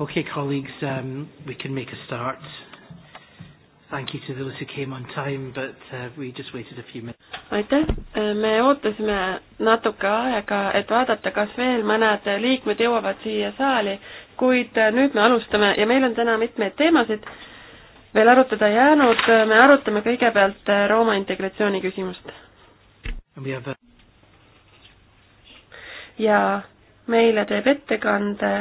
Okay, colleagues, um, we can make a start. Thank you to those who came on time, but uh, we just waited a few minutes. aitäh, äh, me ootasime natuke aega, et vaadata, kas veel mõned liikmed jõuavad siia saali, kuid äh, nüüd me alustame ja meil on täna mitmeid teemasid veel arutada jäänud, me arutame kõigepealt äh, Rooma integratsiooni küsimust. ja meile teeb ettekande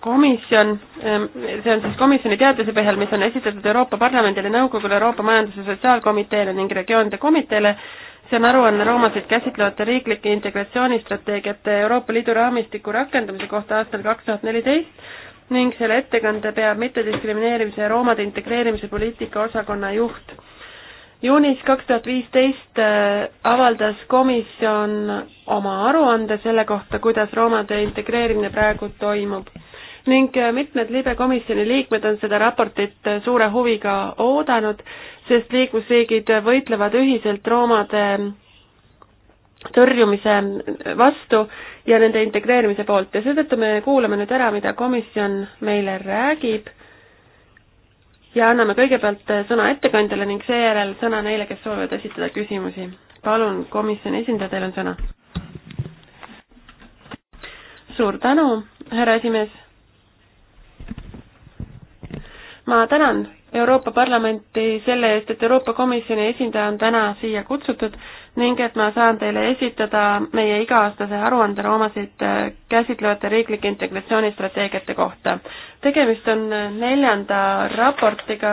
komisjon, ehm, see on siis komisjoni teadlase põhjal, mis on esitatud Euroopa Parlamendile, Nõukogule, Euroopa Majandus- ja Sotsiaalkomiteele ning Regioonide Komiteele, see on aruanne roomasid käsitlevate riiklike integratsioonistrateegiate Euroopa Liidu raamistiku rakendamise kohta aastal kaks tuhat neliteist ning selle ettekande peab mittediskrimineerimise ja roomade integreerimise poliitika osakonna juht. juunis kaks tuhat viisteist äh, avaldas komisjon oma aruande selle kohta, kuidas roomade integreerimine praegu toimub ning äh, mitmed libe komisjoni liikmed on seda raportit äh, suure huviga oodanud, sest liikmesriigid võitlevad ühiselt roomade ähm, tõrjumise äh, vastu ja nende integreerimise poolt ja seetõttu me kuulame nüüd ära, mida komisjon meile räägib ja anname kõigepealt sõna ettekandjale ning seejärel sõna neile, kes soovivad esitada küsimusi. palun, komisjoni esindaja, teil on sõna. suur tänu, härra esimees ma tänan Euroopa Parlamenti selle eest, et Euroopa Komisjoni esindaja on täna siia kutsutud ning et ma saan teile esitada meie iga-aastase aruande roomasid äh, käsitlevate riiklike integratsioonistrateegiate kohta. tegemist on äh, neljanda raportiga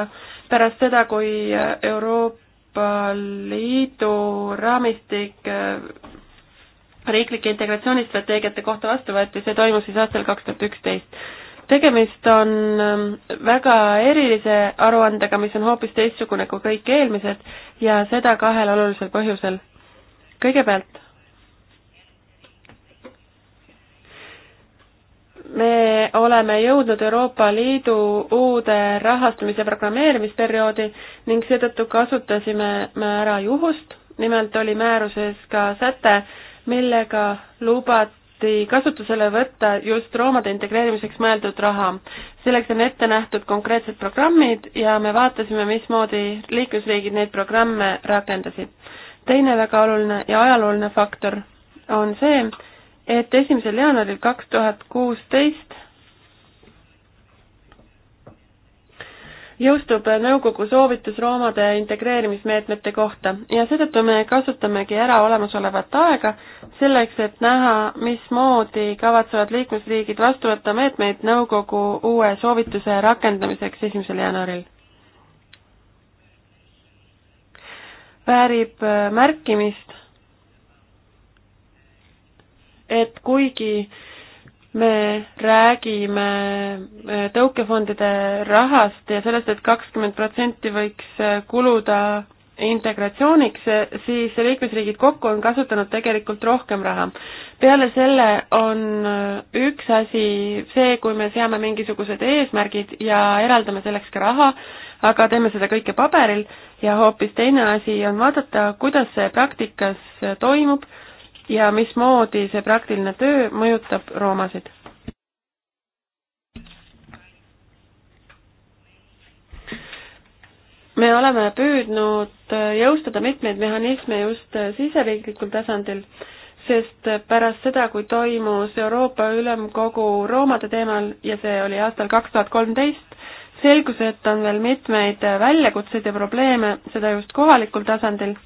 pärast seda, kui äh, Euroopa Liidu raamistik riiklike integratsioonistrateegiate kohta vastu võeti, see toimus siis aastal kaks tuhat üksteist tegemist on ähm, väga erilise aruandega, mis on hoopis teistsugune kui kõik eelmised ja seda kahel olulisel põhjusel. kõigepealt me oleme jõudnud Euroopa Liidu uude rahastamise programmeerimisperioodi ning seetõttu kasutasime me ära juhust, nimelt oli määruses ka säte, millega lubati tulisi kasutusele võtta just roomade integreerimiseks mõeldud raha. selleks on ette nähtud konkreetsed programmid ja me vaatasime, mismoodi liiklusriigid neid programme rakendasid. teine väga oluline ja ajalooline faktor on see, et esimesel jaanuaril kaks tuhat kuusteist jõustub nõukogu soovitus roomade integreerimismeetmete kohta ja seetõttu me kasutamegi ära olemasolevat aega selleks, et näha, mismoodi kavatsevad liikmesriigid vastu võtta meetmeid nõukogu uue soovituse rakendamiseks esimesel jaanuaril. väärib äh, märkimist, et kuigi äh, me räägime äh, tõukefondide rahast ja sellest et, et kakskümmend protsenti võiks äh, kuluda integratsiooniks, äh, siis liikmesriigid kokku on kasutanud tegelikult rohkem raha. peale selle on üks asi see, kui me seame mingisugused eesmärgid ja eraldame selleks ka raha, aga teeme seda kõike paberil ja hoopis teine asi on vaadata, kuidas see praktikas toimub ja mismoodi see praktiline töö mõjutab roomasid. me oleme püüdnud jõustada mitmeid mehhanisme just siseriiklikul tasandil, sest pärast seda, kui toimus Euroopa Ülemkogu roomade teemal ja see oli aastal kaks tuhat kolmteist, selgus, et on veel mitmeid väljakutseid ja probleeme, seda just kohalikul tasandil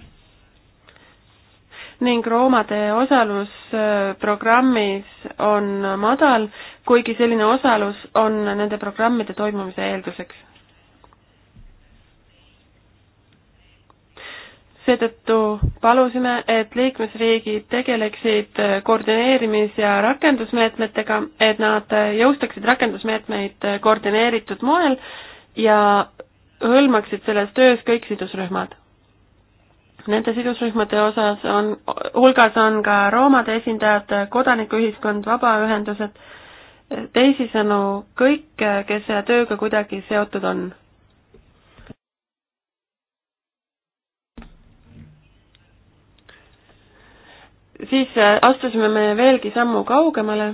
ning roomade osalus äh, programmis on madal, kuigi selline osalus on nende programmide toimumise eelduseks. seetõttu palusime, et liikmesriigid tegeleksid äh, koordineerimis- ja rakendusmeetmetega, et nad äh, jõustaksid rakendusmeetmeid koordineeritud moel ja hõlmaksid selles töös kõik sidusrühmad Nende sidusrühmade osas on, hulgas on ka roomade esindajad, kodanikuühiskond, vabaühendused, teisisõnu kõik, kes selle tööga kuidagi seotud on siis astusime me veelgi sammu kaugemale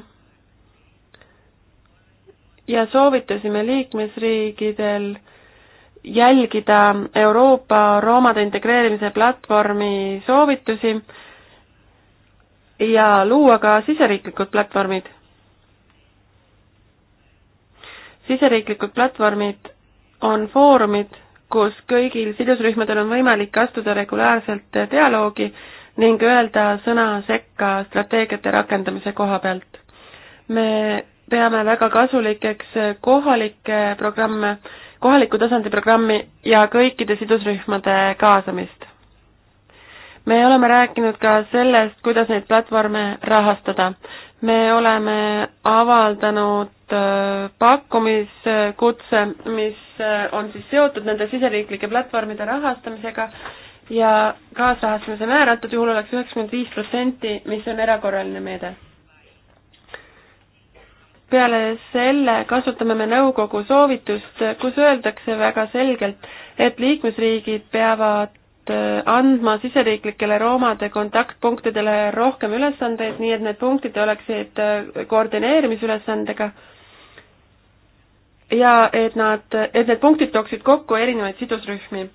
ja soovitasime liikmesriigidel jälgida Euroopa roomade integreerimise platvormi soovitusi ja luua ka siseriiklikud platvormid. siseriiklikud platvormid on foorumid, kus kõigil sidusrühmadel on võimalik astuda regulaarselt dialoogi ning öelda sõna sekka strateegiate rakendamise koha pealt. me peame väga kasulikeks kohalikke programme, kohaliku tasandi programmi ja kõikide sidusrühmade kaasamist. me oleme rääkinud ka sellest, kuidas neid platvorme rahastada. me oleme avaldanud äh, pakkumiskutse, mis äh, on siis seotud nende siseriiklike platvormide rahastamisega ja kaasrahastamise määr antud juhul oleks üheksakümmend viis protsenti, mis on erakorraline meede peale selle kasutame me nõukogu soovitust, kus öeldakse väga selgelt, et liikmesriigid peavad äh, andma siseriiklikele roomade kontaktpunktidele rohkem ülesandeid, nii et need punktid oleksid äh, koordineerimisülesandega ja et nad, et need punktid tooksid kokku erinevaid sidusrühmi.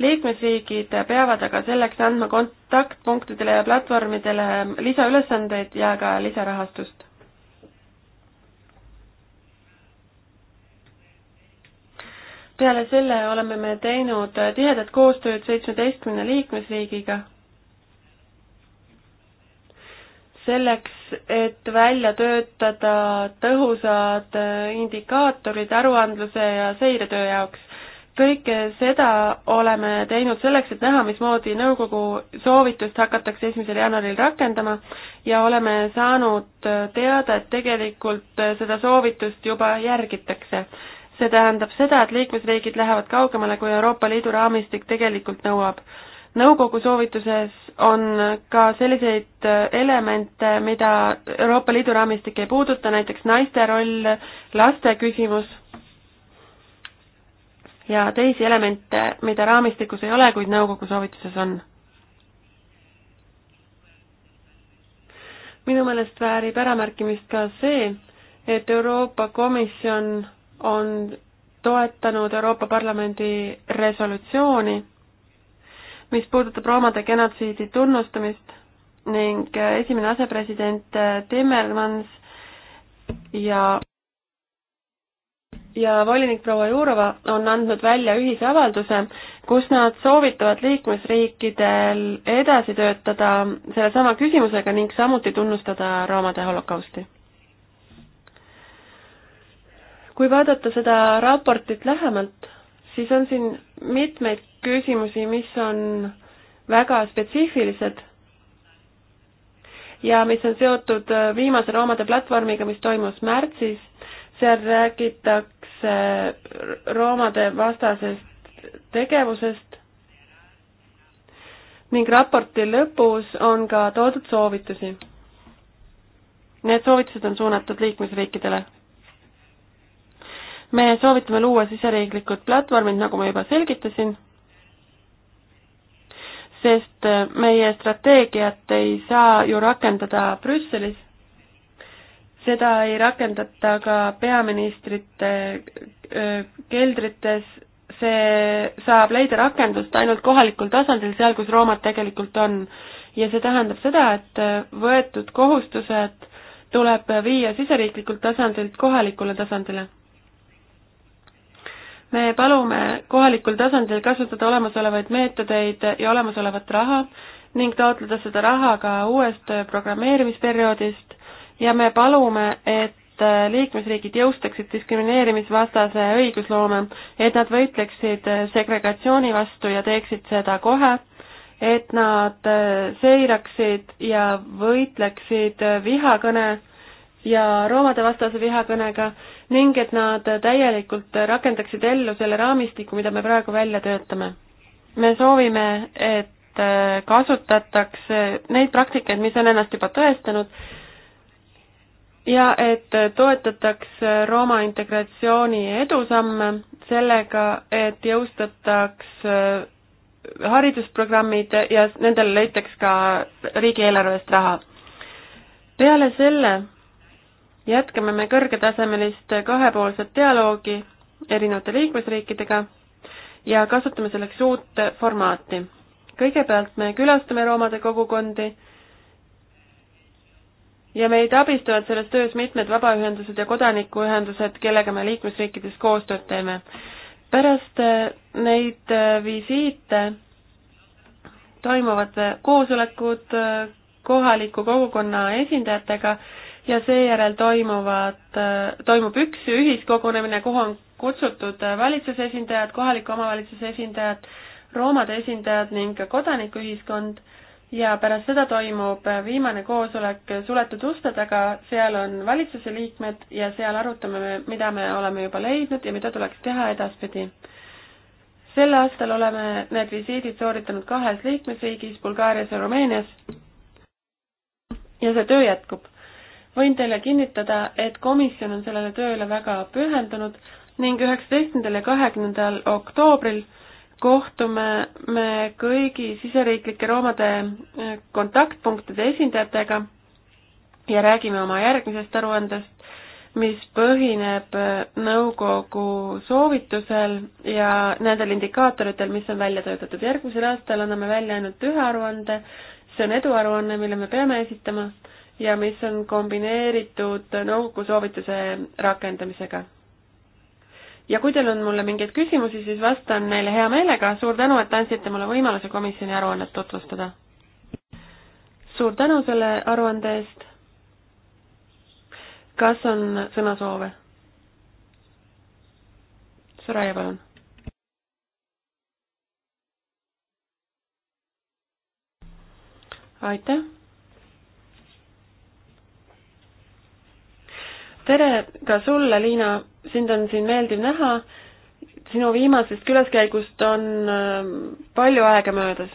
liikmesriigid peavad aga selleks andma kontaktpunktidele ja platvormidele lisaülesandeid ja ka lisarahastust peale selle oleme me teinud tihedat koostööd seitsmeteistkümne liikmesriigiga selleks, et välja töötada tõhusad indikaatorid aruandluse ja seiretöö jaoks. kõike seda oleme teinud selleks, et näha, mismoodi nõukogu soovitust hakatakse esimesel jaanuaril rakendama ja oleme saanud teada, et tegelikult seda soovitust juba järgitakse see tähendab seda, et liikmesriigid lähevad kaugemale, kui Euroopa Liidu raamistik tegelikult nõuab. nõukogu soovituses on ka selliseid äh, elemente, mida Euroopa Liidu raamistik ei puuduta, näiteks naiste roll, laste küsimus ja teisi elemente, mida raamistikus ei ole, kuid nõukogu soovituses on. minu meelest väärib äramärkimist ka see, et Euroopa Komisjon on toetanud Euroopa Parlamendi resolutsiooni, mis puudutab roomade genotsiidi tunnustamist ning esimene asepresident Timmermans ja ja volinik proua Jurova on andnud välja ühisavalduse, kus nad soovitavad liikmesriikidel edasi töötada sellesama küsimusega ning samuti tunnustada roomade holokausti kui vaadata seda raportit lähemalt, siis on siin mitmeid küsimusi, mis on väga spetsiifilised ja mis on seotud viimase roomade platvormiga, mis toimus märtsis. seal räägitakse roomade vastasest tegevusest ning raporti lõpus on ka toodud soovitusi. Need soovitused on suunatud liikmesriikidele me soovitame luua siseriiklikud platvormid, nagu ma juba selgitasin, sest meie strateegiat ei saa ju rakendada Brüsselis, seda ei rakendata ka peaministrite äh, keldrites, see saab leida rakendust ainult kohalikul tasandil, seal, kus Roomad tegelikult on. ja see tähendab seda, et võetud kohustused tuleb viia siseriiklikult tasandilt kohalikule tasandile me palume kohalikul tasandil kasutada olemasolevaid meetodeid ja olemasolevat raha ning taotleda seda raha ka uuest programmeerimisperioodist ja me palume, et liikmesriigid jõustaksid diskrimineerimisvastase õigusloome, et nad võitleksid segregatsiooni vastu ja teeksid seda kohe, et nad seiraksid ja võitleksid vihakõne ja roomade vastase vihakõnega ning et nad täielikult rakendaksid ellu selle raamistiku, mida me praegu välja töötame. me soovime, et äh, kasutataks neid praktikaid, mis on ennast juba tõestanud ja et toetataks Rooma integratsiooni edusamme sellega, et jõustataks äh, haridusprogrammid ja nendele leitaks ka riigieelarvest raha. peale selle jätkame me kõrgetasemelist kahepoolset dialoogi erinevate liikmesriikidega ja kasutame selleks uut formaati. kõigepealt me külastame roomade kogukondi ja meid abistavad selles töös mitmed vabaühendused ja kodanikuühendused, kellega me liikmesriikides koostööd teeme. pärast äh, neid äh, visiite toimuvad koosolekud äh, kohaliku kogukonna esindajatega ja seejärel toimuvad, toimub üks ühiskogunemine, kuhu on kutsutud valitsuse esindajad, kohaliku omavalitsuse esindajad, roomade esindajad ning kodanikuühiskond ja pärast seda toimub viimane koosolek suletud uste taga, seal on valitsuse liikmed ja seal arutame me, mida me oleme juba leidnud ja mida tuleks teha edaspidi. sel aastal oleme need visiidid sooritanud kahes liikmesriigis, Bulgaarias ja Rumeenias ja see töö jätkub võin teile kinnitada, et komisjon on sellele tööle väga pühendunud ning üheksateistkümnendal ja kahekümnendal oktoobril kohtume me kõigi siseriiklike roomade eh, kontaktpunktide esindajatega ja räägime oma järgmisest aruandest, mis põhineb eh, nõukogu soovitusel ja nendel indikaatoritel, mis on välja töötatud. järgmisel aastal anname välja ainult ühe aruande, see on eduaruanne, mille me peame esitama ja mis on kombineeritud nõukogu soovituse rakendamisega. ja kui teil on mulle mingeid küsimusi, siis vastan neile hea meelega, suur tänu, et andsite mulle võimaluse komisjoni aruannet tutvustada. suur tänu selle aruande eest. kas on sõnasoove? Soraya, palun aitäh! tere ka sulle, Liina, sind on siin meeldiv näha. sinu viimasest külaskäigust on ähm, palju aega möödas.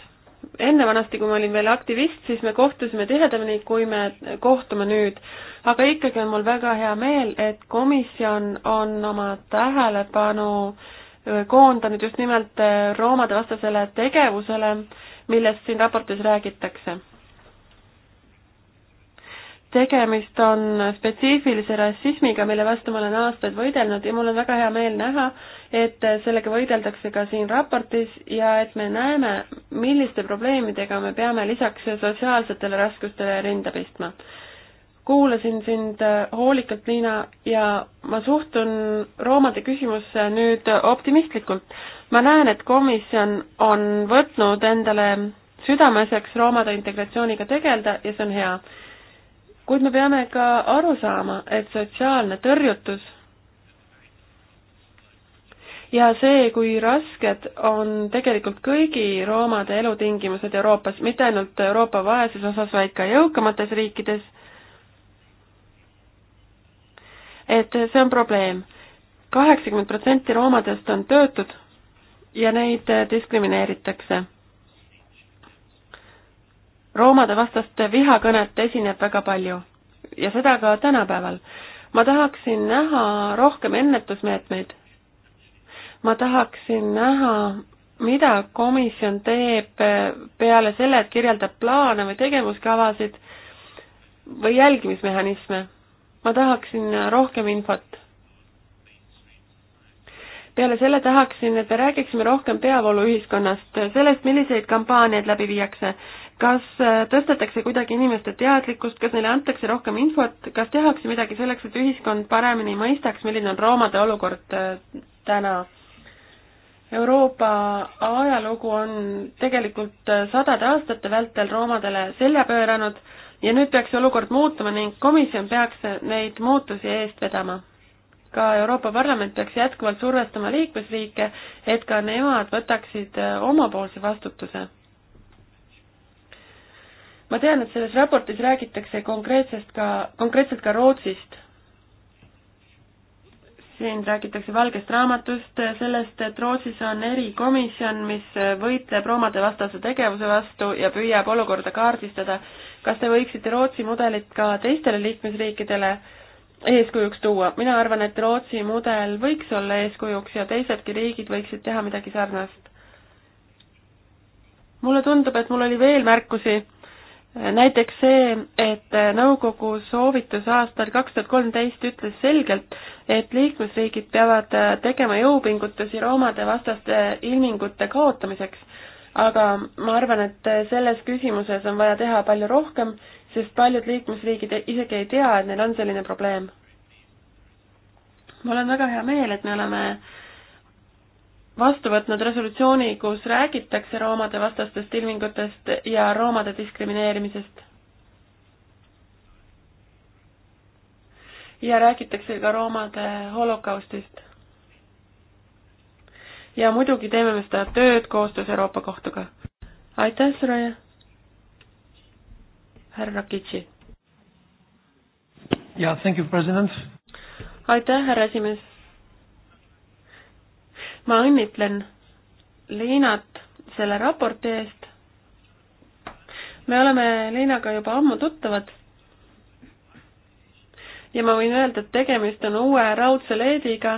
enne vanasti, kui ma olin veel aktivist, siis me kohtusime tihedamini, kui me kohtume nüüd. aga ikkagi on mul väga hea meel, et komisjon on oma tähelepanu äh, koondanud just nimelt äh, roomade vastasele tegevusele, millest siin raportis räägitakse tegemist on spetsiifilise rassismiga, mille vastu ma olen aastaid võidelnud ja mul on väga hea meel näha, et sellega võideldakse ka siin raportis ja et me näeme, milliste probleemidega me peame lisaks sotsiaalsetele raskustele rinda pistma. kuulasin sind äh, hoolikalt, Liina, ja ma suhtun roomade küsimusse nüüd optimistlikult. ma näen, et komisjon on võtnud endale südameasjaks roomade integratsiooniga tegeleda ja see on hea kuid me peame ka aru saama, et sotsiaalne tõrjutus ja see, kui rasked on tegelikult kõigi roomade elutingimused Euroopas, mitte ainult Euroopa vaesusosas, vaid ka jõukamates riikides, et see on probleem. kaheksakümmend protsenti roomadest on töötud ja neid diskrimineeritakse roomade vastast vihakõnet esineb väga palju ja seda ka tänapäeval. ma tahaksin näha rohkem ennetusmeetmeid. ma tahaksin näha, mida komisjon teeb peale selle, et kirjeldab plaane või tegevuskavasid või jälgimismehhanisme. ma tahaksin rohkem infot. peale selle tahaksin, et me räägiksime rohkem peavooluühiskonnast, sellest, milliseid kampaaniaid läbi viiakse, kas äh, tõstetakse kuidagi inimeste teadlikkust, kas neile antakse rohkem infot, kas tehakse midagi selleks, et ühiskond paremini mõistaks, milline on roomade olukord äh, täna? Euroopa ajalugu on tegelikult äh, sadade aastate vältel roomadele selja pööranud ja nüüd peaks see olukord muutuma ning komisjon peaks neid muutusi eest vedama. ka Euroopa Parlament peaks jätkuvalt survestama liikmesriike, et ka nemad võtaksid omapoolse vastutuse ma tean, et selles raportis räägitakse konkreetsest ka, konkreetselt ka Rootsist. siin räägitakse valgest raamatust, sellest, et Rootsis on erikomisjon, mis võitleb roomade vastase tegevuse vastu ja püüab olukorda kaardistada. kas te võiksite Rootsi mudelit ka teistele liikmesriikidele eeskujuks tuua? mina arvan, et Rootsi mudel võiks olla eeskujuks ja teisedki riigid võiksid teha midagi sarnast. mulle tundub, et mul oli veel märkusi näiteks see, et nõukogu soovitus aastal kaks tuhat kolmteist ütles selgelt, et liikmesriigid peavad tegema jõupingutusi roomade vastaste ilmingute kaotamiseks. aga ma arvan, et selles küsimuses on vaja teha palju rohkem, sest paljud liikmesriigid isegi ei tea, et neil on selline probleem. mul on väga hea meel, et me oleme äh, vastu võtnud resolutsiooni, kus räägitakse roomade vastastest ilmingutest ja roomade diskrimineerimisest. ja räägitakse ka roomade holokaustist. ja muidugi teeme me seda tööd koostöös Euroopa Kohtuga. aitäh, Soraya! härra Kitsi. jaa, thank you, president! aitäh, härra esimees! ma õnnitlen Liinat selle raporti eest. me oleme Liinaga juba ammu tuttavad ja ma võin öelda, et tegemist on uue raudse leediga,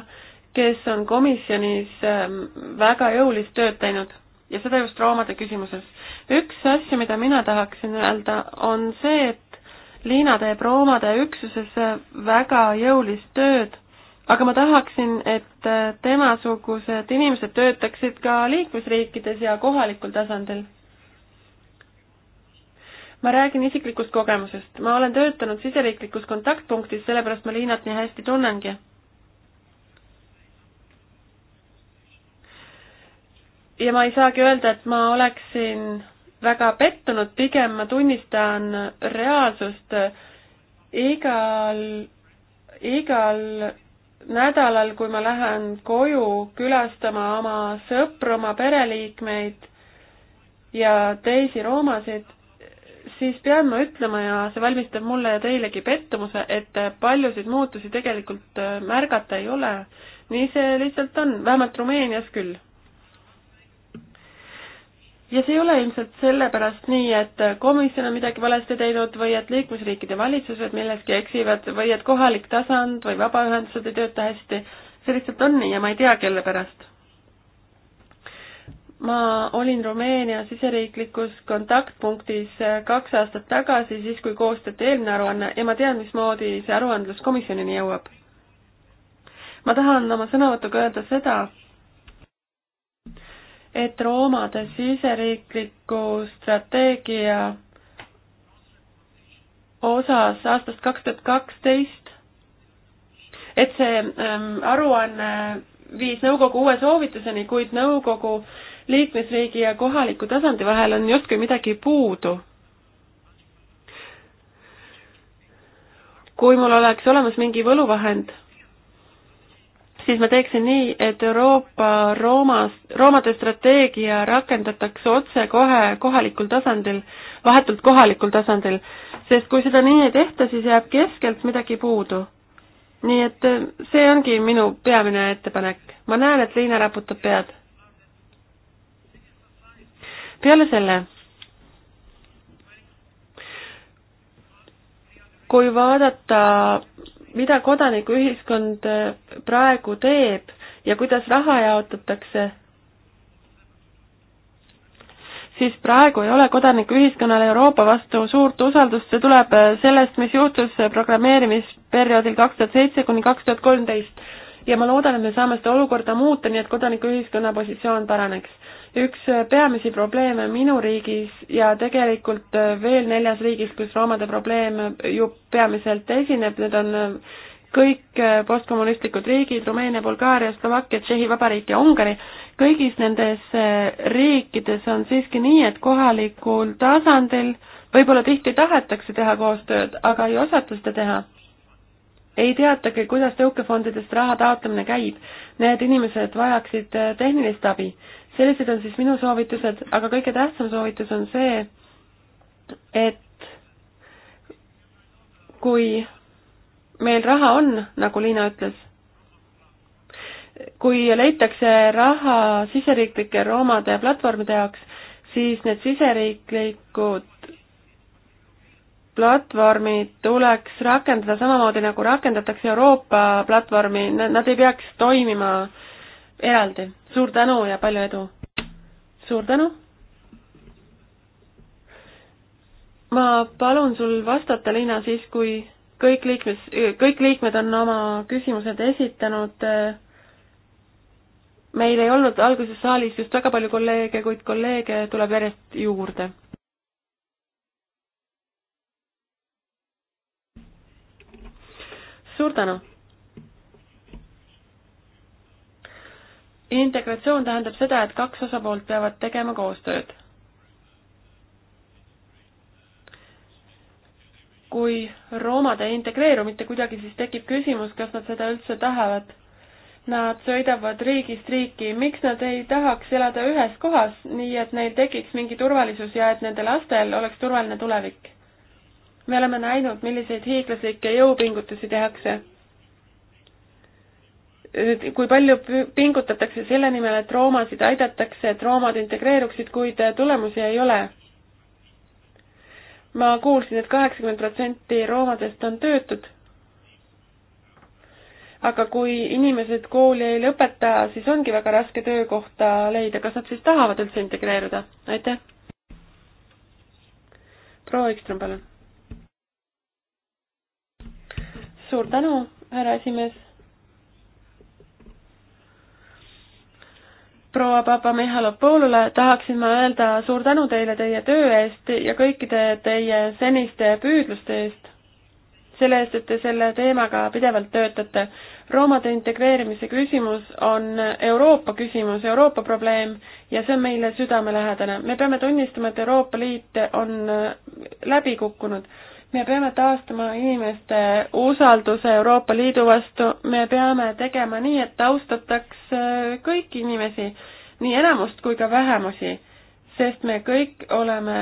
kes on komisjonis ähm, väga jõulist tööd teinud ja seda just roomade küsimuses. üks asju, mida mina tahaksin öelda, on see, et Liina teeb roomade üksuses väga jõulist tööd aga ma tahaksin, et äh, temasugused inimesed töötaksid ka liikmesriikides ja kohalikul tasandil. ma räägin isiklikust kogemusest, ma olen töötanud siseriiklikus kontaktpunktis, sellepärast ma Liinat nii hästi tunnengi. ja ma ei saagi öelda, et ma oleksin väga pettunud, pigem ma tunnistan reaalsust igal, igal nädalal, kui ma lähen koju külastama oma sõpru, oma pereliikmeid ja teisi roomasid, siis pean ma ütlema ja see valmistab mulle ja teilegi pettumuse, et paljusid muutusi tegelikult märgata ei ole. nii see lihtsalt on, vähemalt Rumeenias küll ja see ei ole ilmselt sellepärast nii, et komisjon on midagi valesti teinud või et liikmesriikide valitsused milleski eksivad või et kohalik tasand või vabaühendused ei tööta hästi. see lihtsalt on nii ja ma ei tea, kelle pärast. ma olin Rumeenia siseriiklikus kontaktpunktis kaks aastat tagasi, siis kui koostati eelmine aruanne ja ma tean, mismoodi see aruandlus komisjonini jõuab. ma tahan oma sõnavõtuga öelda seda, et roomade siseriikliku strateegia osas aastast kaks tuhat kaksteist, et see ähm, aruanne viis nõukogu uue soovituseni, kuid nõukogu liikmesriigi ja kohaliku tasandi vahel on justkui midagi puudu. kui mul oleks olemas mingi võluvahend siis ma teeksin nii, et Euroopa Roomas, Roomade strateegia rakendatakse otsekohe kohalikul tasandil, vahetult kohalikul tasandil, sest kui seda nii ei tehta, siis jääb keskelt midagi puudu. nii et äh, see ongi minu peamine ettepanek. ma näen, et Liina raputab pead. peale selle, kui vaadata mida kodanikuühiskond äh, praegu teeb ja kuidas raha jaotatakse, siis praegu ei ole kodanikuühiskonnal Euroopa vastu suurt usaldust, see tuleb äh, sellest, mis juhtus äh, programmeerimisperioodil kaks tuhat seitse kuni kaks tuhat kolmteist. ja ma loodan, et me saame seda olukorda muuta, nii et kodanikuühiskonna positsioon paraneks üks äh, peamisi probleeme minu riigis ja tegelikult äh, veel neljas riigis, kus roomade probleem äh, ju peamiselt esineb, need on kõik postkommunistlikud riigid, Rumeenia, Bulgaaria, Slovakkia, Tšehhi Vabariik ja Ungari, kõigis nendes riikides on siiski nii, et kohalikul tasandil võib-olla tihti tahetakse teha koostööd, aga ei osata seda teha ei teatagi, kuidas tõukefondidest raha taotlemine käib. Need inimesed vajaksid tehnilist abi sellised on siis minu soovitused, aga kõige tähtsam soovitus on see, et kui meil raha on, nagu Liina ütles, kui leitakse raha siseriiklike roomade platvormide jaoks, siis need siseriiklikud platvormid tuleks rakendada samamoodi, nagu rakendatakse Euroopa platvormi, nad ei peaks toimima äh, eraldi. suur tänu ja palju edu! suur tänu! ma palun sul vastata, Liina, siis kui kõik liikmes, kõik liikmed on oma küsimused esitanud. meil ei olnud alguses saalis just väga palju kolleege, kuid kolleege tuleb järjest juurde. suur tänu integratsioon tähendab seda, et kaks osapoolt peavad tegema koostööd. kui roomad ei integreeru mitte kuidagi, siis tekib küsimus, kas nad seda üldse tahavad. Nad sõidavad riigist riiki, miks nad ei tahaks elada ühes kohas, nii et neil tekiks mingi turvalisus ja et nende lastel oleks turvaline tulevik? me oleme näinud, milliseid hiiglaslikke jõupingutusi tehakse kui palju pingutatakse selle nimel, et roomasid aidatakse, et roomad integreeruksid, kuid äh, tulemusi ei ole. ma kuulsin et, et kaheksakümmend protsenti roomadest on töötud. aga kui inimesed kooli ei lõpeta, siis ongi väga raske töökohta leida, kas nad siis tahavad üldse integreeruda? aitäh. proua Ekström, palun. suur tänu, härra esimees proua Papa-Mihhalopoulule tahaksin ma öelda suur tänu teile teie töö eest ja kõikide teie seniste püüdluste eest, selle eest, et te selle teemaga pidevalt töötate. roomade integreerimise küsimus on Euroopa küsimus, Euroopa probleem ja see on meile südamelähedane. me peame tunnistama, et Euroopa Liit on läbi kukkunud me peame taastama inimeste usalduse Euroopa Liidu vastu, me peame tegema nii, et austataks äh, kõiki inimesi, nii enamust kui ka vähemusi, sest me kõik oleme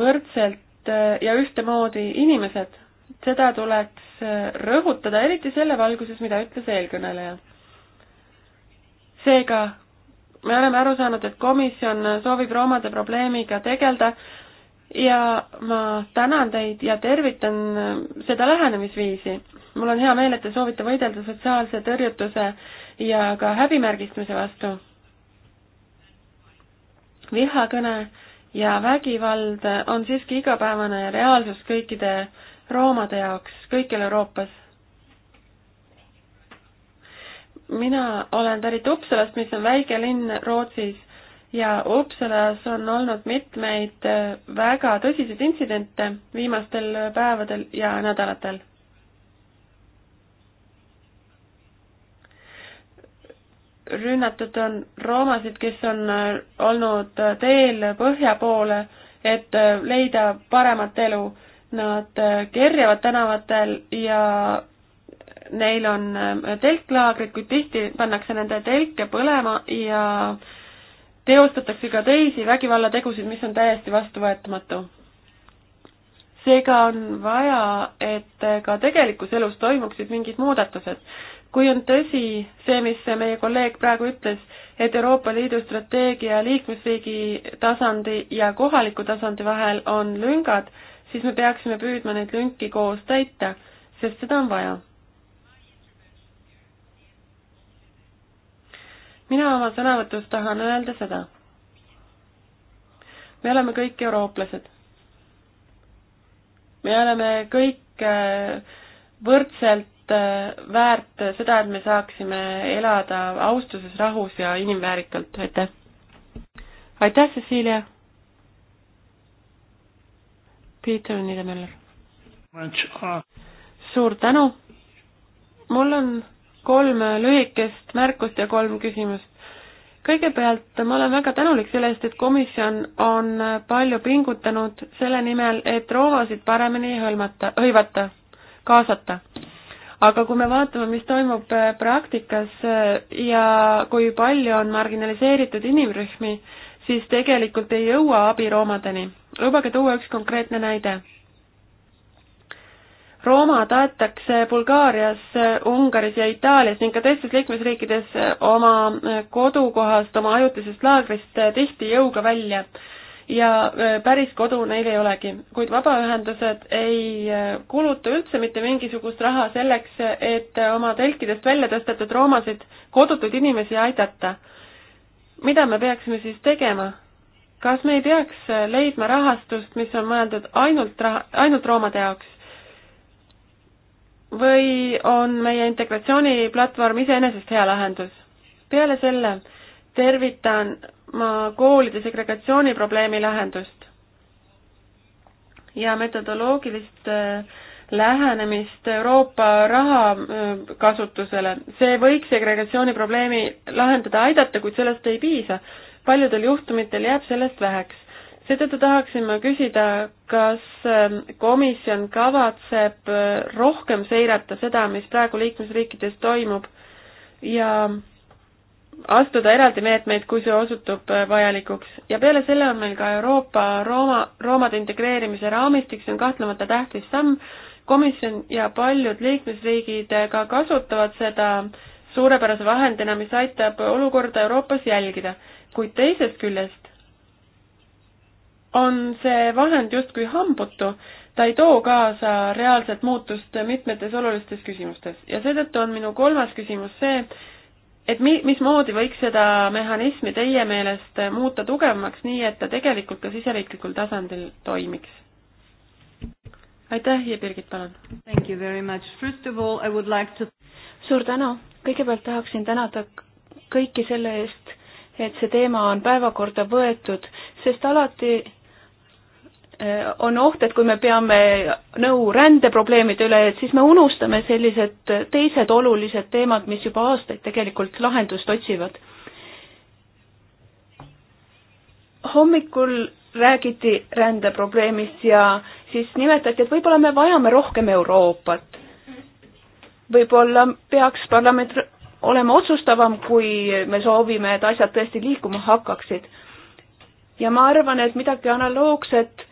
võrdselt äh, ja ühtemoodi inimesed. seda tuleks äh, rõhutada, eriti selle valguses, mida ütles eelkõneleja. seega me oleme aru saanud, et komisjon soovib roomade probleemiga tegeleda, ja ma tänan teid ja tervitan seda lähenemisviisi. mul on hea meel, et te soovite võidelda sotsiaalse tõrjutuse ja ka häbimärgistamise vastu. vihakõne ja vägivald on siiski igapäevane reaalsus kõikide roomade jaoks kõikjal Euroopas. mina olen pärit Uppsalast, mis on väike linn Rootsis ja Uppsalas on olnud mitmeid äh, väga tõsiseid intsidente viimastel äh, päevadel ja nädalatel. rünnatud on roomasid, kes on äh, olnud teel põhja poole, et leida paremat elu. Nad kerjavad tänavatel ja neil on telklaagrid, kuid tihti pannakse nende telke põlema ja äh, teostatakse ka teisi vägivallategusid, mis on täiesti vastuvõetamatu. seega on vaja, et ka tegelikus elus toimuksid mingid muudatused. kui on tõsi see, mis meie kolleeg praegu ütles, et Euroopa Liidu strateegia liikmesriigi tasandi ja kohaliku tasandi vahel on lüngad, siis me peaksime püüdma neid lünki koos täita, sest seda on vaja mina oma sõnavõtus tahan öelda seda. me oleme kõik eurooplased. me oleme kõik äh, võrdselt äh, väärt seda, et me saaksime elada austuses, rahus ja inimväärikalt, aitäh! aitäh, Cecilia! Peter Niedemüller. Uh, suur tänu! mul on kolm lühikest märkust ja kolm küsimust. kõigepealt ma olen väga tänulik selle eest, et komisjon on palju pingutanud selle nimel, et roomasid paremini hõlmata, hõivata, kaasata. aga kui me vaatame, mis toimub äh, praktikas äh, ja kui palju on marginaliseeritud inimrühmi, siis tegelikult ei jõua abi roomadeni. lubage tuua üks konkreetne näide Rooma tahetakse Bulgaarias, Ungaris ja Itaalias ning ka teistes liikmesriikides oma kodukohast, oma ajutisest laagrist tihti jõuga välja ja e, päris kodu neil ei olegi, kuid vabaühendused ei e, kuluta üldse mitte mingisugust raha selleks, et oma telkidest välja tõstetud roomasid, kodutuid inimesi aidata. mida me peaksime siis tegema? kas me ei peaks leidma rahastust, mis on mõeldud ainult raha, ainult roomade jaoks? või on meie integratsiooniplatvorm iseenesest hea lahendus? peale selle tervitan ma koolide segregatsiooni probleemi lahendust ja metodoloogilist äh, lähenemist Euroopa raha äh, kasutusele. see võiks segregatsiooni probleemi lahendada aidata, kuid sellest ei piisa. paljudel juhtumitel jääb sellest väheks seetõttu tahaksin ma küsida, kas ähm, komisjon kavatseb äh, rohkem seirata seda, mis praegu liikmesriikides toimub ja astuda eraldi meetmeid, kui see osutub äh, vajalikuks. ja peale selle on meil ka Euroopa Rooma, roomade integreerimise raamistik, see on kahtlemata tähtis samm, komisjon ja paljud liikmesriigid ka kasutavad seda suurepärase vahendina, mis aitab olukorda Euroopas jälgida. kuid teisest küljest on see vahend justkui hambutu, ta ei too kaasa reaalset muutust mitmetes olulistes küsimustes ja seetõttu on minu kolmas küsimus see, et mi-, mismoodi võiks seda mehhanismi teie meelest muuta tugevamaks, nii et ta tegelikult ka siseriiklikul tasandil toimiks? aitäh ja Birgit, palun! Thank you very much, first of all I would like to suur tänu, kõigepealt tahaksin tänada kõiki selle eest, et see teema on päevakorda võetud, sest alati Äh, on oht, et kui me peame nõu rändeprobleemide üle, et siis me unustame sellised teised olulised teemad, mis juba aastaid tegelikult lahendust otsivad. hommikul räägiti rändeprobleemist ja siis nimetati, et võib-olla me vajame rohkem Euroopat. võib-olla peaks parlament olema otsustavam, kui me soovime, et asjad tõesti liikuma hakkaksid. ja ma arvan, et midagi analoogset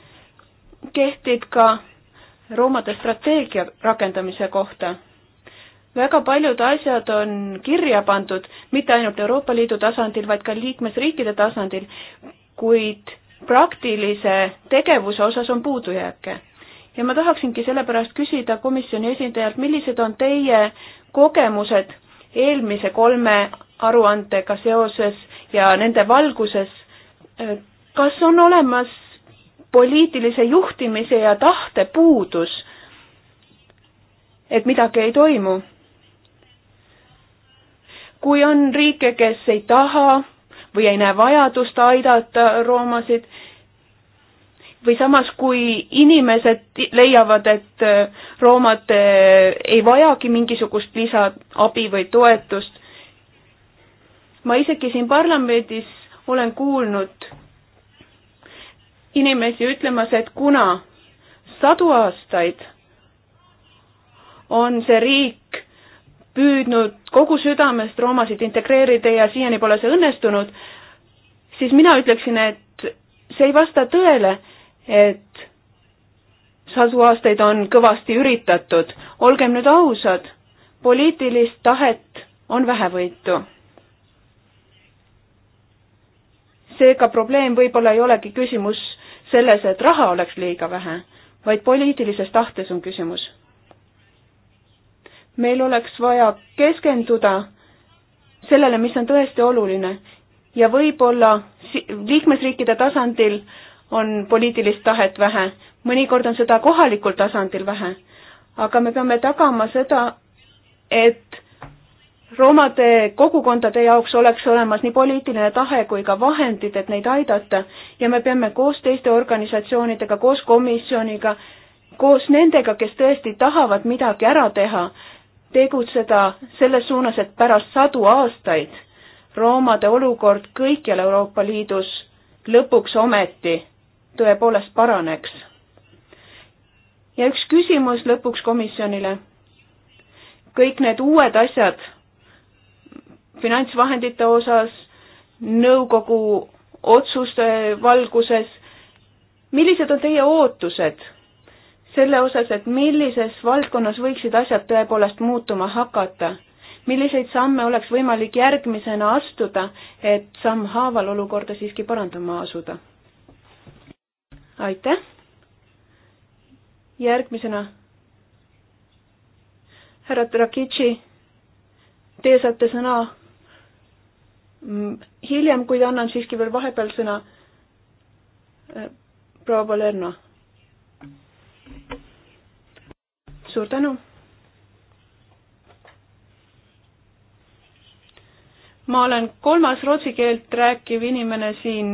kehtib ka roomade strateegia rakendamise kohta. väga paljud asjad on kirja pandud mitte ainult Euroopa Liidu tasandil, vaid ka liikmesriikide tasandil, kuid praktilise tegevuse osas on puudujääke. ja ma tahaksingi sellepärast küsida komisjoni esindajalt, millised on teie kogemused eelmise kolme aruandega seoses ja nende valguses, kas on olemas poliitilise juhtimise ja tahte puudus, et midagi ei toimu. kui on riike, kes ei taha või ei näe vajadust aidata roomasid või samas, kui inimesed leiavad, et äh, roomad äh, ei vajagi mingisugust lisaabi või toetust, ma isegi siin parlamendis olen kuulnud inimesi ütlemas, et kuna sadu aastaid on see riik püüdnud kogu südamest roomasid integreerida ja siiani pole see õnnestunud, siis mina ütleksin, et see ei vasta tõele, et sadu aastaid on kõvasti üritatud. olgem nüüd ausad, poliitilist tahet on vähevõitu. seega probleem võib-olla ei olegi küsimus selles, et raha oleks liiga vähe, vaid poliitilises tahtes on küsimus. meil oleks vaja keskenduda sellele, mis on tõesti oluline ja võib-olla liikmesriikide tasandil on poliitilist tahet vähe, mõnikord on seda kohalikul tasandil vähe, aga me peame tagama seda, et roomade kogukondade jaoks oleks olemas nii poliitiline tahe kui ka vahendid, et neid aidata ja me peame koos teiste organisatsioonidega, koos komisjoniga, koos nendega, kes tõesti tahavad midagi ära teha, tegutseda selles suunas, et pärast sadu aastaid roomade olukord kõikjal Euroopa Liidus lõpuks ometi tõepoolest paraneks. ja üks küsimus lõpuks komisjonile. kõik need uued asjad finantsvahendite osas, nõukogu otsuste valguses. millised on teie ootused selle osas, et millises valdkonnas võiksid asjad tõepoolest muutuma hakata? milliseid samme oleks võimalik järgmisena astuda, et sammhaaval olukorda siiski parandama asuda? aitäh! järgmisena härra Trakitši, teie saate sõna Mm, hiljem, kuid annan siiski veel vahepeal sõna äh, proua Palerno. suur tänu. ma olen kolmas rootsi keelt rääkiv inimene siin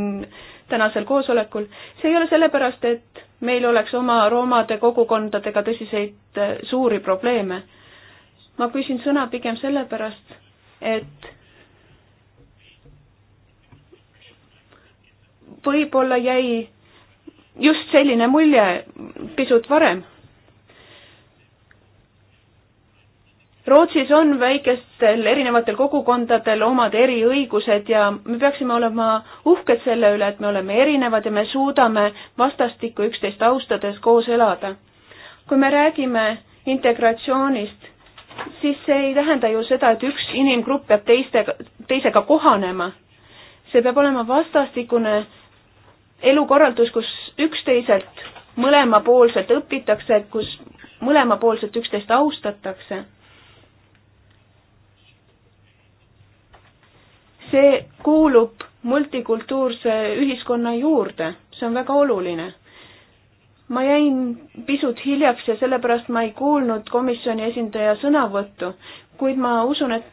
tänasel koosolekul. see ei ole sellepärast, et meil oleks oma roomade kogukondadega tõsiseid äh, suuri probleeme. ma küsin sõna pigem sellepärast, et võib-olla jäi just selline mulje pisut varem. Rootsis on väikestel erinevatel kogukondadel omad eriõigused ja me peaksime olema uhked selle üle, et me oleme erinevad ja me suudame vastastikku üksteist austades koos elada. kui me räägime integratsioonist, siis see ei tähenda ju seda, et üks inimgrupp peab teistega, teisega kohanema. see peab olema vastastikune elukorraldus, kus üksteiselt mõlemapoolselt õpitakse, kus mõlemapoolselt üksteist austatakse. see kuulub multikultuurse ühiskonna juurde, see on väga oluline. ma jäin pisut hiljaks ja sellepärast ma ei kuulnud komisjoni esindaja sõnavõttu, kuid ma usun, et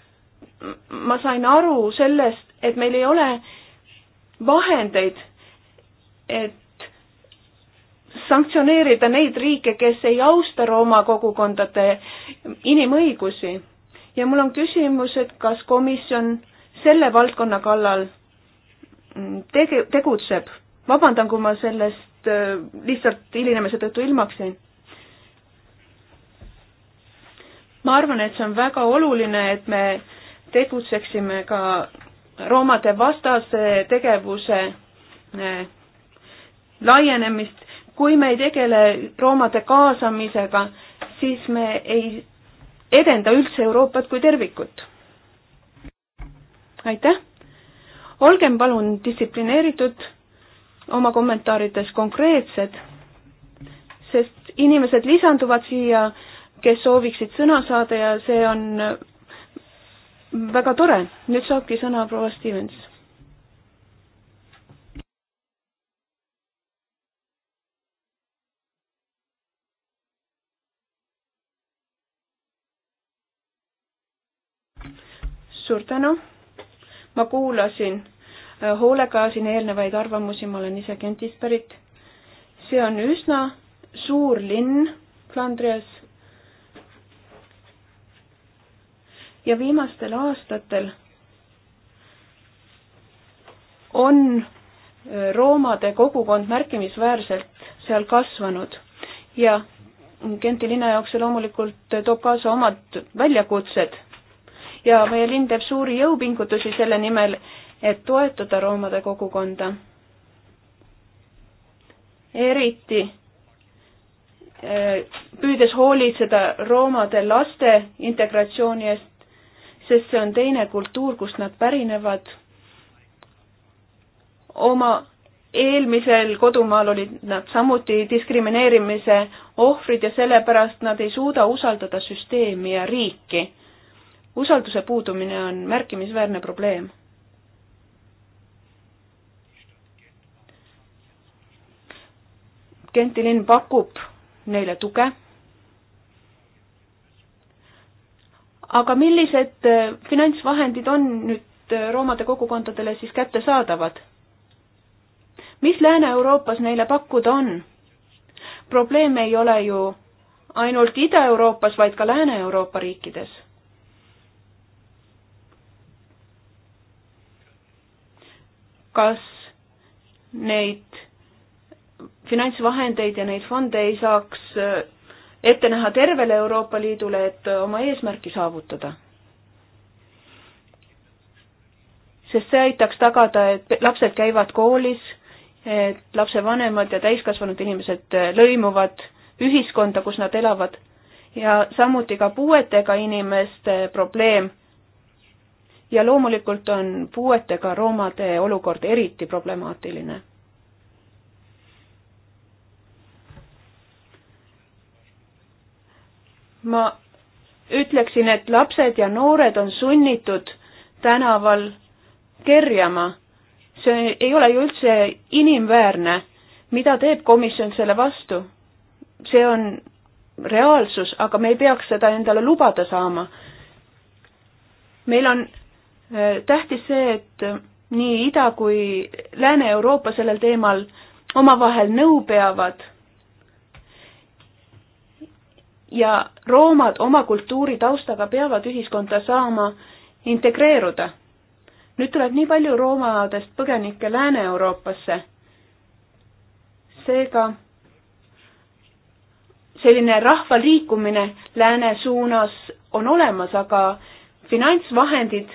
ma sain aru sellest, et meil ei ole vahendeid et sanktsioneerida neid riike, kes ei austa Rooma kogukondade inimõigusi. ja mul on küsimus, et kas komisjon selle valdkonna kallal tege-, tegutseb. vabandan, kui ma sellest äh, lihtsalt hilinemise tõttu ilmaksin. ma arvan, et see on väga oluline, et me tegutseksime ka roomade vastase tegevuse äh, laienemist, kui me ei tegele roomade kaasamisega, siis me ei edenda üldse Euroopat kui tervikut. aitäh! olgem palun distsiplineeritud, oma kommentaarides konkreetsed, sest inimesed lisanduvad siia, kes sooviksid sõna saada ja see on väga tore. nüüd saabki sõna proua Stevens. suur tänu. ma kuulasin äh, hoolega siin eelnevaid arvamusi, ma olen ise Kentist pärit. see on üsna suur linn Flandrias. ja viimastel aastatel on äh, roomade kogukond märkimisväärselt seal kasvanud ja Genti linna jaoks see loomulikult toob kaasa omad väljakutsed ja meie linn teeb suuri jõupingutusi selle nimel, et toetada roomade kogukonda. eriti eh, püüdes hoolitseda roomade laste integratsiooni eest, sest see on teine kultuur, kust nad pärinevad. oma eelmisel kodumaal olid nad samuti diskrimineerimise ohvrid ja sellepärast nad ei suuda usaldada süsteemi ja riiki usalduse puudumine on märkimisväärne probleem. Genti linn pakub neile tuge. aga millised äh, finantsvahendid on nüüd äh, roomade kogukondadele siis kättesaadavad? mis Lääne-Euroopas neile pakkuda on? probleem ei ole ju ainult Ida-Euroopas, vaid ka Lääne-Euroopa riikides kas neid finantsvahendeid ja neid fonde ei saaks äh, ette näha tervele Euroopa Liidule, et äh, oma eesmärki saavutada. sest see aitaks tagada, et lapsed käivad koolis, et lapsevanemad ja täiskasvanud inimesed äh, lõimuvad ühiskonda, kus nad elavad ja samuti ka puuetega inimeste probleem ja loomulikult on puuetega roomade olukord eriti problemaatiline. ma ütleksin, et lapsed ja noored on sunnitud tänaval kerjama. see ei ole ju üldse inimväärne. mida teeb komisjon selle vastu? see on reaalsus, aga me ei peaks seda endale lubada saama. meil on tähtis see, et nii Ida kui Lääne-Euroopa sellel teemal omavahel nõu peavad ja roomad oma kultuuri taustaga peavad ühiskonda saama integreeruda. nüüd tuleb nii palju roomadest põgenikke Lääne-Euroopasse. seega selline rahvaliikumine lääne suunas on olemas, aga finantsvahendid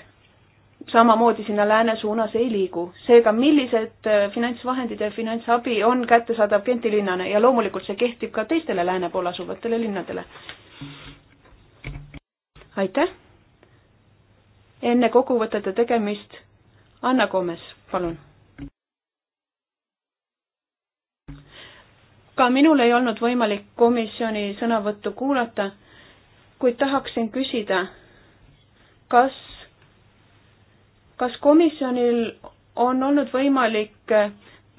samamoodi sinna lääne suunas ei liigu. seega, millised äh, finantsvahendid ja finantsabi on kättesaadav Genti linnale ja loomulikult see kehtib ka teistele lääne pool asuvatele linnadele. aitäh! enne kokkuvõtete tegemist, Anna Komes, palun. ka minul ei olnud võimalik komisjoni sõnavõttu kuulata, kuid tahaksin küsida, kas kas komisjonil on olnud võimalik äh,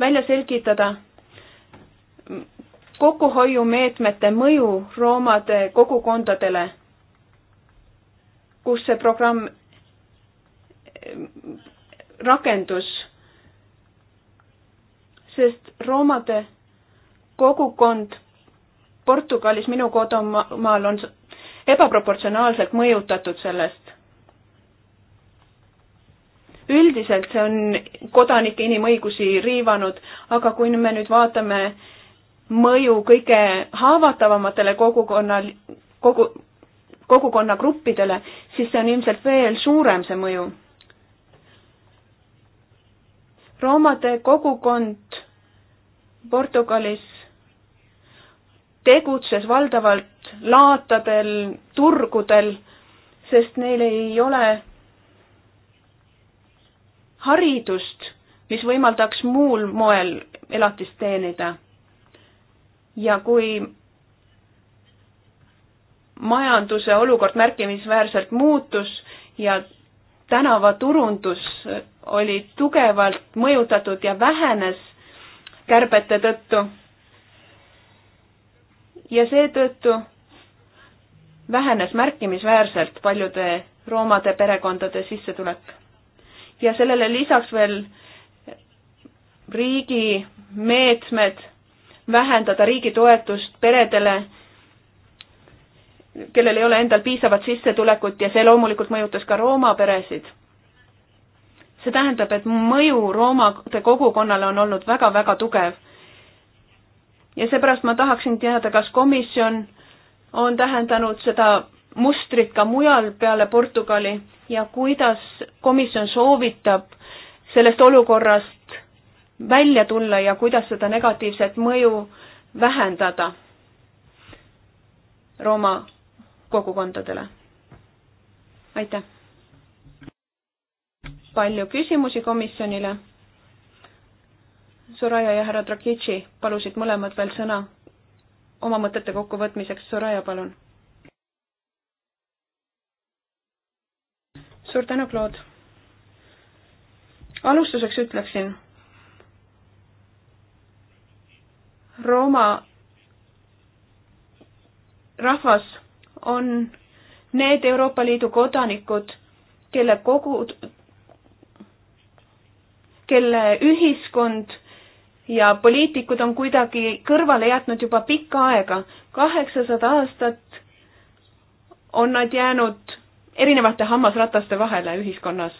välja selgitada kokkuhoiumeetmete mõju roomade kogukondadele, kus see programm äh, rakendus, sest roomade kogukond Portugalis, minu kodumaal, on ebaproportsionaalselt mõjutatud sellest üldiselt see on kodanike inimõigusi riivanud, aga kui me nüüd vaatame mõju kõige haavatavamatele kogukonnal, kogu, kogukonnagruppidele, siis see on ilmselt veel suurem, see mõju. roomade kogukond Portugalis tegutses valdavalt laatadel, turgudel, sest neil ei ole haridust, mis võimaldaks muul moel elatist teenida. ja kui majanduse olukord märkimisväärselt muutus ja tänavaturundus oli tugevalt mõjutatud ja vähenes kärbete tõttu. ja seetõttu vähenes märkimisväärselt paljude roomade perekondade sissetulek ja sellele lisaks veel riigi meetmed vähendada riigi toetust peredele, kellel ei ole endal piisavat sissetulekut ja see loomulikult mõjutas ka Rooma peresid. see tähendab, et mõju roomade kogukonnale on olnud väga-väga tugev. ja seepärast ma tahaksin teada, kas komisjon on tähendanud seda mustrit ka mujal peale Portugali ja kuidas komisjon soovitab sellest olukorrast välja tulla ja kuidas seda negatiivset mõju vähendada Rooma kogukondadele? aitäh! palju küsimusi komisjonile. Soraya ja härra Dragici palusid mõlemad veel sõna oma mõtete kokkuvõtmiseks. Soraya, palun suur tänu, Claude. alustuseks ütleksin. Rooma rahvas on need Euroopa Liidu kodanikud, kelle kogu, kelle ühiskond ja poliitikud on kuidagi kõrvale jätnud juba pikka aega. kaheksasada aastat on nad jäänud erinevate hammasrataste vahele ühiskonnas.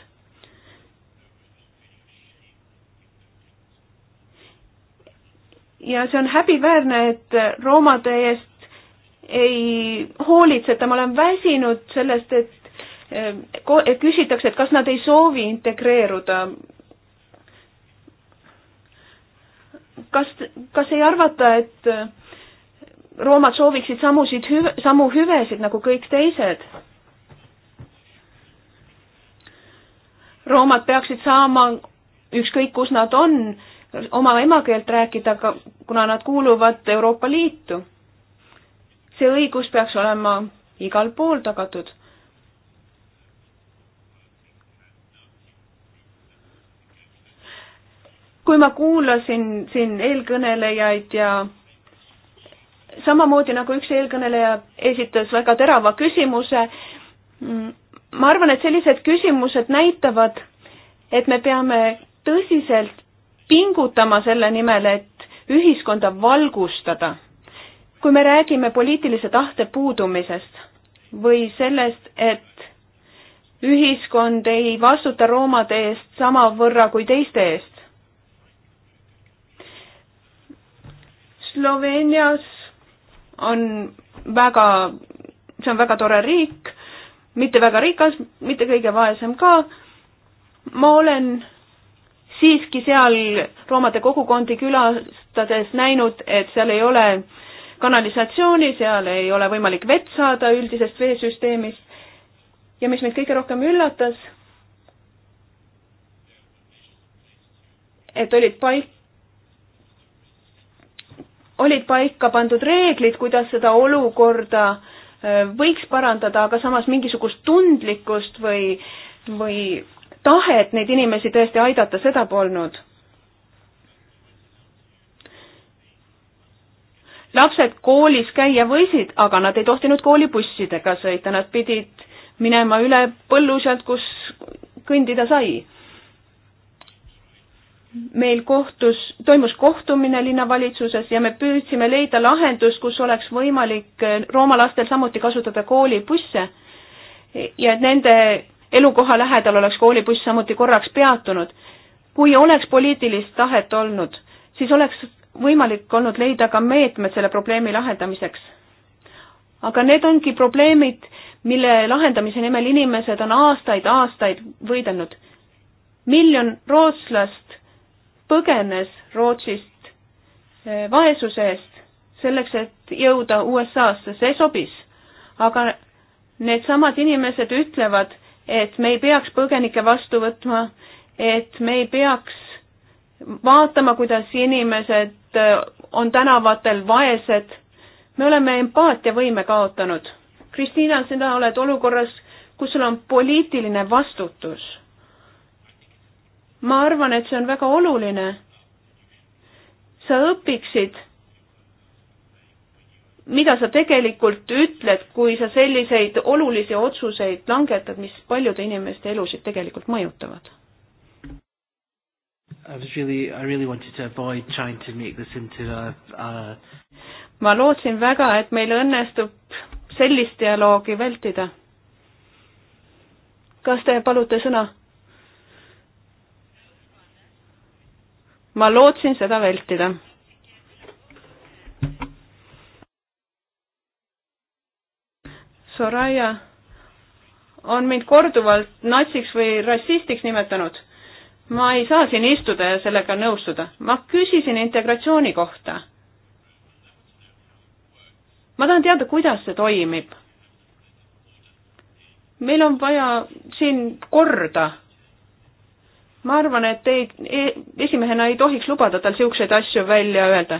ja see on häbiväärne, et roomade eest ei hoolitseta, ma olen väsinud sellest, et küsitakse, et kas nad ei soovi integreeruda. kas, kas ei arvata, et roomad sooviksid samusid hüve, samu hüvesid nagu kõik teised? roomad peaksid saama ükskõik, kus nad on, oma emakeelt rääkida, aga kuna nad kuuluvad Euroopa Liitu, see õigus peaks olema igal pool tagatud. kui ma kuulasin siin eelkõnelejaid ja samamoodi nagu üks eelkõneleja esitas väga terava küsimuse, mm, ma arvan, et sellised küsimused näitavad, et me peame tõsiselt pingutama selle nimel, et ühiskonda valgustada. kui me räägime poliitilise tahte puudumisest või sellest, et ühiskond ei vastuta roomade eest samavõrra kui teiste eest. Sloveenias on väga, see on väga tore riik mitte väga rikas, mitte kõige vaesem ka, ma olen siiski seal roomade kogukondi külastades näinud, et seal ei ole kanalisatsiooni, seal ei ole võimalik vett saada üldisest veesüsteemist ja mis meid kõige rohkem üllatas, et olid paik-, olid paika pandud reeglid, kuidas seda olukorda võiks parandada, aga samas mingisugust tundlikkust või, või tahet neid inimesi tõesti aidata, seda polnud. lapsed koolis käia võisid, aga nad ei tohtinud koolibussidega sõita, nad pidid minema üle põllu sealt, kus kõndida sai meil kohtus, toimus kohtumine linnavalitsuses ja me püüdsime leida lahendust, kus oleks võimalik eh, Rooma lastel samuti kasutada koolibusse ja et nende elukoha lähedal oleks koolibuss samuti korraks peatunud. kui oleks poliitilist tahet olnud, siis oleks võimalik olnud leida ka meetmed selle probleemi lahendamiseks. aga need ongi probleemid, mille lahendamise nimel inimesed on aastaid-aastaid võidelnud. miljon rootslast põgenes Rootsist eh, vaesuse eest selleks, et jõuda USA-sse, see sobis. aga needsamad inimesed ütlevad, et me ei peaks põgenikke vastu võtma, et me ei peaks vaatama, kuidas inimesed eh, on tänavatel vaesed. me oleme empaatiavõime kaotanud. Kristiina, sina oled olukorras, kus sul on poliitiline vastutus ma arvan, et see on väga oluline. sa õpiksid, mida sa tegelikult ütled, kui sa selliseid olulisi otsuseid langetad, mis paljude inimeste elusid tegelikult mõjutavad. I was really, I really wanted to avoid trying to make this into a, a ma lootsin väga, et meil õnnestub sellist dialoogi vältida. kas te palute sõna? ma lootsin seda vältida. Soraya on mind korduvalt natsiks või rassistiks nimetanud. ma ei saa siin istuda ja sellega nõustuda. ma küsisin integratsiooni kohta. ma tahan teada, kuidas see toimib. meil on vaja siin korda ma arvan, et te ei, e, esimehena ei tohiks lubada tal niisuguseid asju välja öelda.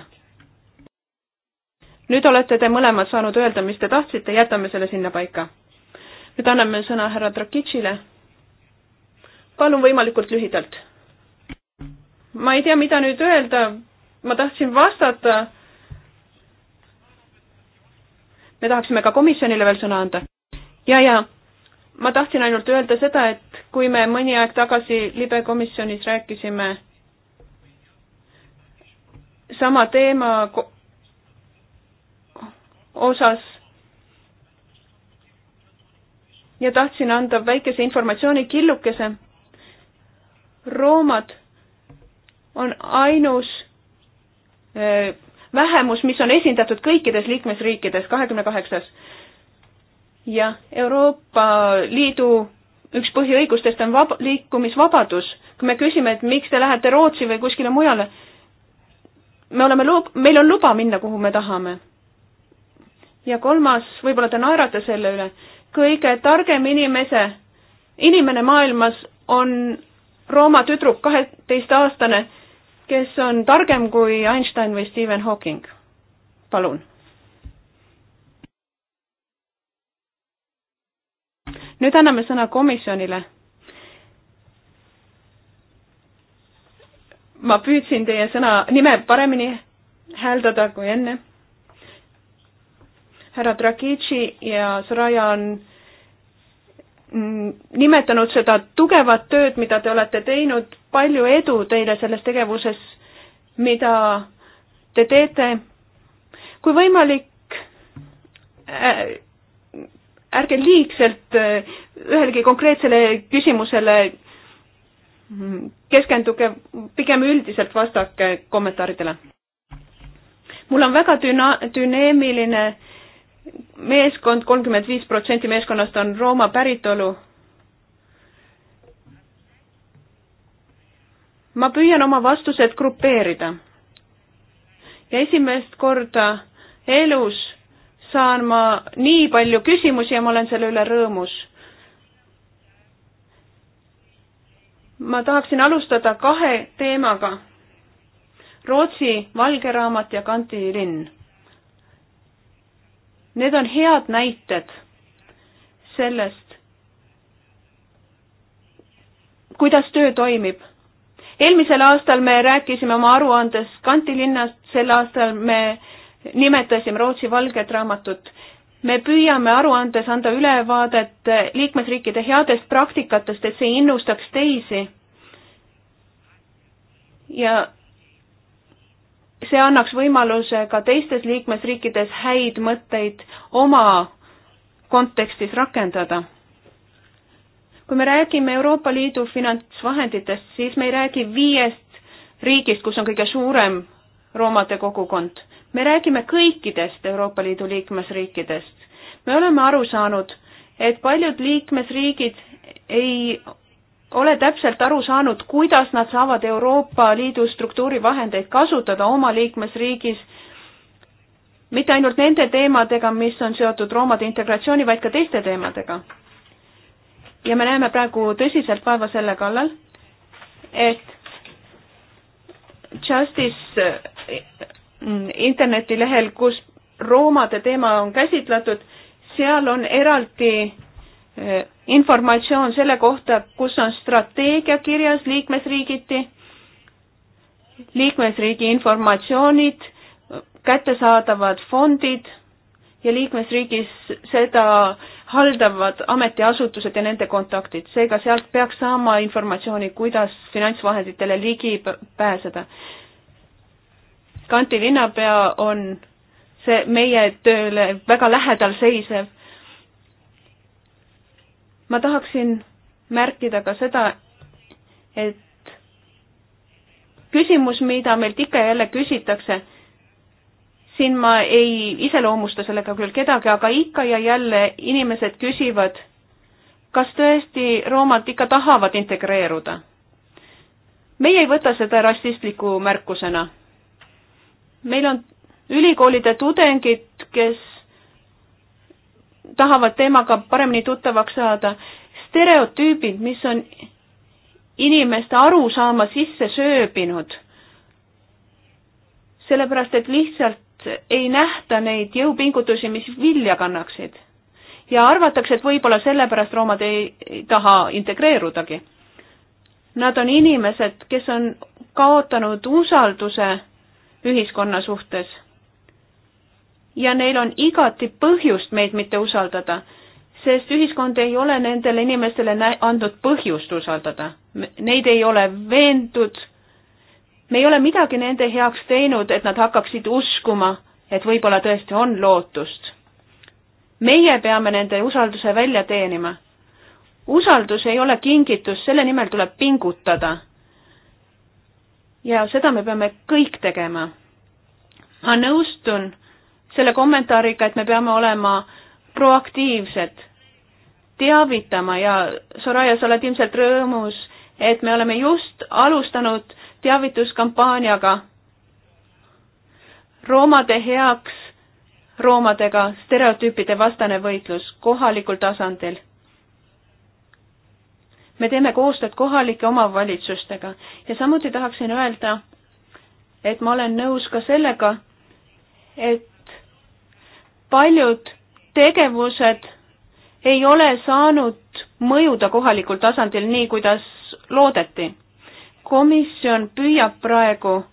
nüüd olete te mõlemad saanud öelda, mis te tahtsite, jätame selle sinnapaika. nüüd anname sõna härra Trakitšile. palun võimalikult lühidalt. ma ei tea, mida nüüd öelda, ma tahtsin vastata. me tahaksime ka komisjonile veel sõna anda. ja, ja ma tahtsin ainult öelda seda, et kui me mõni aeg tagasi libekomisjonis rääkisime sama teema osas ja tahtsin anda väikese informatsiooni killukese. roomad on ainus eh, vähemus, mis on esindatud kõikides liikmesriikides, kahekümne kaheksas. ja Euroopa Liidu üks põhiõigustest on vab-, liikumisvabadus. kui me küsime, et miks te lähete Rootsi või kuskile mujale, me oleme lub-, meil on luba minna, kuhu me tahame. ja kolmas, võib-olla te naerate selle üle, kõige targem inimese, inimene maailmas on Rooma tüdruk, kaheteistaastane, kes on targem kui Einstein või Stephen Hawking. palun nüüd anname sõna komisjonile. ma püüdsin teie sõna, nime paremini hääldada kui enne. härra Dragici ja Soraya on nimetanud seda tugevat tööd, mida te olete teinud, palju edu teile selles tegevuses, mida te teete. kui võimalik äh,, ärge liigselt äh, ühelegi konkreetsele küsimusele keskenduge, pigem üldiselt vastake kommentaaridele. mul on väga düna-, düneemiline meeskond, kolmkümmend viis protsenti meeskonnast on Rooma päritolu. ma püüan oma vastused grupeerida. ja esimest korda elus saan ma nii palju küsimusi ja ma olen selle üle rõõmus. ma tahaksin alustada kahe teemaga. Rootsi valge raamat ja Kanti linn. Need on head näited sellest, kuidas töö toimib eelmisel aastal me rääkisime oma aruandes Kanti linnast, sel aastal me nimetasime Rootsi valget raamatut. me püüame aruandes anda ülevaadet liikmesriikide headest praktikatest, et see innustaks teisi. ja see annaks võimaluse ka teistes liikmesriikides häid mõtteid oma kontekstis rakendada. kui me räägime Euroopa Liidu finantsvahenditest, siis me ei räägi viiest riigist, kus on kõige suurem roomade kogukond me räägime kõikidest Euroopa Liidu liikmesriikidest. me oleme aru saanud, et paljud liikmesriigid ei ole täpselt aru saanud, kuidas nad saavad Euroopa Liidu struktuurivahendeid kasutada oma liikmesriigis, mitte ainult nende teemadega, mis on seotud roomade integratsiooni, vaid ka teiste teemadega. ja me näeme praegu tõsiselt vaeva selle kallal, et Justice Mm, internetilehel, kus roomade teema on käsitletud, seal on eraldi eh, informatsioon selle kohta, kus on strateegia kirjas liikmesriigiti, liikmesriigi informatsioonid, kättesaadavad fondid ja liikmesriigis seda haldavad ametiasutused ja nende kontaktid, seega sealt peaks saama informatsiooni, kuidas finantsvahenditele ligi pääseda. Kanti linnapea on see meie tööle väga lähedal seisev. ma tahaksin märkida ka seda, et küsimus, mida meilt ikka ja jälle küsitakse, siin ma ei iseloomusta sellega küll kedagi, aga ikka ja jälle inimesed küsivad, kas tõesti roomad ikka tahavad integreeruda. meie ei võta seda rassistliku märkusena meil on ülikoolide tudengid, kes tahavad teemaga paremini tuttavaks saada. stereotüübid, mis on inimeste arusaama sisse sööbinud, sellepärast et lihtsalt ei nähta neid jõupingutusi, mis vilja kannaksid. ja arvatakse, et võib-olla sellepärast roomad ei, ei taha integreerudagi. Nad on inimesed, kes on kaotanud usalduse ühiskonna suhtes. ja neil on igati põhjust meid mitte usaldada, sest ühiskond ei ole nendele inimestele andnud põhjust usaldada. Neid ei ole veendud, me ei ole midagi nende heaks teinud, et nad hakkaksid uskuma, et võib-olla tõesti on lootust. meie peame nende usalduse välja teenima. usaldus ei ole kingitus, selle nimel tuleb pingutada ja seda me peame kõik tegema. ma nõustun selle kommentaariga, et me peame olema proaktiivsed, teavitama ja Soraya, sa oled ilmselt rõõmus, et me oleme just alustanud teavituskampaaniaga roomade heaks, roomadega stereotüüpide vastane võitlus kohalikul tasandil me teeme koostööd kohalike omavalitsustega ja samuti tahaksin öelda, et ma olen nõus ka sellega, et paljud tegevused ei ole saanud mõjuda kohalikul tasandil nii, kuidas loodeti. komisjon püüab praegu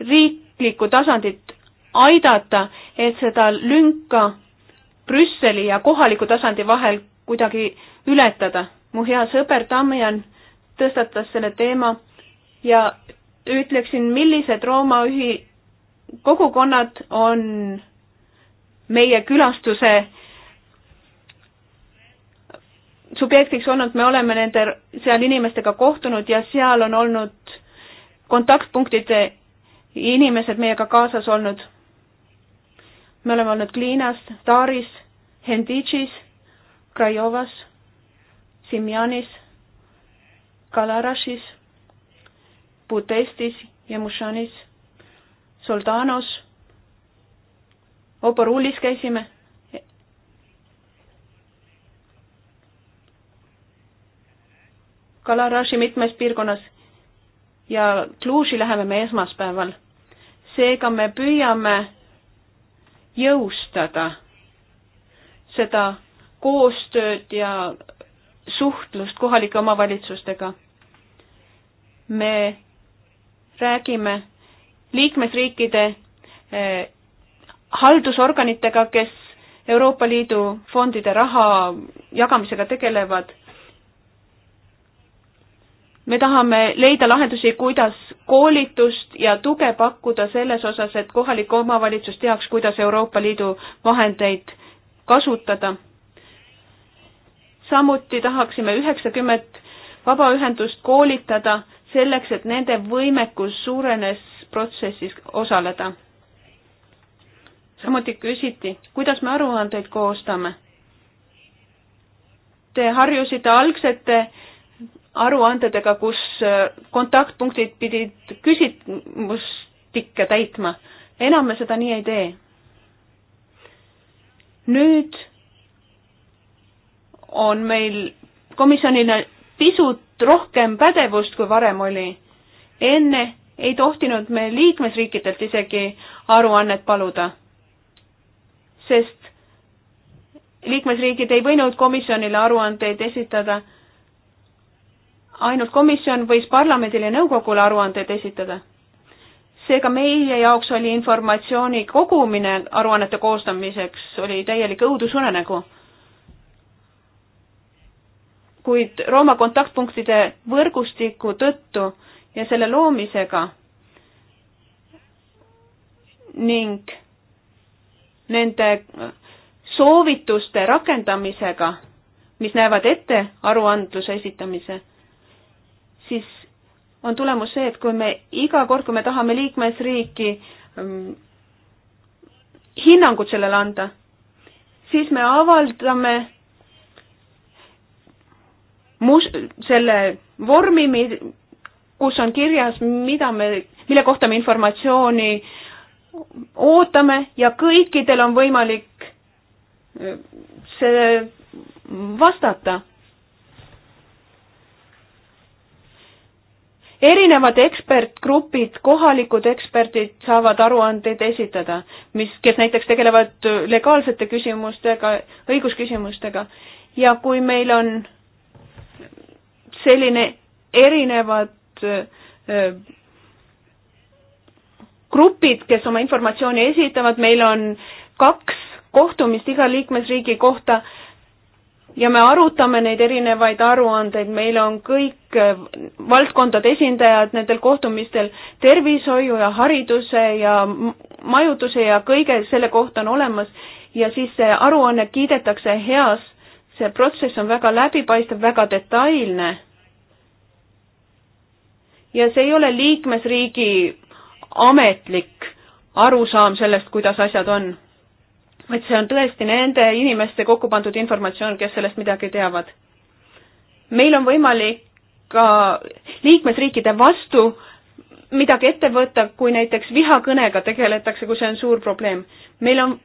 riiklikku tasandit aidata, et seda lünka Brüsseli ja kohaliku tasandi vahel kuidagi ületada mu hea sõber Tamjan tõstatas selle teema ja ütleksin, millised Rooma ühi-, kogukonnad on meie külastuse subjektiks olnud, me oleme nende, seal inimestega kohtunud ja seal on olnud kontaktpunktide inimesed meiega kaasas olnud. me oleme olnud Kliinas, Taaris, Hendichis, Krajovas Simjanis, Kalarašis, Budestis, Jemušanis, Soldanos, Oborulis käisime. Kalaraši mitmes piirkonnas ja Kluuži läheme me esmaspäeval. seega me püüame jõustada seda koostööd ja suhtlust kohalike omavalitsustega. me räägime liikmesriikide eh, haldusorganitega, kes Euroopa Liidu fondide raha jagamisega tegelevad. me tahame leida lahendusi, kuidas koolitust ja tuge pakkuda selles osas, et kohalik omavalitsus teaks, kuidas Euroopa Liidu vahendeid kasutada samuti tahaksime üheksakümmet vabaühendust koolitada selleks, et nende võimekus suurenes protsessis osaleda. samuti küsiti, kuidas me aruandeid koostame. Te harjusite algsete aruandedega, kus äh, kontaktpunktid pidid küsimustikke täitma. enam me seda nii ei tee. nüüd on meil komisjonil pisut rohkem pädevust, kui varem oli. enne ei tohtinud me liikmesriikidelt isegi aruannet paluda, sest liikmesriigid ei võinud komisjonile aruandeid esitada, ainult komisjon võis parlamendile ja nõukogule aruandeid esitada. seega meie jaoks oli informatsiooni kogumine aruannete koostamiseks, oli täielik õudusunenägu kuid Rooma kontaktpunktide võrgustiku tõttu ja selle loomisega ning nende soovituste rakendamisega, mis näevad ette aruandluse esitamise, siis on tulemus see, et kui me iga kord, kui me tahame liikmesriiki ähm, hinnangut sellele anda, siis me avaldame mus-, selle vormi, kus on kirjas, mida me, mille kohta me informatsiooni ootame ja kõikidel on võimalik äh, see vastata. erinevad ekspertgrupid, kohalikud eksperdid saavad aruandeid esitada, mis, kes näiteks tegelevad legaalsete küsimustega, õigusküsimustega ja kui meil on selline erinevad grupid, kes oma informatsiooni esitavad, meil on kaks kohtumist iga liikmesriigi kohta ja me arutame neid erinevaid aruandeid, meil on kõik valdkondade esindajad nendel kohtumistel tervishoiu ja hariduse ja majutuse ja kõige selle kohta on olemas ja siis see aruanne kiidetakse heas, see protsess on väga läbipaistev, väga detailne ja see ei ole liikmesriigi ametlik arusaam sellest, kuidas asjad on, vaid see on tõesti nende inimeste kokku pandud informatsioon, kes sellest midagi teavad. meil on võimalik ka liikmesriikide vastu midagi ette võtta, kui näiteks vihakõnega tegeletakse, kui see on suur probleem. meil on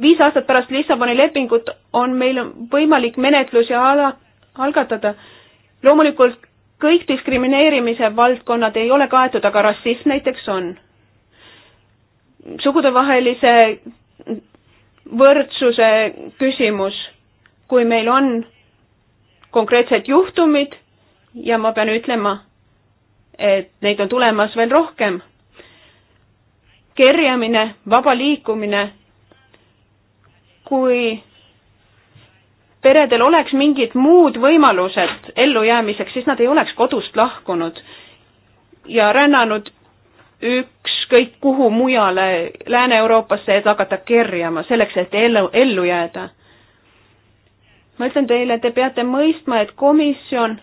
viis aastat pärast Lissaboni lepingut on meil võimalik menetlusi ala, algatada. loomulikult kõik diskrimineerimise valdkonnad ei ole kaetud, aga rassism näiteks on. sugudevahelise võrdsuse küsimus, kui meil on konkreetsed juhtumid ja ma pean ütlema, et neid on tulemas veel rohkem. kerjamine, vaba liikumine, kui peredel oleks mingid muud võimalused ellujäämiseks, siis nad ei oleks kodust lahkunud ja rännanud ükskõik kuhu mujale Lääne-Euroopasse, et hakata kerjama, selleks et ellu, ellu jääda. ma ütlen teile, te peate mõistma, et komisjon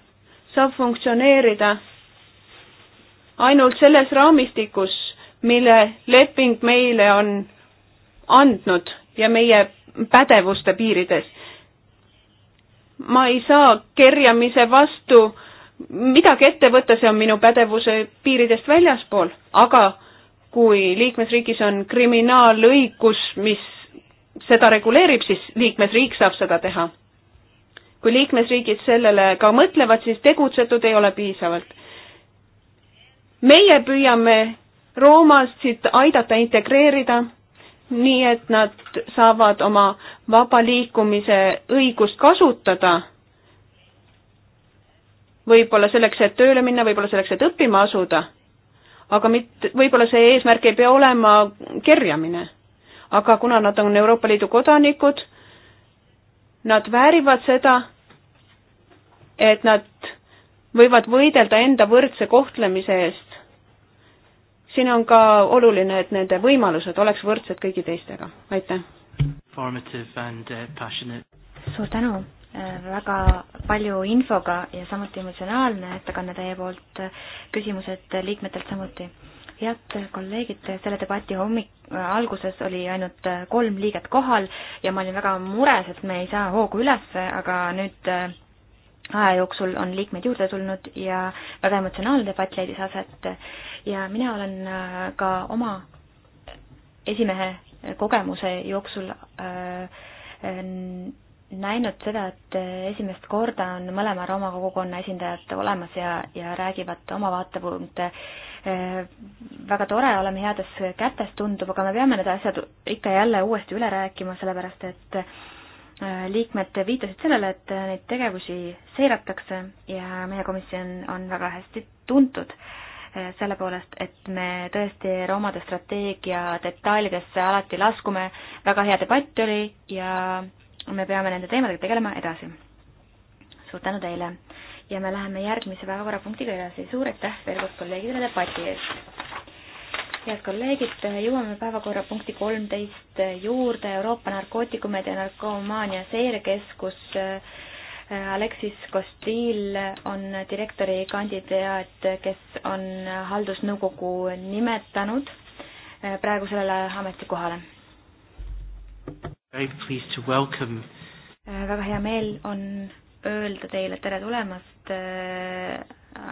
saab funktsioneerida ainult selles raamistikus, mille leping meile on andnud ja meie pädevuste piirides ma ei saa kerjamise vastu midagi ette võtta, see on minu pädevuse piiridest väljaspool, aga kui liikmesriigis on kriminaalõigus, mis seda reguleerib, siis liikmesriik saab seda teha. kui liikmesriigid sellele ka mõtlevad, siis tegutsetud ei ole piisavalt. meie püüame Roomast siit aidata integreerida nii et nad saavad oma vaba liikumise õigust kasutada. võib-olla selleks, et tööle minna, võib-olla selleks, et õppima asuda. aga mitte, võib-olla see eesmärk ei pea olema kerjamine. aga kuna nad on Euroopa Liidu kodanikud, nad väärivad seda, et nad võivad võidelda enda võrdse kohtlemise eest siin on ka oluline, et nende võimalused oleks võrdsed kõigi teistega, aitäh. Uh, suur tänu, äh, väga palju infoga ja samuti emotsionaalne ettekanne teie poolt, äh, küsimused liikmetelt samuti. head kolleegid, selle debati hommik, äh, alguses oli ainult kolm liiget kohal ja ma olin väga mures, et me ei saa hoogu üles, aga nüüd aja jooksul on liikmeid juurde tulnud ja väga emotsionaalne debatt leidis aset ja mina olen äh, ka oma esimehe kogemuse jooksul äh, äh, näinud seda, et esimest korda on mõlema Rooma kogukonna esindajad olemas ja, ja räägivad oma vaatepunkte. väga tore, oleme heades kätes, tundub, aga me peame need asjad ikka ja jälle uuesti üle rääkima, sellepärast et äh, Äh, liikmed viitasid sellele, et äh, neid tegevusi seiratakse ja meie komisjon on väga hästi tuntud äh, selle poolest, et me tõesti roomade strateegia detailidesse alati laskume, väga hea debatt oli ja me peame nende teemadega tegelema edasi. suur tänu teile ja me läheme järgmise päevakorrapunktiga edasi, suur aitäh veel kord kolleegidele debati eest! head kolleegid, jõuame päevakorrapunkti kolmteist juurde, Euroopa narkootikumide ja narkomaania seirekeskus. Äh, Aleksis Kostil on direktori kandidaat, kes on haldusnõukogu nimetanud äh, praegu sellele ametikohale. Äh, väga hea meel on öelda teile tere tulemast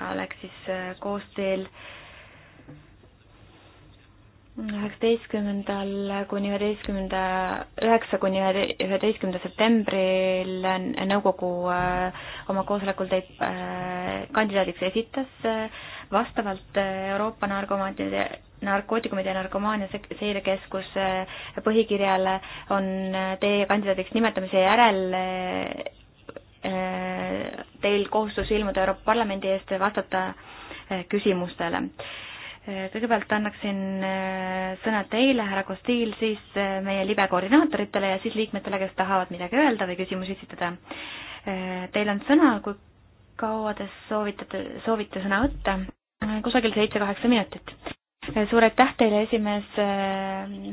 Aleksis Koostil äh, üheksateistkümnendal kuni üheteistkümnenda, üheksa kuni üheteistkümnenda septembril nõukogu äh, oma koosolekul teid äh, kandidaadiks esitas. Äh, vastavalt Euroopa narkomaanide, narkootikumide ja narkomaania seirekeskuse põhikirjale on teie kandidaadiks nimetamise järel teil kohustus ilmuda Euroopa Parlamendi eest ja vastata küsimustele kõigepealt annaksin äh, sõna teile, härra Kostiil, siis äh, meie libe koordinaatoritele ja siis liikmetele, kes tahavad midagi öelda või küsimusi esitada. Äh, teil on sõna, kui kaua te soovitate, soovite sõna võtta? kusagil seitse-kaheksa minutit. suur aitäh teile, esimees,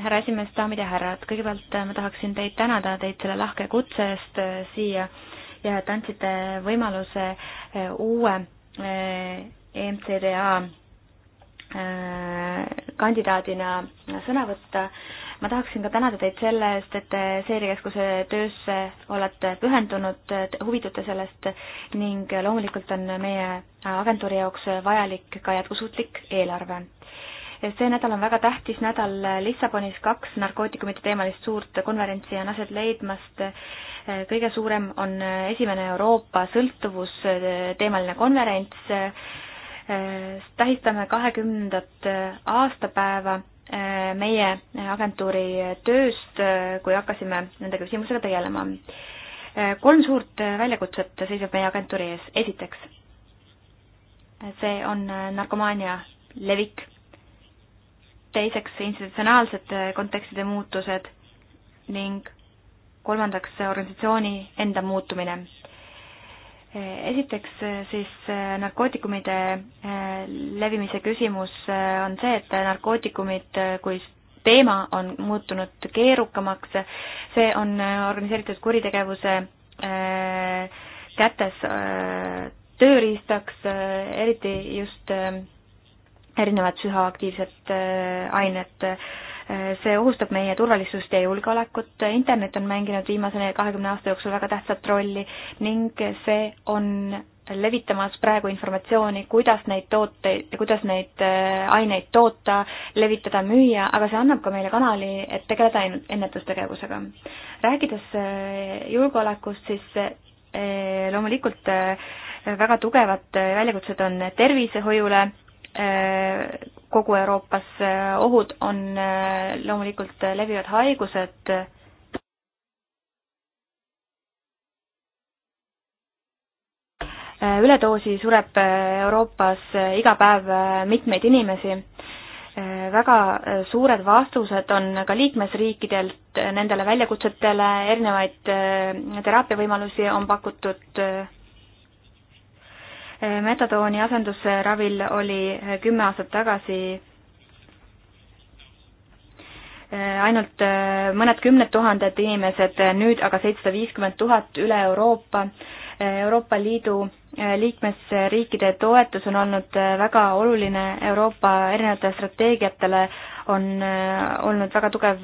härra esimees, daamid ja härrad, kõigepealt ma tahaksin teid tänada, teid selle lahke kutse eest siia ja et andsite võimaluse uue EMCDA Äh, kandidaadina sõna võtta. ma tahaksin ka tänada teid selle eest, et te seirekeskuse töösse olete pühendunud, huvitute sellest ning loomulikult on meie agentuuri jaoks vajalik ka jätkusuutlik eelarve see nädal on väga tähtis nädal Lissabonis, kaks narkootikumide teemalist suurt konverentsi on aset leidmast. kõige suurem on esimene Euroopa sõltuvus teemaline konverents Äh, tähistame kahekümnendat äh, aastapäeva äh, meie agentuuri tööst, kui hakkasime nende küsimusega tegelema. kolm suurt väljakutset seisab meie agentuuri ees. esiteks, see on narkomaania levik. teiseks, institutsionaalsed kontekstide muutused ning kolmandaks, organisatsiooni enda muutumine esiteks siis äh, narkootikumide äh, levimise küsimus äh, on see, et narkootikumid kui teema on muutunud keerukamaks, see on organiseeritud kuritegevuse kätes tööriistaks, eriti just erinevad psühhoaktiivsed ained see ohustab meie turvalisust ja julgeolekut, internet on mänginud viimase kahekümne aasta jooksul väga tähtsat rolli ning see on levitamas praegu informatsiooni, kuidas neid tooteid, kuidas neid äh, aineid toota, levitada, müüa, aga see annab ka meile kanali, et tegeleda ennetustegevusega. rääkides äh, julgeolekust, siis äh, loomulikult väga tugevad väljakutsed on tervishoiule Äh, kogu Euroopas äh, ohud on äh, loomulikult levivad haigused, üledoosi sureb Euroopas iga päev mitmeid inimesi. väga suured vastused on ka liikmesriikidelt nendele väljakutsetele, erinevaid teraapiavõimalusi on pakutud metadooni asendusravil oli kümme aastat tagasi ainult mõned kümned tuhanded inimesed, nüüd aga seitsesada viiskümmend tuhat üle Euroopa. Euroopa Liidu liikmesriikide toetus on olnud väga oluline, Euroopa erinevatele strateegiatele on olnud väga tugev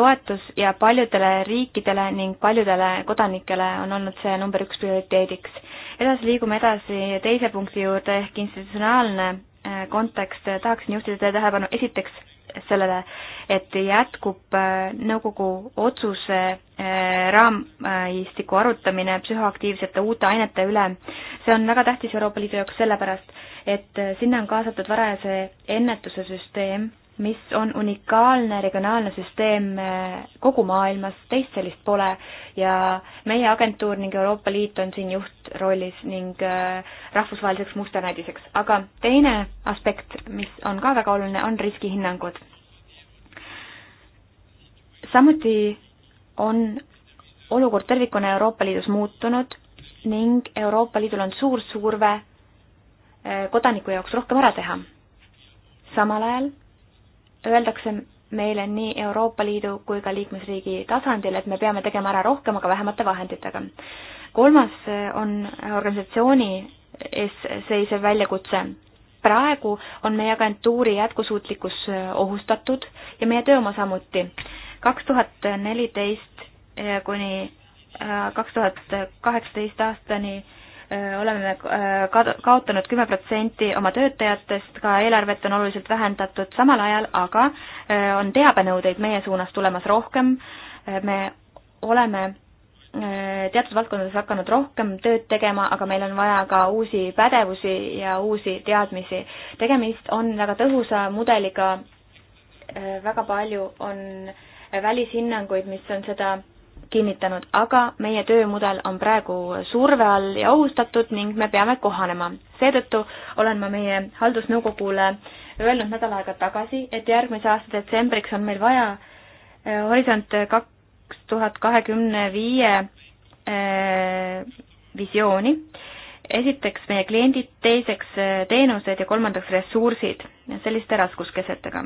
toetus ja paljudele riikidele ning paljudele kodanikele on olnud see number üks prioriteediks edasi liigume edasi teise punkti juurde ehk institutsionaalne äh, kontekst, tahaksin juhtida teie tähelepanu esiteks sellele, et jätkub äh, nõukogu otsuse äh, raamistiku arutamine psühhoaktiivsete uute ainete üle. see on väga tähtis Euroopa Liidu jaoks sellepärast, et sinna on kaasatud varajase ennetuse süsteem mis on unikaalne regionaalne süsteem eh, kogu maailmas, teist sellist pole ja meie agentuur ning Euroopa Liit on siin juhtrollis ning eh, rahvusvaheliseks musternäidiseks. aga teine aspekt, mis on ka väga oluline, on riskihinnangud. samuti on olukord tervikuna Euroopa Liidus muutunud ning Euroopa Liidul on suur surve eh, kodaniku jaoks rohkem ära teha. samal ajal öeldakse meile nii Euroopa Liidu kui ka liikmesriigi tasandil, et me peame tegema ära rohkem, aga vähemate vahenditega. kolmas eh, on organisatsiooni ees seisev väljakutse. praegu on meie agentuuri jätkusuutlikkus eh, ohustatud ja meie töö oma samuti. kaks tuhat neliteist eh, kuni kaks tuhat kaheksateist aastani oleme kaotanud kümme protsenti oma töötajatest, ka eelarvet on oluliselt vähendatud, samal ajal aga on teabenõudeid meie suunas tulemas rohkem, me oleme teatud valdkondades hakanud rohkem tööd tegema, aga meil on vaja ka uusi pädevusi ja uusi teadmisi. tegemist on väga tõhusa mudeliga, väga palju on välishinnanguid, mis on seda kinnitanud, aga meie töömudel on praegu surve all ja ohustatud ning me peame kohanema. seetõttu olen ma meie haldusnõukogule öelnud nädal aega tagasi, et järgmise aasta detsembriks on meil vaja eh, horisont kaks tuhat kahekümne viie eh, visiooni. esiteks meie kliendid, teiseks eh, teenused ja kolmandaks ressursid selliste raskuskesetega.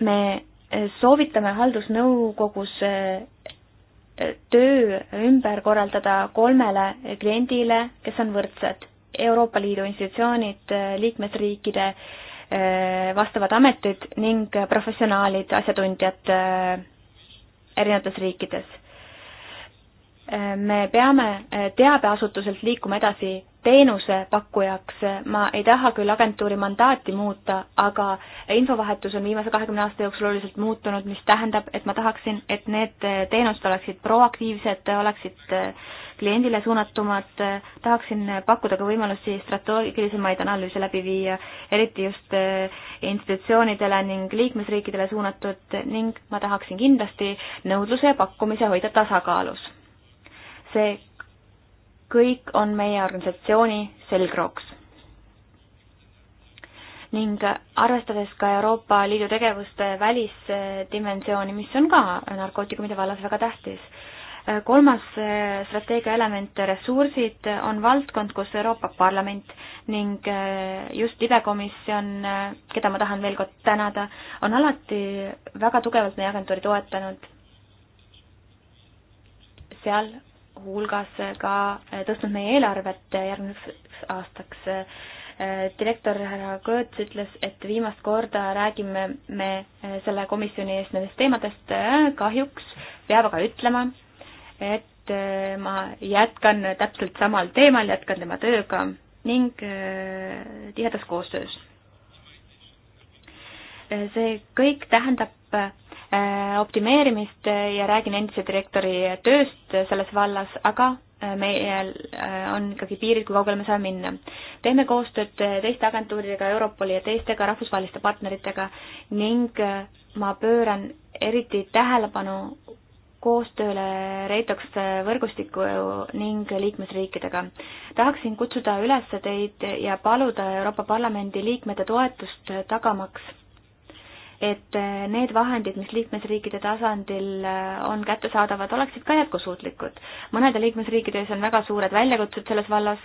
me soovitame haldusnõukogus äh, töö ümber korraldada kolmele kliendile, kes on võrdsed. Euroopa Liidu institutsioonid, äh, liikmesriikide äh, vastavad ametid ning professionaalid, asjatundjad erinevates riikides. me peame teabeasutuselt liikuma edasi teenusepakkujaks, ma ei taha küll agentuuri mandaati muuta, aga infovahetus on viimase kahekümne aasta jooksul oluliselt muutunud, mis tähendab, et ma tahaksin, et need teenused oleksid proaktiivsed, oleksid äh, kliendile suunatumad, tahaksin pakkuda ka võimalusi strateegilisemaid analüüse läbi viia, eriti just äh, institutsioonidele ning liikmesriikidele suunatud ning ma tahaksin kindlasti nõudluse ja pakkumise hoida tasakaalus. see kõik on meie organisatsiooni selgrooks. ning arvestades ka Euroopa Liidu tegevuste välisdimensiooni, mis on ka narkootikumide vallas väga tähtis, kolmas strateegia element, ressursid, on valdkond, kus Euroopa Parlament ning just libekomisjon, keda ma tahan veel kord tänada, on alati väga tugevalt meie agentuuri toetanud. seal hulgas ka eh, tõstnud meie eelarvet eh, järgmiseks aastaks. Eh, direktor härra Kõõts ütles, et viimast korda räägime me selle komisjoni ees nendest teemadest, kahjuks peab aga ütlema, et ma jätkan täpselt samal teemal, jätkan tema tööga ning tihedas koostöös. see kõik tähendab Äh, optimeerimist ja räägin endise direktori tööst selles vallas, aga äh, meil äh, on ikkagi piirid, kui kaugele me saame minna. teeme koostööd teiste agentuuridega, Europoli ja teistega rahvusvaheliste partneritega ning ma pööran eriti tähelepanu koostööle Reitoks võrgustiku ning liikmesriikidega. tahaksin kutsuda üles teid ja paluda Euroopa Parlamendi liikmete toetust tagamaks et äh, need vahendid, mis liikmesriikide tasandil äh, on kättesaadavad, oleksid ka jätkusuutlikud. mõnede liikmesriikide ees on väga suured väljakutsed selles vallas.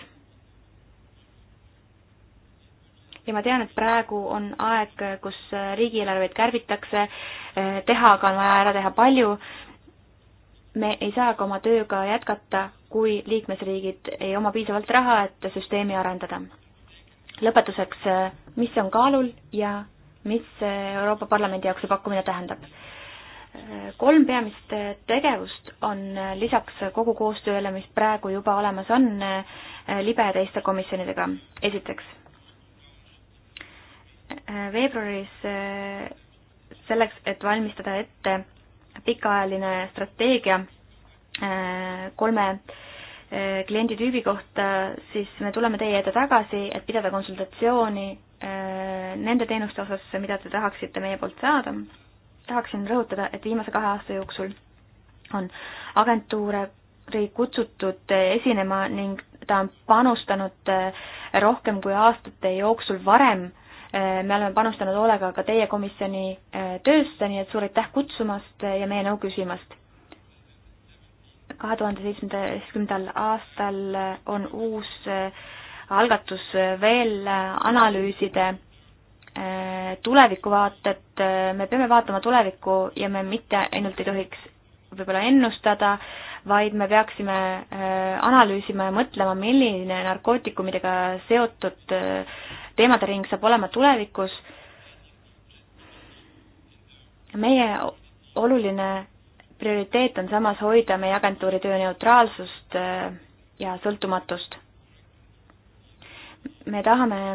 ja ma tean, et praegu on aeg, kus äh, riigieelarveid kärbitakse, teha aga on vaja ära teha palju. me ei saa ka oma tööga jätkata, kui liikmesriigid ei oma piisavalt raha, et süsteemi arendada lõpetuseks, mis on kaalul ja mis Euroopa Parlamendi jaoks see pakkumine tähendab. kolm peamist tegevust on lisaks kogu koostööle, mis praegu juba olemas on, libe ja teiste komisjonidega. esiteks, veebruaris selleks, et valmistada ette pikaajaline strateegia äh, kolme äh, klienditüübi kohta, siis me tuleme teie ette tagasi, et pidada konsultatsiooni Äh, nende teenuste osas, mida te tahaksite meie poolt saada, tahaksin rõhutada, et viimase kahe aasta jooksul on agentuure kutsutud esinema ning ta on panustanud äh, rohkem kui aastate jooksul varem. Äh, me oleme panustanud hoolega ka teie komisjoni töösse, nii et suur aitäh kutsumast ja meie nõu küsimast. kahe tuhande seitsmeteistkümnendal aastal on uus algatus veel analüüsida äh, tulevikuvaatet, äh, me peame vaatama tulevikku ja me mitte ainult ei tohiks võib-olla ennustada, vaid me peaksime äh, analüüsima ja mõtlema, milline narkootikumidega seotud teemade ring saab olema tulevikus. meie oluline prioriteet on samas hoida meie agentuuri töö neutraalsust ja sõltumatust me tahame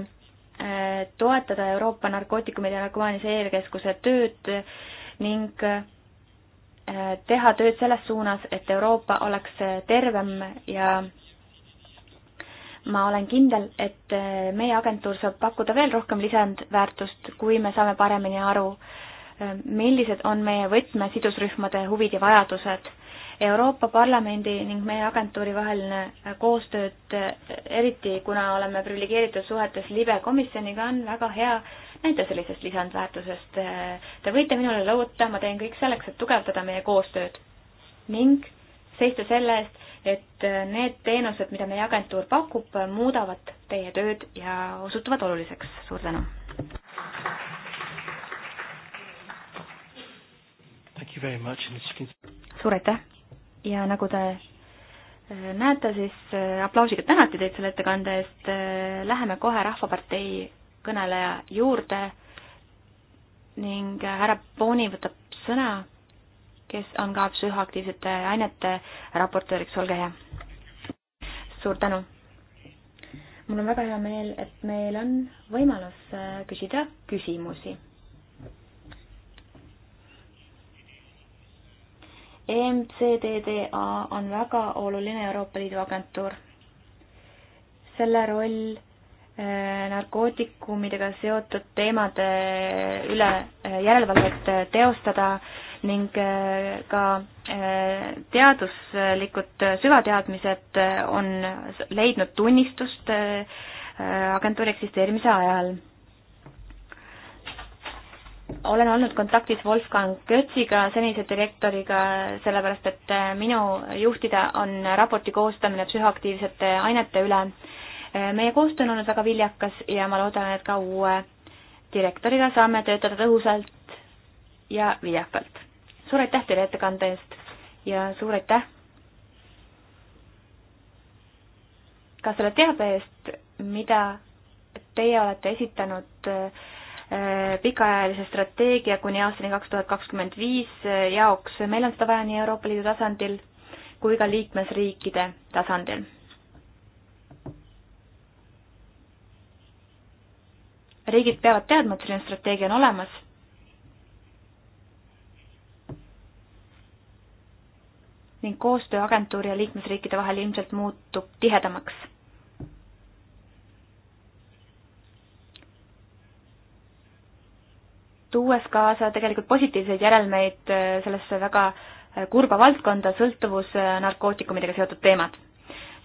äh, toetada Euroopa narkootikumide ja narkomaanilise eelkeskuse tööd ning äh, teha tööd selles suunas, et Euroopa oleks äh, tervem ja ma olen kindel, et meie agentuur saab pakkuda veel rohkem lisandväärtust, kui me saame paremini aru, millised on meie võtme sidusrühmade huvid ja vajadused Euroopa Parlamendi ning meie agentuuri vaheline koostööd, eriti kuna oleme priviligeeritud suhetes libe komisjoniga, on väga hea näide sellisest lisandväärtusest. Te võite minule loota, ma teen kõik selleks, et tugevdada meie koostööd ning seista selle eest, et need teenused, mida meie agentuur pakub, muudavad teie tööd ja osutuvad oluliseks. suur tänu! suur aitäh! ja nagu te äh, näete, siis äh, aplausiga tänati teid selle ettekande eest, äh, läheme kohe Rahvapartei kõneleja juurde ning härra Booni võtab sõna, kes on ka psühhoaktiivsete ainete raportööriks, olge hea. suur tänu. mul on väga hea meel, et meil on võimalus küsida küsimusi EMCDDA on väga oluline Euroopa Liidu agentuur. selle roll äh, narkootikumidega seotud teemade üle äh, järelevalvet äh, teostada ning ka teaduslikud süvateadmised on leidnud tunnistust agentuuri eksisteerimise ajal olen olnud kontaktis Wolfgang Götziga, senise direktoriga, sellepärast et äh, minu juhtida on raporti koostamine psühhoaktiivsete ainete üle. Äh, meie koostöö on olnud väga viljakas ja ma loodan, et ka uue direktoriga saame töötada tõhusalt ja viljakalt. suur aitäh teile ettekande eest ja suur aitäh ka selle teabe eest, mida teie olete esitanud äh, Äh, pikaajalise strateegia kuni aastani kaks tuhat kakskümmend viis äh, jaoks, meil on seda vaja nii Euroopa Liidu tasandil kui ka liikmesriikide tasandil. riigid peavad teadma, et selline strateegia on olemas ning koostöö agentuuri ja liikmesriikide vahel ilmselt muutub tihedamaks tuues kaasa tegelikult positiivseid järelmeid äh, sellesse väga äh, kurba valdkonda, sõltuvus äh, narkootikumidega seotud teemad.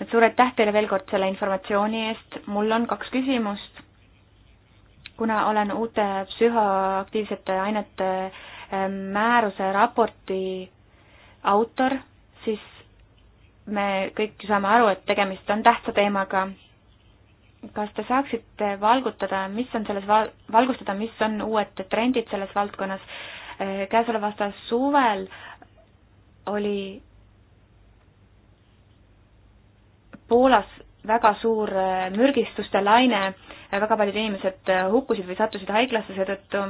et suur aitäh teile veel kord selle informatsiooni eest, mul on kaks küsimust. kuna olen uute psühhoaktiivsete ainete määruse raporti autor, siis me kõik ju saame aru, et tegemist on tähtsa teemaga kas te saaksite valgutada, mis on selles val-, valgustada, mis on uued trendid selles valdkonnas? Äh, käesoleva aasta suvel oli Poolas väga suur äh, mürgistuste laine, äh, väga paljud inimesed hukkusid või sattusid haiglasse seetõttu,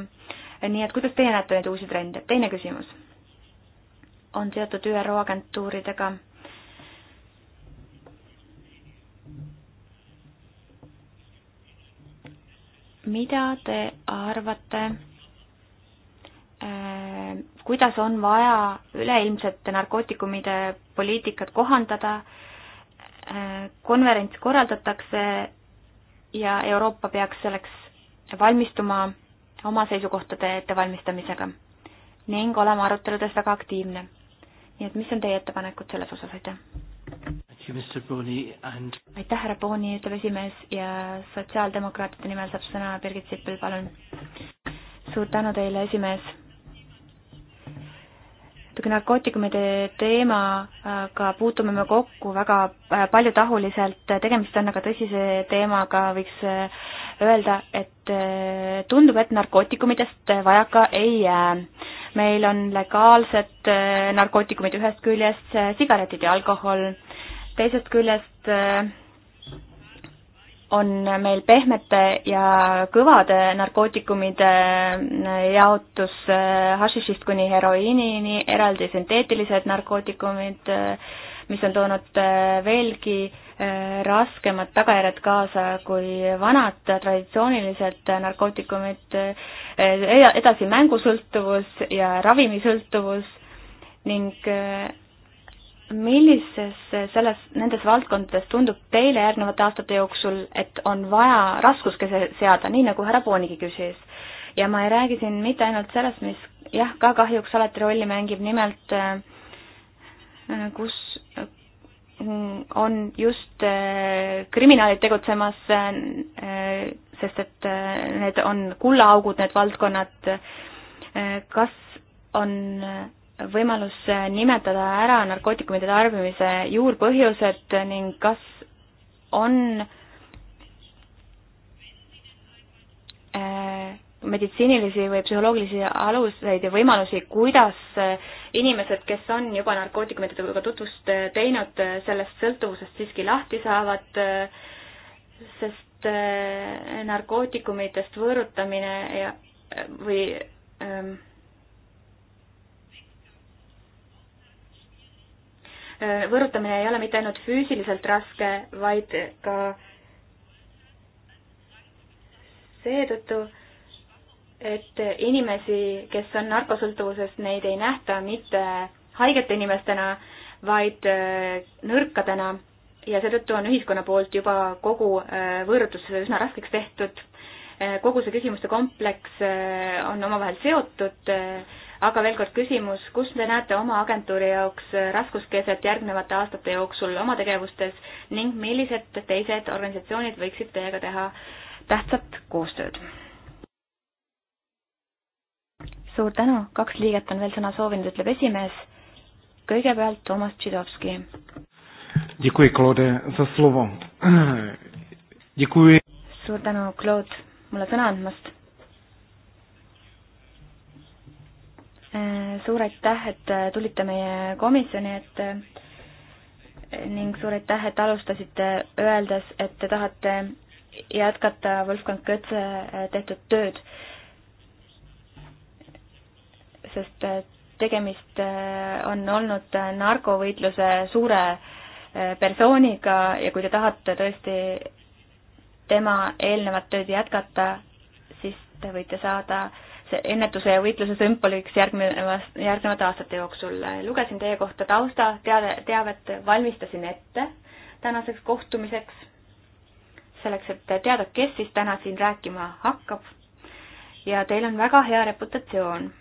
nii et kuidas teie näete neid uusi trende? teine küsimus on seotud ÜRO agentuuridega mida te arvate, äh, kuidas on vaja üleilmsete narkootikumide poliitikat kohandada, äh, konverents korraldatakse ja Euroopa peaks selleks valmistuma oma seisukohtade ettevalmistamisega ning olema aruteludes väga aktiivne. nii et mis on teie ettepanekud selles osas, aitäh? And... aitäh, härra Booni, ütleb esimees ja sotsiaaldemokraatide nimel saab sõna Birgit Sippel, palun. suur tänu teile, esimees. natuke narkootikumide teemaga puutume me kokku väga äh, paljutahuliselt, tegemist on aga tõsise teemaga, võiks äh, öelda, et äh, tundub, et narkootikumidest vajaka ei jää meil on legaalsed narkootikumid ühest küljest, sigaretid ja alkohol teisest küljest äh, on meil pehmete ja kõvade narkootikumide äh, jaotus äh, hašišist kuni heroiinini, eraldi sünteetilised narkootikumid, mis on toonud veelgi raskemad tagajärjed kaasa kui vanad traditsioonilised narkootikumid, edasi mängusõltuvus ja ravimisõltuvus ning millises selles, nendes valdkondades tundub teile järgnevate aastate jooksul, et on vaja raskuskese seada, nii nagu härra Poonigi küsis? ja ma ei räägi siin mitte ainult sellest, mis jah, ka kahjuks alati rolli mängib, nimelt äh, kus äh, on just äh, kriminaalid tegutsemas, sest et need on kullaaugud, need valdkonnad, kas on võimalus äh, nimetada ära narkootikumide tarbimise juurpõhjused ning kas on äh, meditsiinilisi või psühholoogilisi aluseid ja võimalusi, kuidas äh, inimesed, kes on juba narkootikumidega tutvust teinud, sellest sõltuvusest siiski lahti saavad, sest narkootikumidest võõrutamine ja, või ähm, Äh, võõrutamine ei ole mitte ainult füüsiliselt raske, vaid ka seetõttu, et inimesi, kes on narkosõltuvuses, neid ei nähta mitte haigete inimestena, vaid äh, nõrkadena ja seetõttu on ühiskonna poolt juba kogu äh, võõrutus üsna raskeks tehtud. kogu see küsimuste kompleks on omavahel seotud aga veel kord küsimus, kus te näete oma agentuuri jaoks raskuskeset järgnevate aastate jooksul oma tegevustes ning millised teised organisatsioonid võiksid teiega teha tähtsat koostööd? suur tänu, kaks liiget on veel sõna soovinud, ütleb esimees. kõigepealt Toomas Tšidovski. suur tänu, Claude, mulle sõna andmast Äh, suur aitäh, et äh, tulite meie komisjoni ette ning suur aitäh, et alustasite öeldes, et te tahate jätkata Wolfgang Götze äh, tehtud tööd. sest tegemist on olnud narkovõitluse suure persooniga ja kui te tahate tõesti tema eelnevat tööd jätkata, siis te võite saada äh, ennetuse ja võitluse sümboliks järgneva, järgnevate aastate jooksul. lugesin teie kohta tausta, teade, teavet valmistasin ette tänaseks kohtumiseks, selleks, et teada, kes siis täna siin rääkima hakkab. ja teil on väga hea reputatsioon.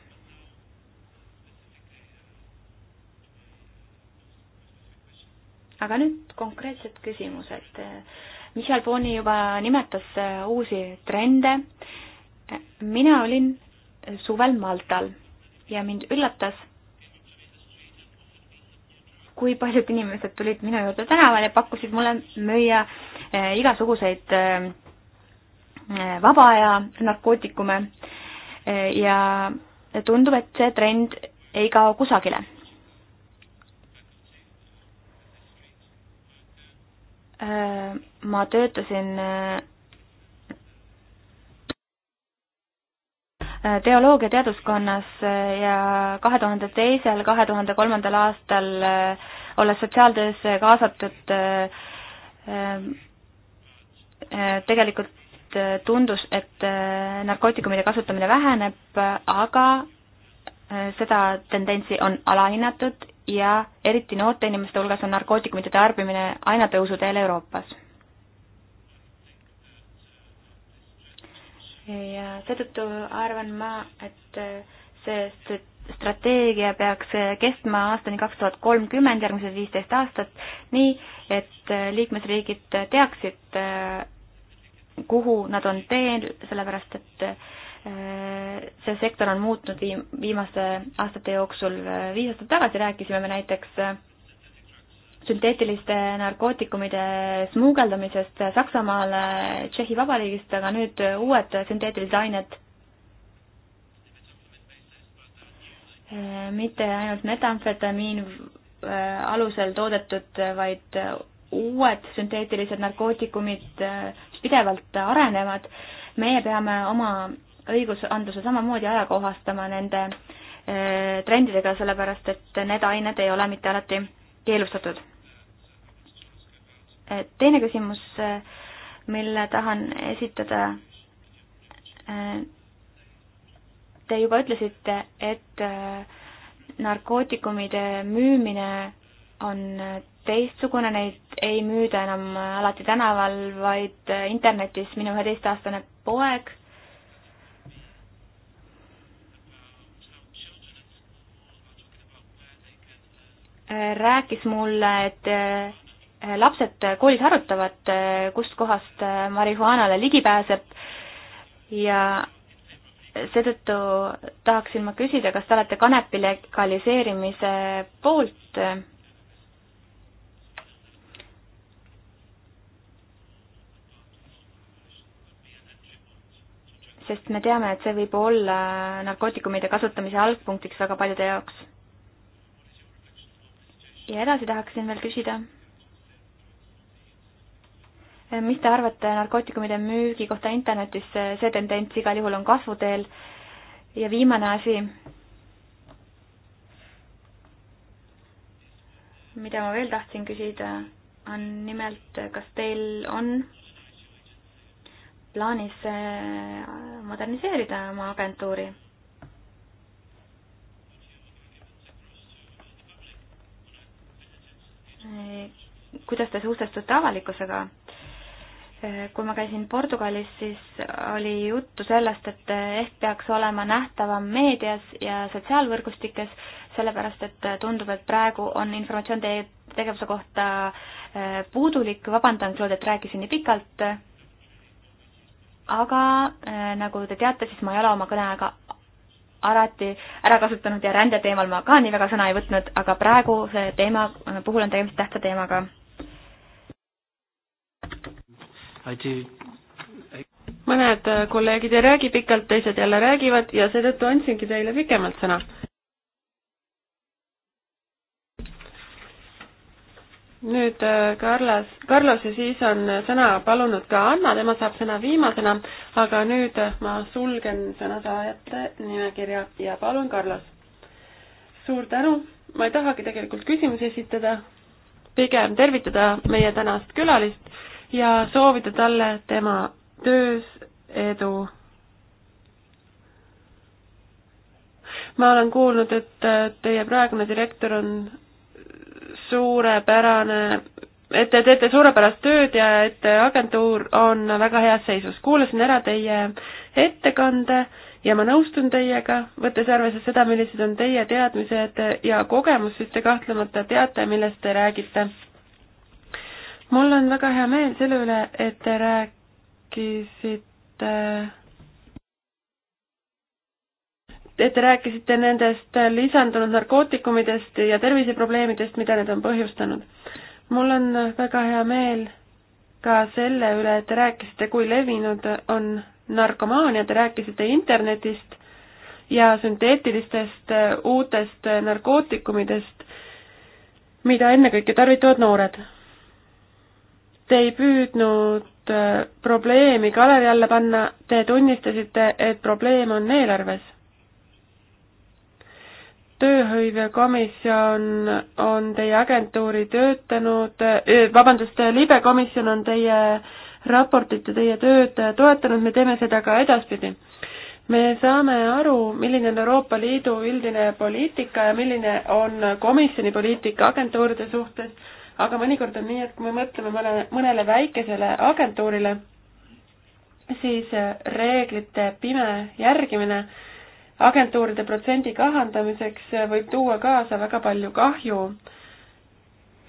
aga nüüd konkreetsed küsimused. Michal Boni juba nimetas uusi trende mina olin suvel Maltal ja mind üllatas, kui paljud inimesed tulid minu juurde tänaval ja pakkusid mulle müüa eh, igasuguseid eh, vaba aja narkootikume eh, ja tundub, et see trend ei kao kusagile. ma töötasin teoloogia teaduskonnas ja kahe tuhande teisel, kahe tuhande kolmandal aastal äh, olles sotsiaaltöösse kaasatud, äh, äh, tegelikult tundus, et narkootikumide kasutamine väheneb, aga seda tendentsi on alahinnatud ja eriti noorte inimeste hulgas on narkootikumide tarbimine aina tõusuteel Euroopas ja seetõttu arvan ma, et äh, see strateegia peaks äh, kestma aastani kaks tuhat kolmkümmend, järgmised viisteist aastat, nii et äh, liikmesriigid teaksid, kuhu nad on teel, sellepärast et see sektor on muutnud viim-, viimaste aastate jooksul, viis aastat tagasi rääkisime me näiteks sünteetiliste narkootikumide smuugeldamisest Saksamaale Tšehhi Vabariigist, aga nüüd uued sünteetilised ained. mitte ainult metamfetamiin äh, alusel toodetud, vaid uued sünteetilised narkootikumid, mis äh, pidevalt arenevad. meie peame oma õigusandluse samamoodi ajakohastama nende äh, trendidega, sellepärast et need ained ei ole mitte alati keelustatud Eh, teine küsimus, eh, mille tahan esitada. Eh, te juba ütlesite, et narkootikumide müümine on teistsugune, neid ei müüda enam alati tänaval, vaid internetis. minu üheteistaastane poeg rääkis mulle, et lapsed koolis arutavad, kust kohast marihuanale ligi pääseb ja seetõttu tahaksin ma küsida, kas te olete kanepi legaliseerimise poolt? sest me teame, et see võib olla narkootikumide kasutamise algpunktiks väga paljude jaoks. ja edasi tahaksin veel küsida mis te arvate narkootikumide müügi kohta internetis, see tendents igal juhul on kasvuteel ja viimane asi, mida ma veel tahtsin küsida, on nimelt, kas teil on plaanis äh, moderniseerida oma agentuuri? Äh, kuidas te suhtestute avalikkusega? kui ma käisin Portugalis, siis oli juttu sellest, et ehk peaks olema nähtavam meedias ja sotsiaalvõrgustikes, sellepärast et tundub, et praegu on informatsioon teie tegevuse kohta äh, puudulik, vabandan, Claude, et rääkisin nii pikalt, aga äh, nagu te teate, siis ma ei ole oma kõneaega alati ära kasutanud ja rände teemal ma ka nii väga sõna ei võtnud, aga praegu see teema äh, puhul on tegemist tähtsa teemaga mõned äh, kolleegid ei räägi pikalt, teised jälle räägivad ja seetõttu andsingi teile pikemalt sõna. nüüd äh, Carlos, Carlos ja siis on sõna palunud ka Anna, tema saab sõna viimasena, aga nüüd äh, ma sulgen sõnasaajate nimekirja ja palun, Carlos. suur tänu, ma ei tahagi tegelikult küsimusi esitada, pigem tervitada meie tänast külalist ja soovida talle tema töös edu. ma olen kuulnud, et äh, teie praegune direktor on suurepärane, et te teete suurepärast tööd ja et agentuur on väga heas seisus. kuulasin ära teie ettekande ja ma nõustun teiega, võttes arvesse seda, millised on teie teadmised ja kogemus, siis te kahtlemata teate, millest te räägite mul on väga hea meel selle üle, et te rääkisite et te rääkisite nendest lisandunud narkootikumidest ja terviseprobleemidest, mida need on põhjustanud. mul on väga hea meel ka selle üle, et te rääkisite, kui levinud on narkomaania, te rääkisite internetist ja sünteetilistest uutest narkootikumidest, mida ennekõike tarvitavad noored te ei püüdnud äh, probleemi kalevi alla panna, te tunnistasite, et probleem on eelarves. tööhõivekomisjon on teie agentuuri töötanud, äh, vabandust, libekomisjon on teie raportit ja teie tööd toetanud, me teeme seda ka edaspidi me saame aru, milline on Euroopa Liidu üldine poliitika ja milline on komisjoni poliitika agentuuride suhtes aga mõnikord on nii, et kui me mõtleme mõnele, mõnele väikesele agentuurile, siis äh, reeglite pime järgimine agentuuride protsendi kahandamiseks äh, võib tuua kaasa väga palju kahju,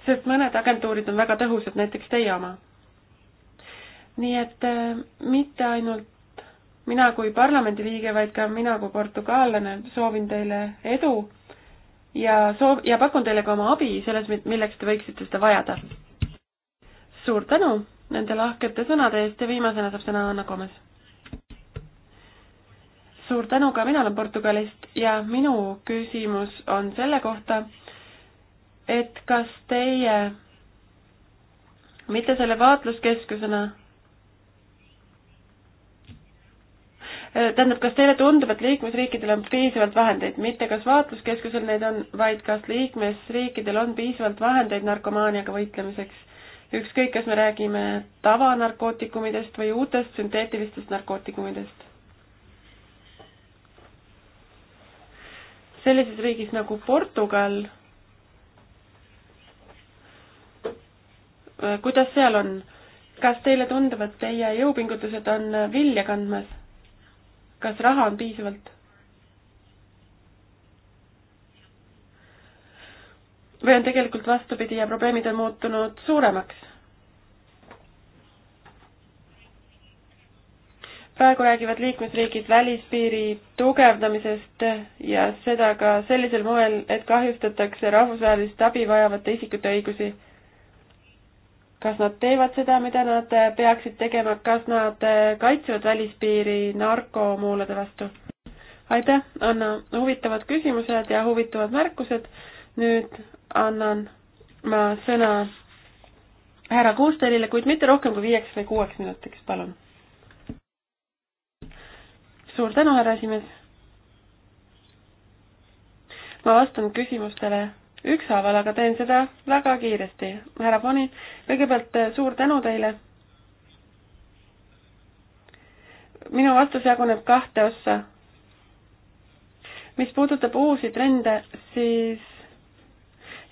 sest mõned agentuurid on väga tõhusad, näiteks teie oma. nii et äh, mitte ainult mina kui parlamendiliige, vaid ka mina kui portugaallane soovin teile edu ja soov, ja pakun teile ka oma abi selles, milleks te võiksite seda vajada. suur tänu nende lahkete sõnade eest ja viimasena saab sõna Anna Komes. suur tänu, ka mina olen Portugalist ja minu küsimus on selle kohta, et kas teie mitte selle vaatluskeskusena, Äh, tähendab, kas teile tundub, et liikmesriikidel on piisavalt vahendeid, mitte kas vaatluskeskusel neid on, vaid kas liikmesriikidel on piisavalt vahendeid narkomaaniaga võitlemiseks? ükskõik, kas me räägime tavanarkootikumidest või uutest sünteetilistest narkootikumidest. sellises riigis nagu Portugal, äh, kuidas seal on? kas teile tundub, et teie jõupingutused on äh, vilja kandmas? kas raha on piisavalt? või on tegelikult vastupidi ja probleemid on muutunud suuremaks? praegu räägivad liikmesriigid välispiiri tugevdamisest ja seda ka sellisel moel, et kahjustatakse rahvusvahelist abi vajavate isikute õigusi kas nad teevad seda, mida nad peaksid tegema, kas nad kaitsevad välispiiri narkomuulade vastu? aitäh, Anna, huvitavad küsimused ja huvitavad märkused. nüüd annan ma sõna härra Kuustelile, kuid mitte rohkem kui viieks või kuueks minutiks, palun. suur tänu, härra esimees. ma vastan küsimustele ükshaaval, aga teen seda väga kiiresti. härra Boni, kõigepealt eh, suur tänu teile. minu vastus jaguneb kahte ossa. mis puudutab uusi trende, siis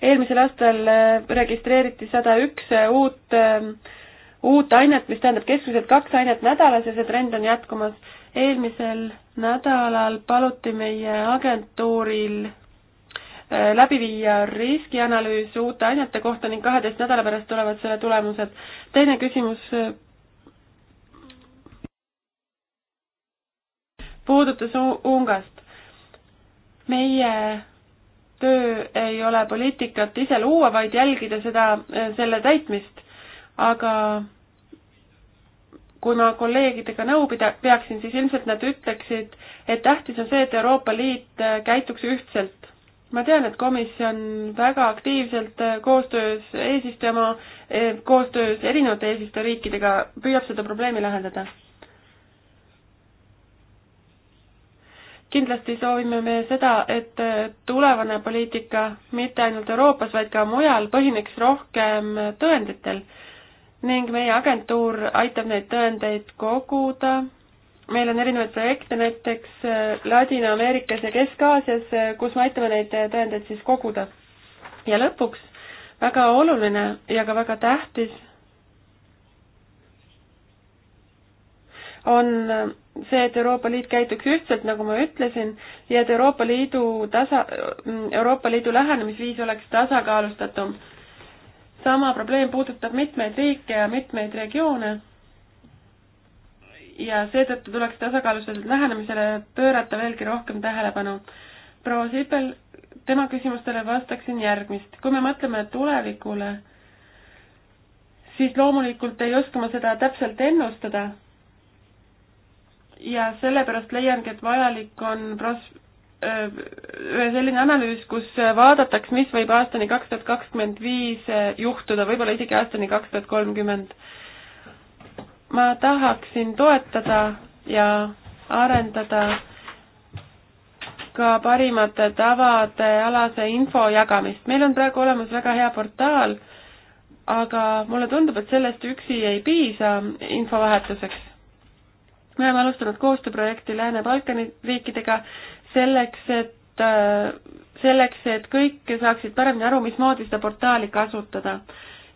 eelmisel aastal eh, registreeriti sada üks eh, uut, uut ainet, mis tähendab keskmiselt kaks ainet nädalas ja see trend on jätkumas. eelmisel nädalal paluti meie agentuuril Äh, läbi viia riskianalüüs uute ainete kohta ning kaheteist nädala pärast tulevad selle tulemused. teine küsimus äh, puudutas Ungast. meie töö ei ole poliitikat ise luua, vaid jälgida seda, äh, selle täitmist, aga kui ma kolleegidega nõu pida-, peaksin, siis ilmselt nad ütleksid, et tähtis on see, et Euroopa Liit käituks ühtselt ma tean, et komisjon väga aktiivselt äh, koostöös eesistujama, äh, koostöös erinevate eesistujariikidega püüab seda probleemi lahendada. kindlasti soovime me seda, et äh, tulevane poliitika mitte ainult Euroopas, vaid ka mujal põhineks rohkem tõenditel ning meie agentuur aitab neid tõendeid koguda meil on erinevaid projekte näiteks äh, Ladina-Ameerikas ja Kesk-Aasias, äh, kus me aitame neid äh, tõendeid siis koguda. ja lõpuks väga oluline ja ka väga tähtis on see, et Euroopa Liit käituks ühtselt, nagu ma ütlesin, ja et Euroopa Liidu tasa, Euroopa Liidu lähenemisviis oleks tasakaalustatum. sama probleem puudutab mitmeid riike ja mitmeid regioone ja seetõttu tuleks tasakaalustatud lähenemisele pöörata veelgi rohkem tähelepanu. proua Sipel, tema küsimustele vastaksin järgmist. kui me mõtleme tulevikule, siis loomulikult ei oska ma seda täpselt ennustada. ja sellepärast leiangi, et vajalik on pros-, selline analüüs, kus vaadatakse, mis võib aastani kaks tuhat kakskümmend viis juhtuda, võib-olla isegi aastani kaks tuhat kolmkümmend ma tahaksin toetada ja arendada ka parimate tavade alase info jagamist. meil on praegu olemas väga hea portaal, aga mulle tundub, et sellest üksi ei piisa infovahetuseks. me oleme alustanud koostööprojekti Lääne-Balkani riikidega selleks, et, selleks, et kõik saaksid paremini aru, mismoodi seda portaali kasutada.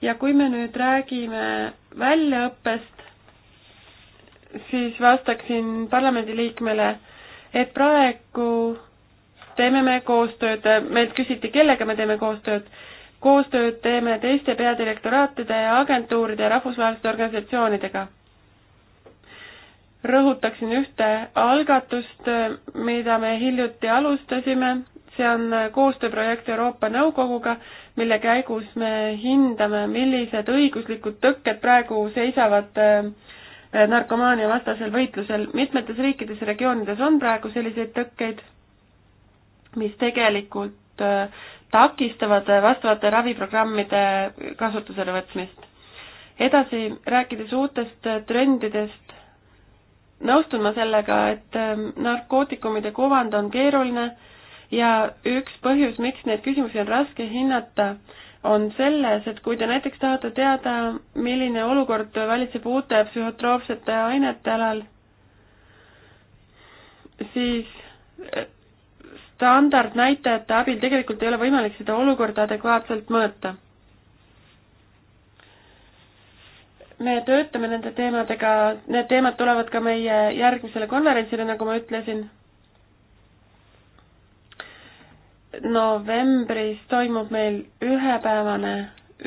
ja kui me nüüd räägime väljaõppest, siis vastaksin parlamendiliikmele, et praegu teeme me koostööd, meilt küsiti, kellega me teeme koostööd. koostööd teeme teiste peadirektoraatide, agentuuride ja rahvusvaheliste organisatsioonidega. rõhutaksin ühte algatust, mida me hiljuti alustasime, see on koostööprojekt Euroopa Nõukoguga, mille käigus me hindame, millised õiguslikud tõkked praegu seisavad äh, Äh, narkomaania vastasel võitlusel. mitmetes riikides ja regioonides on praegu selliseid tõkkeid, mis tegelikult äh, takistavad äh, vastavate raviprogrammide kasutusele võtmist. edasi, rääkides uutest trendidest, nõustun ma sellega, et ähm, narkootikumide kuvand on keeruline ja üks põhjus, miks neid küsimusi on raske hinnata, on selles, et kui te näiteks tahate teada, milline olukord valitseb uute psühhotroopsete ainete alal, siis eh, standardnäitajate abil tegelikult ei ole võimalik seda olukorda adekvaatselt mõõta. me töötame nende teemadega, need teemad tulevad ka meie järgmisele konverentsile, nagu ma ütlesin novembris toimub meil ühepäevane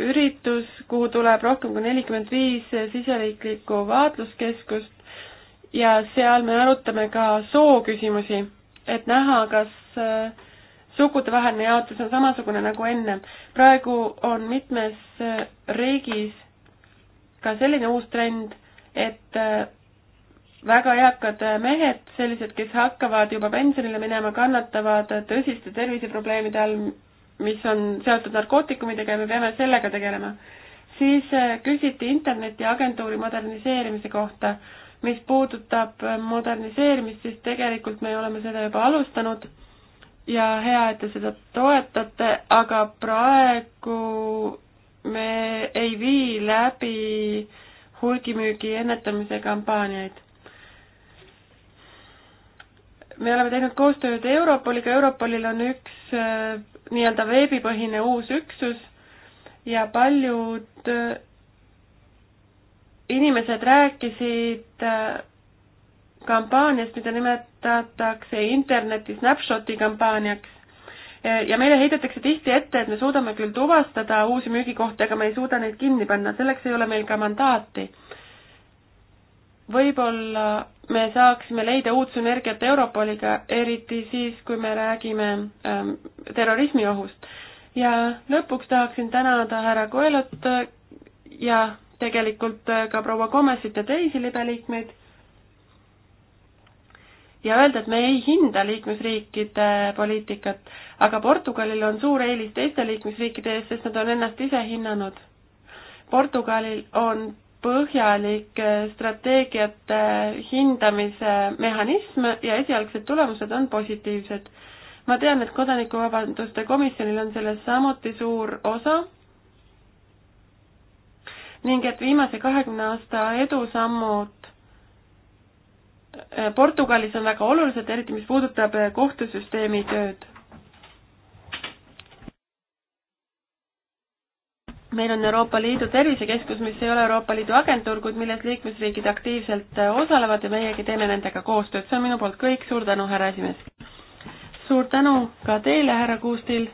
üritus, kuhu tuleb rohkem kui nelikümmend viis siseriiklikku vaatluskeskust ja seal me arutame ka sooküsimusi, et näha, kas äh, sugudevaheline jaotus on samasugune nagu enne. praegu on mitmes äh, riigis ka selline uus trend, et äh, väga eakad mehed, sellised, kes hakkavad juba pensionile minema, kannatavad tõsiste terviseprobleemide all, mis on seotud narkootikumidega ja me peame sellega tegelema. siis äh, küsiti internetiagentuuri moderniseerimise kohta. mis puudutab äh, moderniseerimist, siis tegelikult me oleme seda juba alustanud ja hea, et te seda toetate, aga praegu me ei vii läbi hulgimüügi ennetamise kampaaniaid me oleme teinud koostööd Europoliga, Europolil on üks äh, nii-öelda veebipõhine uus üksus ja paljud äh, inimesed rääkisid äh, kampaaniast, mida nimetatakse interneti snapshoti kampaaniaks. ja meile heidetakse tihti ette, et me suudame küll tuvastada uusi müügikohti, aga me ei suuda neid kinni panna, selleks ei ole meil ka mandaati võib-olla me saaksime leida uut sünergiat Europoliga, eriti siis, kui me räägime ähm, terrorismiohust. ja lõpuks tahaksin tänada härra Koelot äh, ja tegelikult äh, ka proua Komesit ja teisi libeliikmeid ja öelda, et me ei hinda liikmesriikide poliitikat, aga Portugalil on suur eelis teiste liikmesriikide ees, sest nad on ennast ise hinnanud. Portugalil on põhjalik äh, strateegiate hindamise mehhanism ja esialgsed tulemused on positiivsed. ma tean, et Kodanikuvabaduste komisjonil on selles samuti suur osa ning et viimase kahekümne aasta edusammud äh, Portugalis on väga olulised, eriti mis puudutab äh, kohtusüsteemi tööd meil on Euroopa Liidu Tervisekeskus, mis ei ole Euroopa Liidu agentuur, kuid milles liikmesriigid aktiivselt äh, osalevad ja meiegi teeme nendega koostööd. see on minu poolt kõik, suur tänu, härra esimees! suur tänu ka teile, härra Kuustil!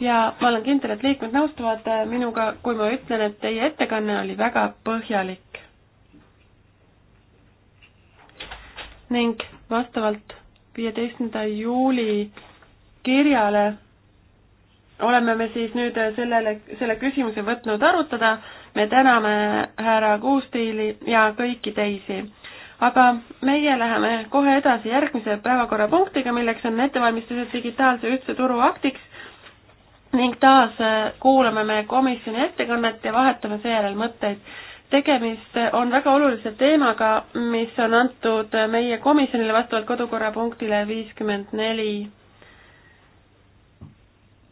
ja ma olen kindel, et liikmed nõustuvad äh, minuga, kui ma ütlen, et teie ettekanne oli väga põhjalik. ning vastavalt viieteistkümnenda juuli kirjale oleme me siis nüüd sellele, selle küsimuse võtnud arutada, me täname härra Kuustiili ja kõiki teisi. aga meie läheme kohe edasi järgmise päevakorrapunktiga, milleks on ettevalmistused digitaalse ühtse turu aktiks ning taas äh, kuulame me komisjoni ettekannet ja vahetame seejärel mõtteid. tegemist on väga olulise teemaga, mis on antud meie komisjonile vastavalt kodukorrapunktile viiskümmend neli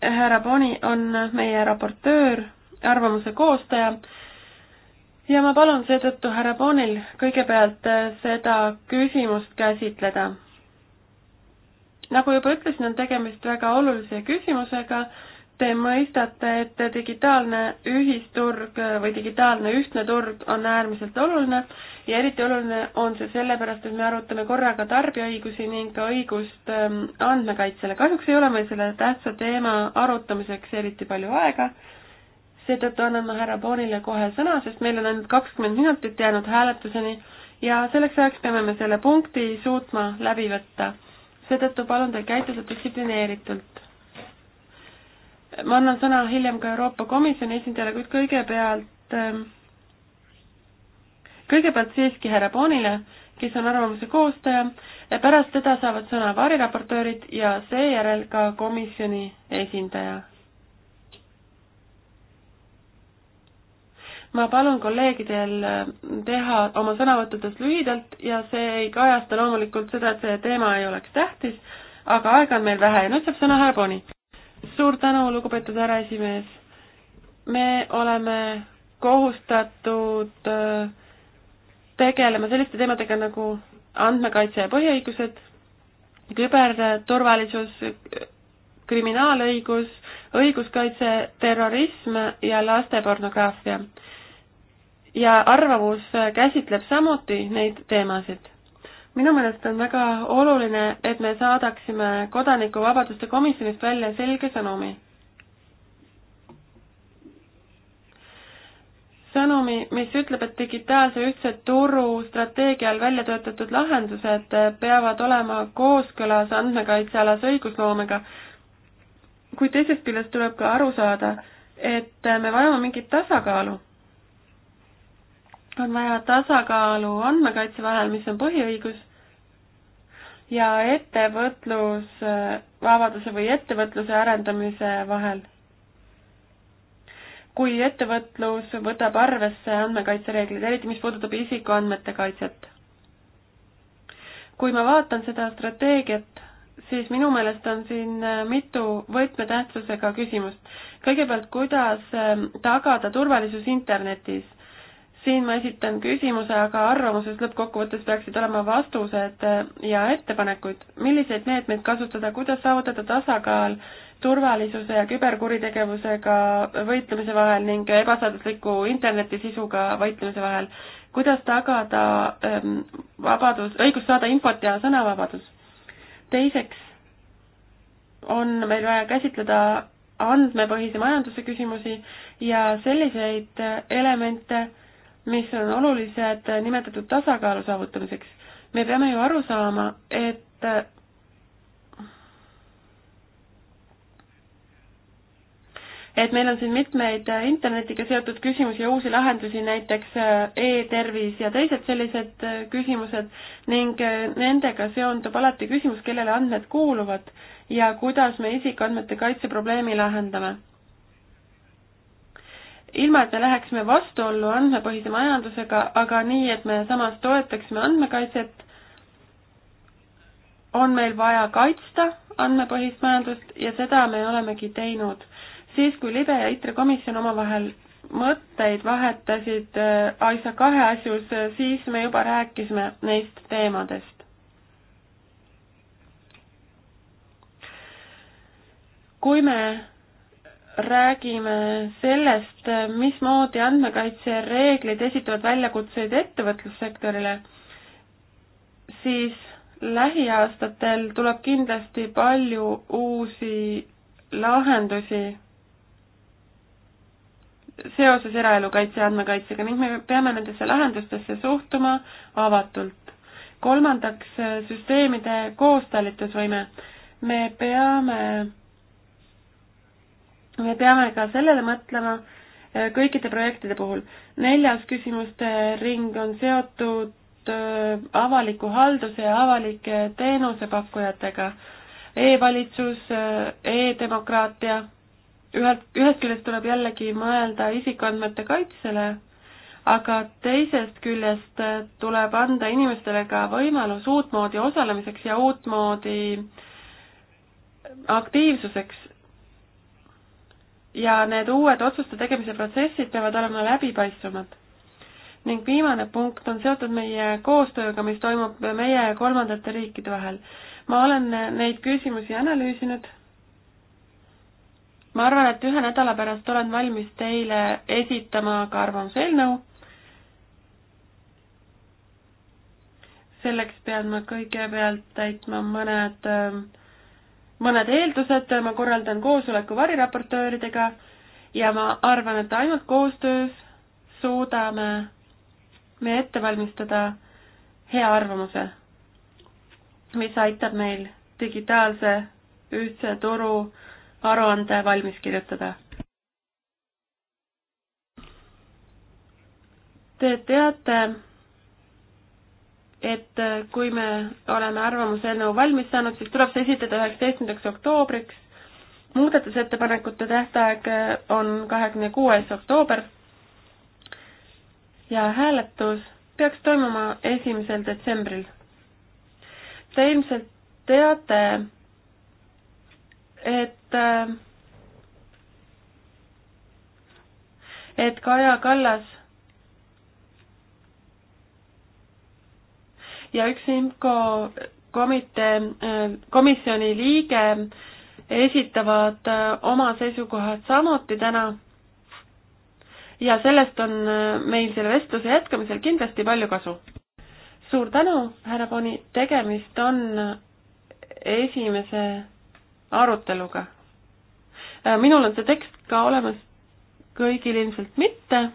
härra Boni on meie raportöör, arvamuse koostaja ja ma palun seetõttu härra Bonil kõigepealt seda küsimust käsitleda. nagu juba ütlesin, on tegemist väga olulise küsimusega Te mõistate, et digitaalne ühisturg või digitaalne ühtne turg on äärmiselt oluline ja eriti oluline on see sellepärast, et me arutame korraga tarbijaõigusi ning ka õigust ähm, andmekaitsele. kahjuks ei ole meil selle tähtsa teema arutamiseks eriti palju aega, seetõttu annan ma härra Boonile kohe sõna, sest meil on ainult kakskümmend minutit jäänud hääletuseni ja selleks ajaks peame me selle punkti suutma läbi võtta. seetõttu palun teil käituda distsiplineeritult ma annan sõna hiljem ka Euroopa Komisjoni esindajale, kuid kõigepealt, ähm, kõigepealt siiski härra Boonile, kes on arvamuse koostaja, pärast teda saavad sõna variraportöörid ja seejärel ka komisjoni esindaja. ma palun kolleegidel ähm, teha oma sõnavõttudes lühidalt ja see ei kajasta loomulikult seda, et see teema ei oleks tähtis, aga aega on meil vähe ja nüüd saab sõna härra Booni suur tänu, lugupeetud härra esimees. me oleme kohustatud äh, tegelema selliste teemadega nagu andmekaitse ja põhiõigused, küberturvalisus, kriminaalõigus, õiguskaitse, terrorism ja lastepornograafia. ja arvamus äh, käsitleb samuti neid teemasid minu meelest on väga oluline, et me saadaksime kodanikuvabaduste komisjonist välja selge sõnumi. sõnumi, mis ütleb, et digitaalse ühtse turu strateegial välja töötatud lahendused peavad olema kooskõlas andmekaitsealase õigusloomega. kuid teisest küljest tuleb ka aru saada, et me vajame mingit tasakaalu on vaja tasakaalu andmekaitse vahel, mis on põhiõigus, ja ettevõtlusvabaduse või ettevõtluse arendamise vahel. kui ettevõtlus võtab arvesse andmekaitsereegleid, eriti mis puudutab isikuandmete kaitset. kui ma vaatan seda strateegiat, siis minu meelest on siin mitu võtmetähtsusega küsimust. kõigepealt, kuidas tagada turvalisus internetis siin ma esitan küsimuse, aga arvamuses lõppkokkuvõttes peaksid olema vastused äh, ja ettepanekuid, milliseid meetmeid kasutada, kuidas saavutada tasakaal turvalisuse ja küberkuritegevusega võitlemise vahel ning ebaseadusliku internetisisuga võitlemise vahel, kuidas tagada ähm, vabadus, õigus saada infot ja sõnavabadus. teiseks on meil vaja käsitleda andmepõhise majanduse küsimusi ja selliseid elemente, mis on olulised nimetatud tasakaalu saavutamiseks. me peame ju aru saama, et et meil on siin mitmeid internetiga seotud küsimusi ja uusi lahendusi, näiteks e-tervis ja teised sellised küsimused ning nendega seondub alati küsimus, kellele andmed kuuluvad ja kuidas me isikuandmete kaitse probleemi lahendame ilma, et me läheksime vastuollu andmepõhise majandusega, aga nii, et me samas toetaksime andmekaitset, on meil vaja kaitsta andmepõhist majandust ja seda me olemegi teinud. siis, kui libe ja ITRE komisjon omavahel mõtteid vahetasid äh, AISA kahe asjus, äh, siis me juba rääkisime neist teemadest. kui me räägime sellest, mismoodi andmekaitsereeglid esitavad väljakutseid ettevõtlussektorile, siis lähiaastatel tuleb kindlasti palju uusi lahendusi seoses eraelukaitse ja andmekaitsega ning me peame nendesse lahendustesse suhtuma avatult. kolmandaks, süsteemide koostalitusvõime. me peame me peame ka sellele mõtlema eh, kõikide projektide puhul. neljas küsimuste ring on seotud eh, avaliku halduse ja avalike teenusepakkujatega e. E-valitsus e, e-demokraatia, ühelt, ühest küljest tuleb jällegi mõelda isikuandmete kaitsele, aga teisest küljest tuleb anda inimestele ka võimalus uutmoodi osalemiseks ja uutmoodi aktiivsuseks ja need uued otsuste tegemise protsessid peavad olema läbipaistvamad. ning viimane punkt on seotud meie koostööga, mis toimub meie ja kolmandate riikide vahel. ma olen neid küsimusi analüüsinud. ma arvan, et ühe nädala pärast olen valmis teile esitama ka arvamuseelnõu. selleks pean ma kõigepealt täitma mõned äh, mõned eeldused, ma korraldan koosoleku variraportööridega ja ma arvan, et ainult koostöös suudame me ette valmistada hea arvamuse, mis aitab meil digitaalse ühtse turu aruande valmis kirjutada. Te teate, et äh, kui me oleme arvamuseelnõu valmis saanud, siis tuleb see esitada üheksateistkümnendaks oktoobriks. muudatusettepanekute tähtaeg äh, on kahekümne kuues oktoober ja hääletus peaks toimuma esimesel detsembril. Te ilmselt teate, et äh, et Kaja Kallas ja üks IMCO komitee, äh, komisjoni liige esitavad äh, oma seisukohad samuti täna. ja sellest on äh, meil selle vestluse jätkamisel kindlasti palju kasu. suur tänu, härra Boni, tegemist on esimese aruteluga. minul on see tekst ka olemas, kõigil ilmselt mitte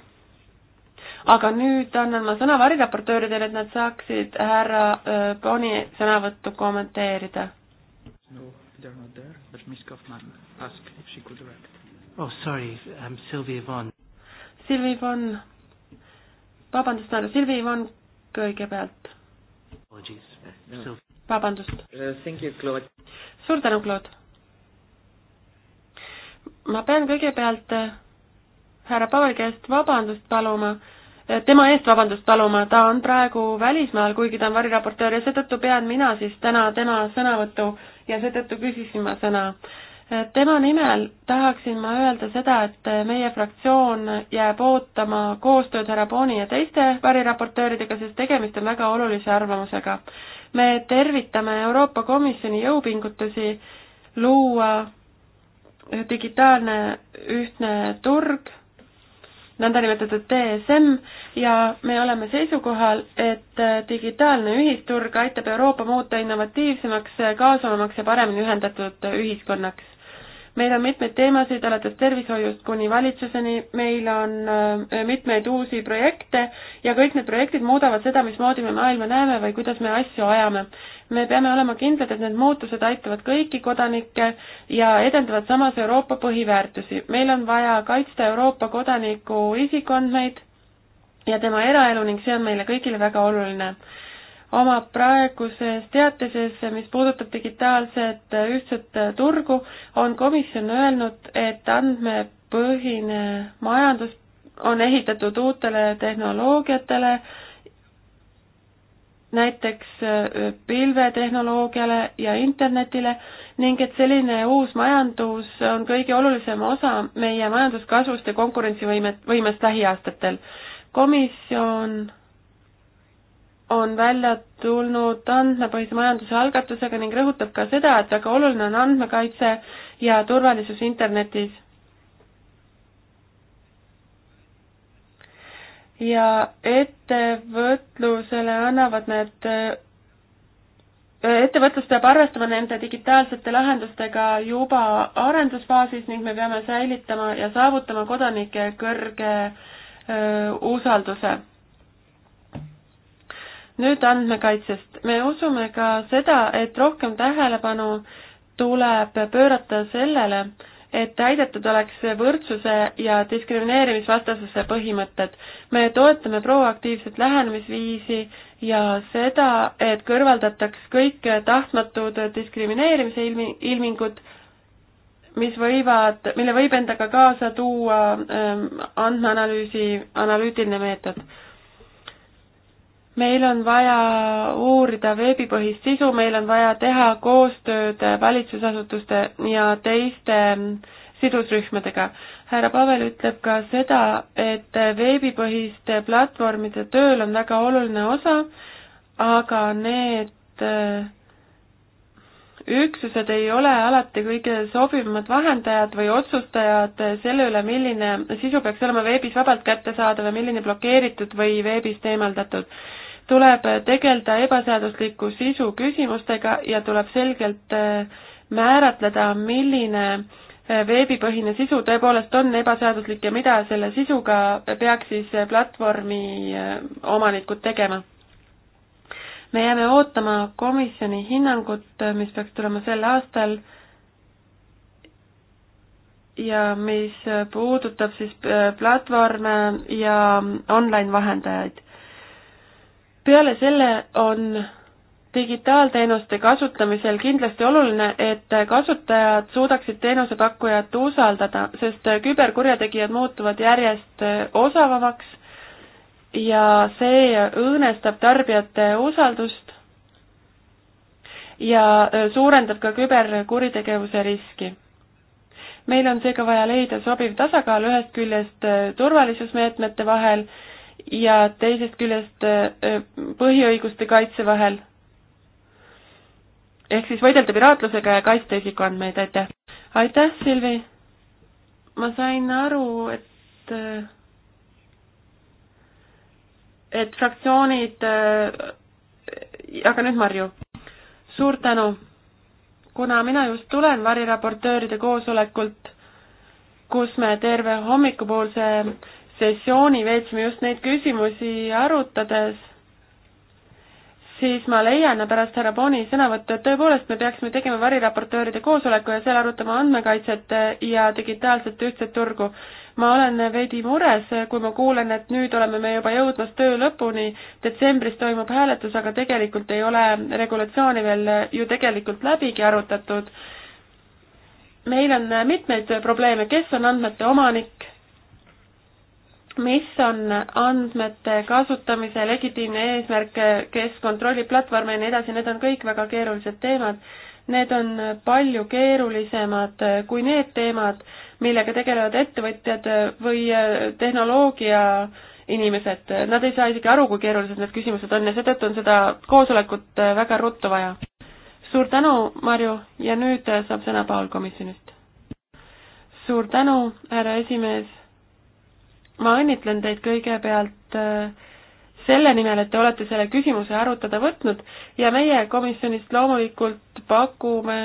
aga nüüd annan ma sõna variraportööridele, et nad saaksid härra äh, Boni sõnavõttu kommenteerida. no they are not there, but Miss Kaufmann asked if she could direct. Oh sorry, I am Sylvie Von. Sylvie Von, vabandust, ma olen Sylvie Von kõigepealt. vabandust. Uh, thank you, Claude. suur tänu, Claude. ma pean kõigepealt äh, härra Paul käest vabandust paluma Eh, tema eest vabandust paluma, ta on praegu välismaal, kuigi ta on variraportöör ja seetõttu pean mina siis täna tema sõnavõtu ja seetõttu küsisin ma sõna. Eh, tema nimel tahaksin ma öelda seda, et eh, meie fraktsioon jääb ootama koostööd härra Booni ja teiste variraportööridega, sest tegemist on väga olulise arvamusega. me tervitame Euroopa Komisjoni jõupingutusi luua digitaalne ühtne turg nõndanimetatud DSM ja me oleme seisukohal, et äh, digitaalne ühisturg aitab Euroopa muuta innovatiivsemaks, äh, kaasavamaks ja paremini ühendatud äh, ühiskonnaks meil on mitmeid teemasid, alates tervishoiust kuni valitsuseni, meil on äh, mitmeid uusi projekte ja kõik need projektid muudavad seda, mismoodi me maailma näeme või kuidas me asju ajame. me peame olema kindlad, et need muutused aitavad kõiki kodanikke ja edendavad samas Euroopa põhiväärtusi. meil on vaja kaitsta Euroopa kodaniku isikuandmeid ja tema eraelu ning see on meile kõigile väga oluline omab praeguses teatises, mis puudutab digitaalset ühtset turgu, on komisjon öelnud, et andmepõhine majandus on ehitatud uutele tehnoloogiatele, näiteks pilvetehnoloogiale ja internetile ning et selline uus majandus on kõige olulisem osa meie majanduskasvust ja konkurentsivõimet, võimest lähiaastatel. komisjon on välja tulnud andmepõhise majanduse algatusega ning rõhutab ka seda, et väga oluline on andmekaitse ja turvalisus internetis. ja ettevõtlusele annavad need, ettevõtlus peab arvestama nende digitaalsete lahendustega juba arendusfaasis ning me peame säilitama ja saavutama kodanike kõrge öö, usalduse nüüd andmekaitsest. me usume ka seda, et rohkem tähelepanu tuleb pöörata sellele, et täidetud oleks võrdsuse ja diskrimineerimisvastasuse põhimõtted. me toetame proaktiivset lähenemisviisi ja seda, et kõrvaldataks kõik tahtmatud diskrimineerimise ilmi, ilmingud, mis võivad, mille võib endaga kaasa tuua ähm, andmeanalüüsi analüütiline meetod meil on vaja uurida veebipõhist sisu, meil on vaja teha koostööd valitsusasutuste ja teiste sidusrühmadega. härra Pavel ütleb ka seda, et veebipõhiste platvormide tööl on väga oluline osa, aga need äh, üksused ei ole alati kõige sobivamad vahendajad või otsustajad selle üle, milline sisu peaks olema veebis vabalt kättesaadav ja milline blokeeritud või veebist eemaldatud tuleb tegeleda ebaseadusliku sisu küsimustega ja tuleb selgelt eh, määratleda, milline eh, veebipõhine sisu tõepoolest on ebaseaduslik ja mida selle sisuga peaks siis platvormi eh, omanikud tegema. me jääme ootama komisjoni hinnangut, mis peaks tulema sel aastal ja mis puudutab siis platvorme ja online vahendajaid peale selle on digitaalteenuste kasutamisel kindlasti oluline, et kasutajad suudaksid teenusepakkujat usaldada, sest küberkurjategijad muutuvad järjest osavamaks ja see õõnestab tarbijate usaldust ja suurendab ka küberkuritegevuse riski. meil on seega vaja leida sobiv tasakaal ühest küljest turvalisusmeetmete vahel ja teisest küljest äh, äh, põhiõiguste kaitse vahel. ehk siis võidelda piraatlusega ja kaitsta isikuandmeid, aitäh. aitäh, Silvi. ma sain aru, et äh, et fraktsioonid, aga nüüd Marju, suur tänu. kuna mina just tulen variraportööride koosolekult, kus me terve hommikupoolse sessiooni veetsime just neid küsimusi arutades, siis ma leian pärast härra Boni sõnavõttu, et tõepoolest me peaksime tegema variraportööride koosoleku ja seal arutama andmekaitset ja digitaalset ühtset turgu. ma olen veidi mures, kui ma kuulen, et nüüd oleme me juba jõudmas töö lõpuni, detsembris toimub hääletus, aga tegelikult ei ole regulatsiooni veel ju tegelikult läbigi arutatud. meil on mitmeid probleeme, kes on andmete omanik mis on andmete kasutamise legitiimne eesmärk, kes kontrollib platvorme ja nii edasi, need on kõik väga keerulised teemad. Need on palju keerulisemad kui need teemad, millega tegelevad ettevõtjad või tehnoloogia inimesed. Nad ei saa isegi aru, kui keerulised need küsimused on ja seetõttu on seda koosolekut väga ruttu vaja. suur tänu, Marju, ja nüüd saab sõna Paul komisjonist. suur tänu, härra esimees ma õnnitlen teid kõigepealt äh, selle nimel, et te olete selle küsimuse arutada võtnud ja meie komisjonist loomulikult pakume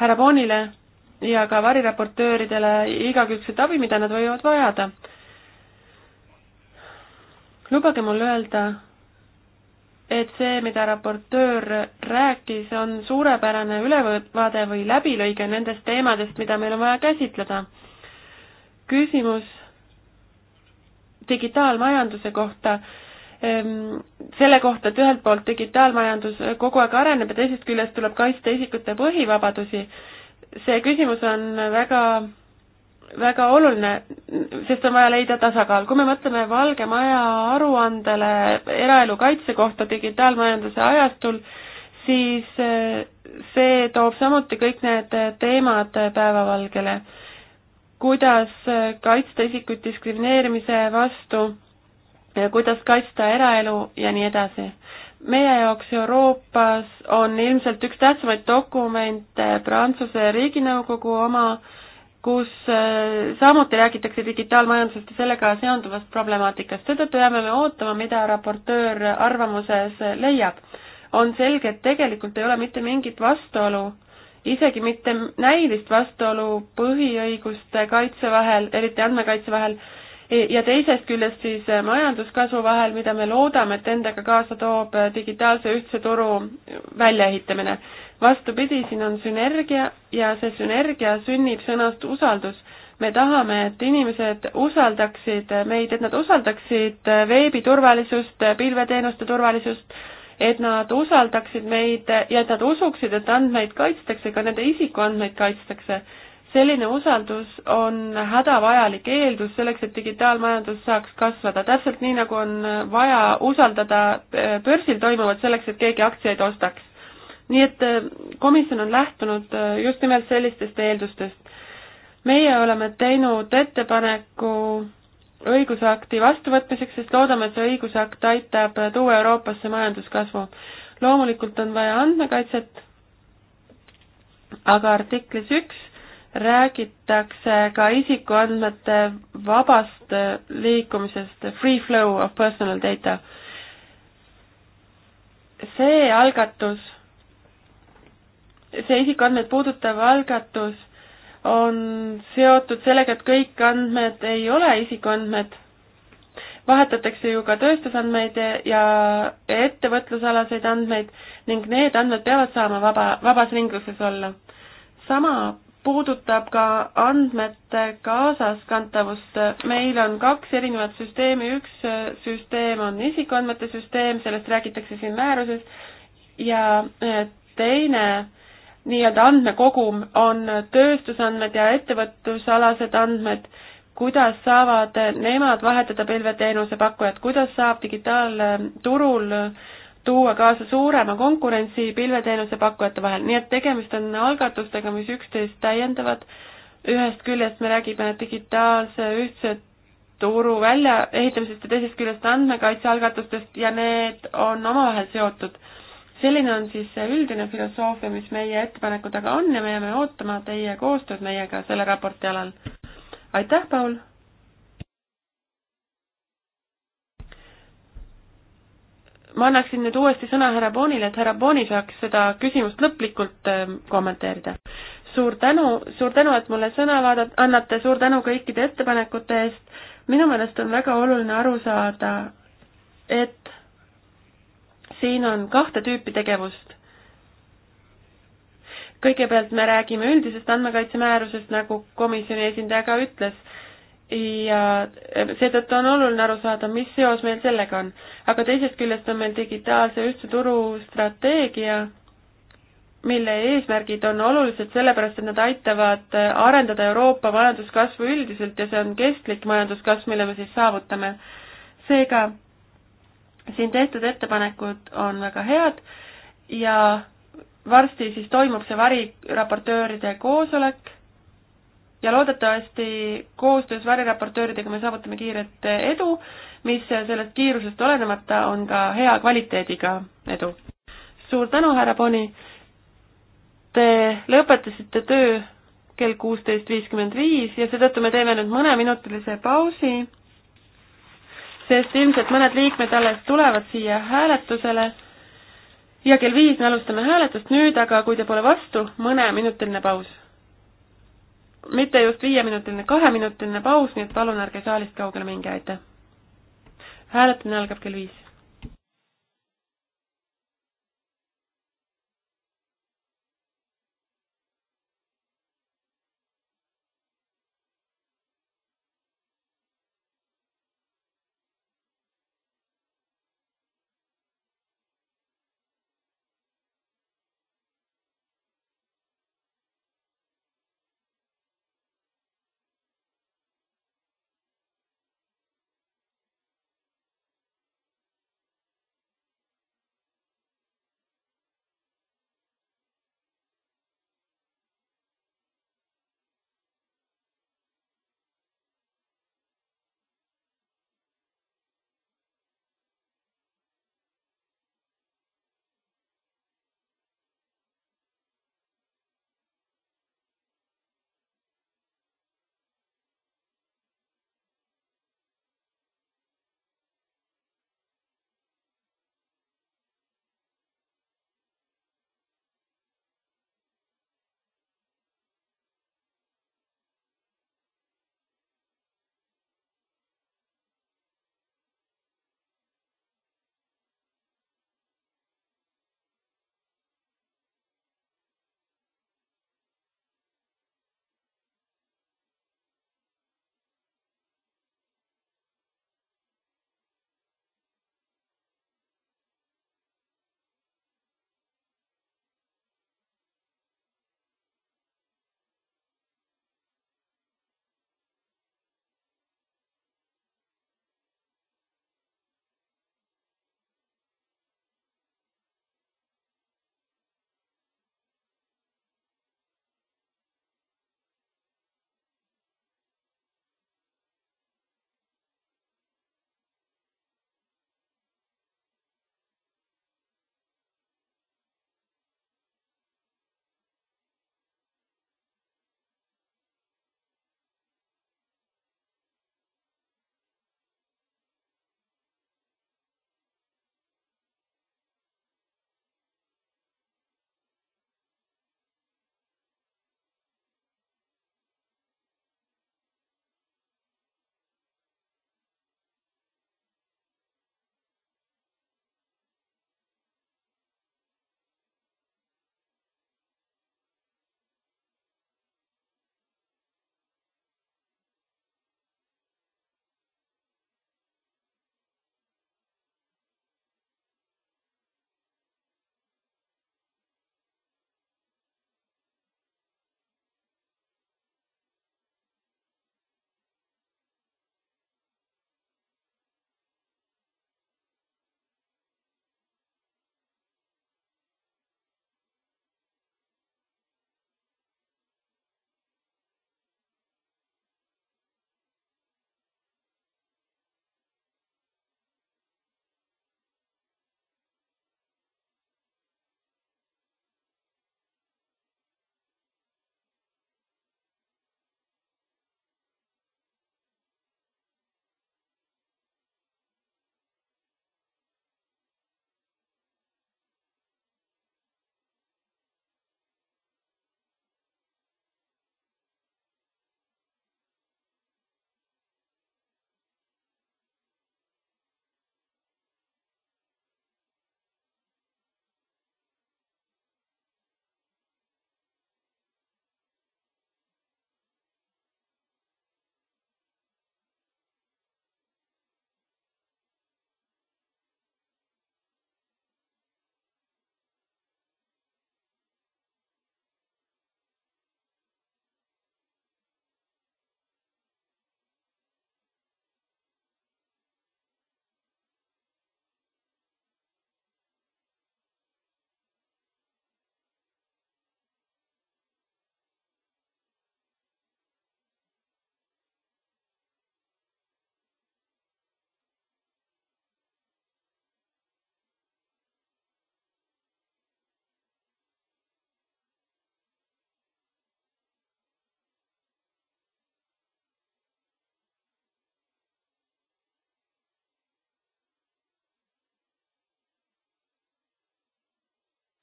härra Boonile ja ka variraportööridele igakülgset abi, mida nad võivad vajada. lubage mul öelda, et see, mida raportöör rääkis, on suurepärane ülevaade või läbilõige nendest teemadest, mida meil on vaja käsitleda küsimus digitaalmajanduse kohta, ehm, selle kohta, et ühelt poolt digitaalmajandus kogu aeg areneb ja teisest küljest tuleb kaitsta isikute põhivabadusi, see küsimus on väga, väga oluline, sest on vaja leida tasakaal. kui me mõtleme Valge Maja aruandele eraelu kaitse kohta digitaalmajanduse ajastul, siis eh, see toob samuti kõik need teemad päevavalgele kuidas kaitsta isikut diskrimineerimise vastu, kuidas kaitsta eraelu ja nii edasi. meie jaoks Euroopas on ilmselt üks tähtsamaid dokumente Prantsuse riiginõukogu oma, kus äh, samuti räägitakse digitaalmajandusest ja sellega seonduvast problemaatikast, seetõttu jääme me ootama, mida raportöör arvamuses leiab. on selge, et tegelikult ei ole mitte mingit vastuolu äh, isegi mitte näilist vastuolu põhiõiguste kaitse vahel, eriti andmekaitse vahel, e, ja teisest küljest siis e, majanduskasvu vahel, mida me loodame, et endaga kaasa toob e, digitaalse ühtse turu väljaehitamine. vastupidi, siin on sünergia ja see sünergia sünnib sõnast usaldus. me tahame, et inimesed usaldaksid meid, et nad usaldaksid veebi turvalisust, pilveteenuste turvalisust, et nad usaldaksid meid ja et nad usuksid, et andmeid kaitstakse, ka nende isikuandmeid kaitstakse. selline usaldus on hädavajalik eeldus selleks, et digitaalmajandus saaks kasvada, täpselt nii, nagu on vaja usaldada äh, börsil toimuvat selleks, et keegi aktsiaid ostaks. nii et äh, komisjon on lähtunud äh, just nimelt sellistest eeldustest. meie oleme teinud ettepaneku õigusakti vastuvõtmiseks, sest loodame, et see õigusakt aitab tuua Euroopasse majanduskasvu. loomulikult on vaja andmekaitset, aga artiklis üks räägitakse ka isikuandmete vabast liikumisest, free flow of personal data. see algatus, see isikuandmeid puudutav algatus on seotud sellega, et kõik andmed ei ole isikuandmed. vahetatakse ju ka tööstusandmeid ja ettevõtlusalaseid andmeid ning need andmed peavad saama vaba, vabas ringluses olla. sama puudutab ka andmete kaasaskantavust. meil on kaks erinevat süsteemi, üks süsteem on isikuandmete süsteem, sellest räägitakse siin määruses, ja eh, teine äh, nii-öelda andmekogum on tööstusandmed ja ettevõtlusalased andmed, kuidas saavad nemad vahetada pilveteenuse pakkujat, kuidas saab digitaalturul tuua kaasa suurema konkurentsi pilveteenuse pakkujate vahel, nii et tegemist on algatustega, mis üksteist täiendavad, ühest küljest me räägime digitaalse ühtse turu väljaehitamisest ja teisest küljest andmekaitsealgatustest ja need on omavahel seotud selline on siis see üldine filosoofia, mis meie ettepaneku taga on ja me jääme ootama teie koostööd meiega selle raporti alal. aitäh, Paul! ma annaksin nüüd uuesti sõna härra Boonile, et härra Booni saaks seda küsimust lõplikult äh, kommenteerida. suur tänu, suur tänu, et mulle sõna vaadat-, annate, suur tänu kõikide ettepanekute eest. minu meelest on väga oluline aru saada, et siin on kahte tüüpi tegevust. kõigepealt me räägime üldisest andmekaitsemäärusest, nagu komisjoni esindaja ka ütles, ja seetõttu on oluline aru saada, mis seos meil sellega on. aga teisest küljest on meil digitaalse ühtse turu strateegia, mille eesmärgid on olulised sellepärast, et nad aitavad arendada Euroopa majanduskasvu üldiselt ja see on kestlik majanduskasv, mille me siis saavutame. seega siin tehtud ettepanekud on väga head ja varsti siis toimub see variraportööride koosolek ja loodetavasti koostöös variraportööridega me saavutame kiiret edu, mis sellest kiirusest olenemata on ka hea kvaliteediga edu. suur tänu, härra Boni! Te lõpetasite töö kell kuusteist viiskümmend viis ja seetõttu me teeme nüüd mõneminutilise pausi sest ilmselt mõned liikmed alles tulevad siia hääletusele ja kell viis me alustame hääletust, nüüd aga, kui te pole vastu, mõneminutiline paus. mitte just viieminutiline, kaheminutiline paus, nii et palun ärge saalist kaugele minge, aitäh. hääletamine algab kell viis.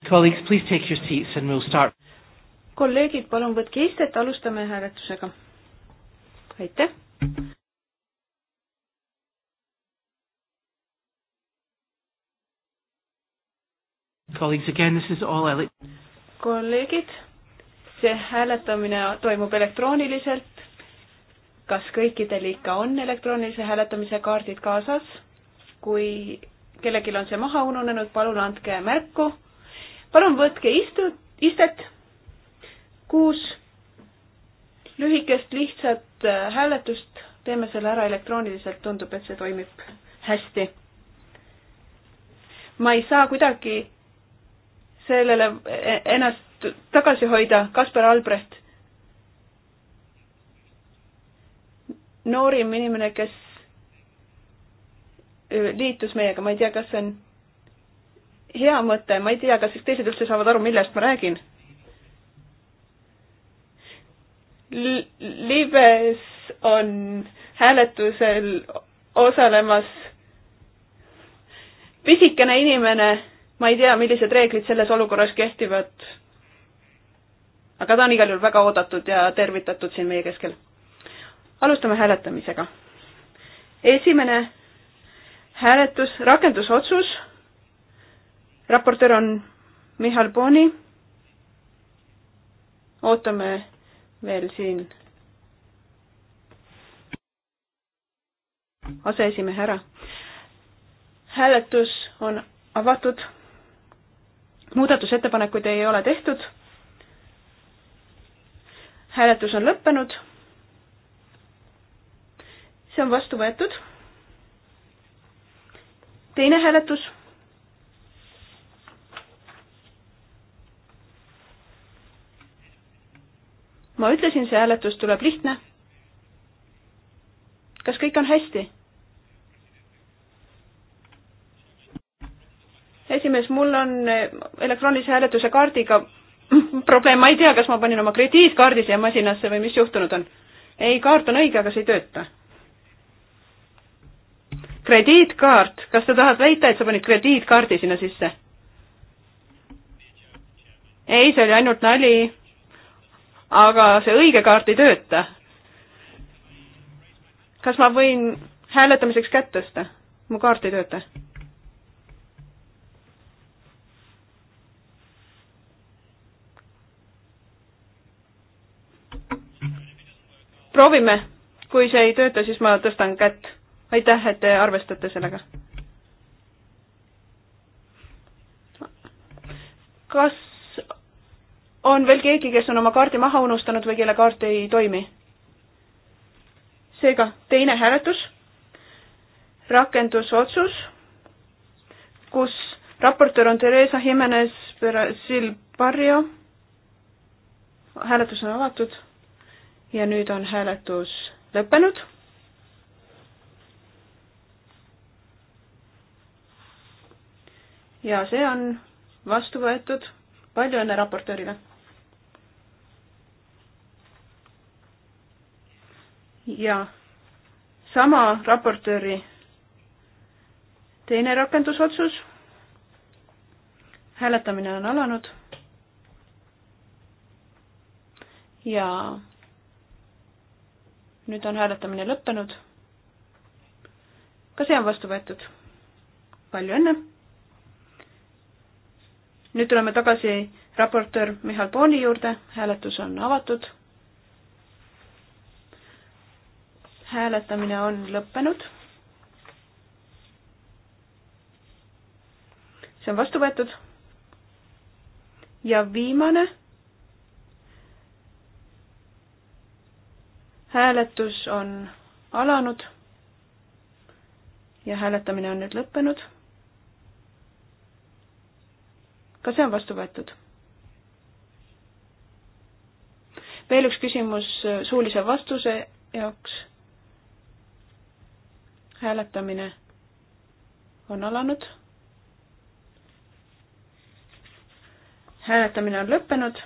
Colleagues, please take your seats and we'll start. kolleegid, palun võtke istet, alustame hääletusega. aitäh. Colleagues, again, this is all ele-. kolleegid, see hääletamine toimub elektrooniliselt. kas kõikidel ikka on elektroonilise hääletamise kaardid kaasas? kui kellelgi on see maha ununenud, palun andke märku palun võtke istu-, istet, kuus lühikest lihtsat äh, hääletust, teeme selle ära elektrooniliselt, tundub, et see toimib hästi. ma ei saa kuidagi sellele äh, ennast tagasi hoida, Kaspar Albrecht. noorim inimene, kes äh, liitus meiega, ma ei tea, kas see on hea mõte, ma ei tea, kas teised üldse saavad aru, millest ma räägin L. libes on hääletusel osalemas pisikene inimene, ma ei tea, millised reeglid selles olukorras kehtivad. aga ta on igal juhul väga oodatud ja tervitatud siin meie keskel. alustame hääletamisega. esimene hääletus, rakendusotsus raportöör on Mihhail Boni. ootame veel siin aseesimehe ära. hääletus on avatud. muudatusettepanekuid ei ole tehtud. hääletus on lõppenud. see on vastu võetud. teine hääletus ma ütlesin, see hääletus tuleb lihtne. kas kõik on hästi? esimees, mul on elektroonilise hääletuse kaardiga probleem, ma ei tea, kas ma panin oma krediitkaardi siia masinasse või mis juhtunud on. ei, kaart on õige, aga see ei tööta. krediitkaart, kas sa tahad väita, et sa panid krediitkaardi sinna sisse? ei, see oli ainult nali aga see õige kaart ei tööta. kas ma võin hääletamiseks kätt tõsta? mu kaart ei tööta. proovime, kui see ei tööta, siis ma tõstan kätt. aitäh, et te arvestate sellega. kas on veel keegi, kes on oma kaardi maha unustanud või kelle kaart ei toimi? seega teine hääletus, rakendusotsus, kus raportöör on Theresa Jimenez Brasil Barrio. hääletus on avatud ja nüüd on hääletus lõppenud. ja see on vastu võetud. palju õnne raportöörile! ja sama raportööri teine rakendusotsus. hääletamine on alanud. ja nüüd on hääletamine lõppenud. ka see on vastu võetud. palju õnne. nüüd tuleme tagasi raportöör Mihhail Pooli juurde, hääletus on avatud hääletamine on lõppenud. see on vastu võetud. ja viimane. hääletus on alanud. ja hääletamine on nüüd lõppenud. ka see on vastu võetud veel üks küsimus suulise vastuse jaoks hääletamine on alanud. hääletamine on lõppenud.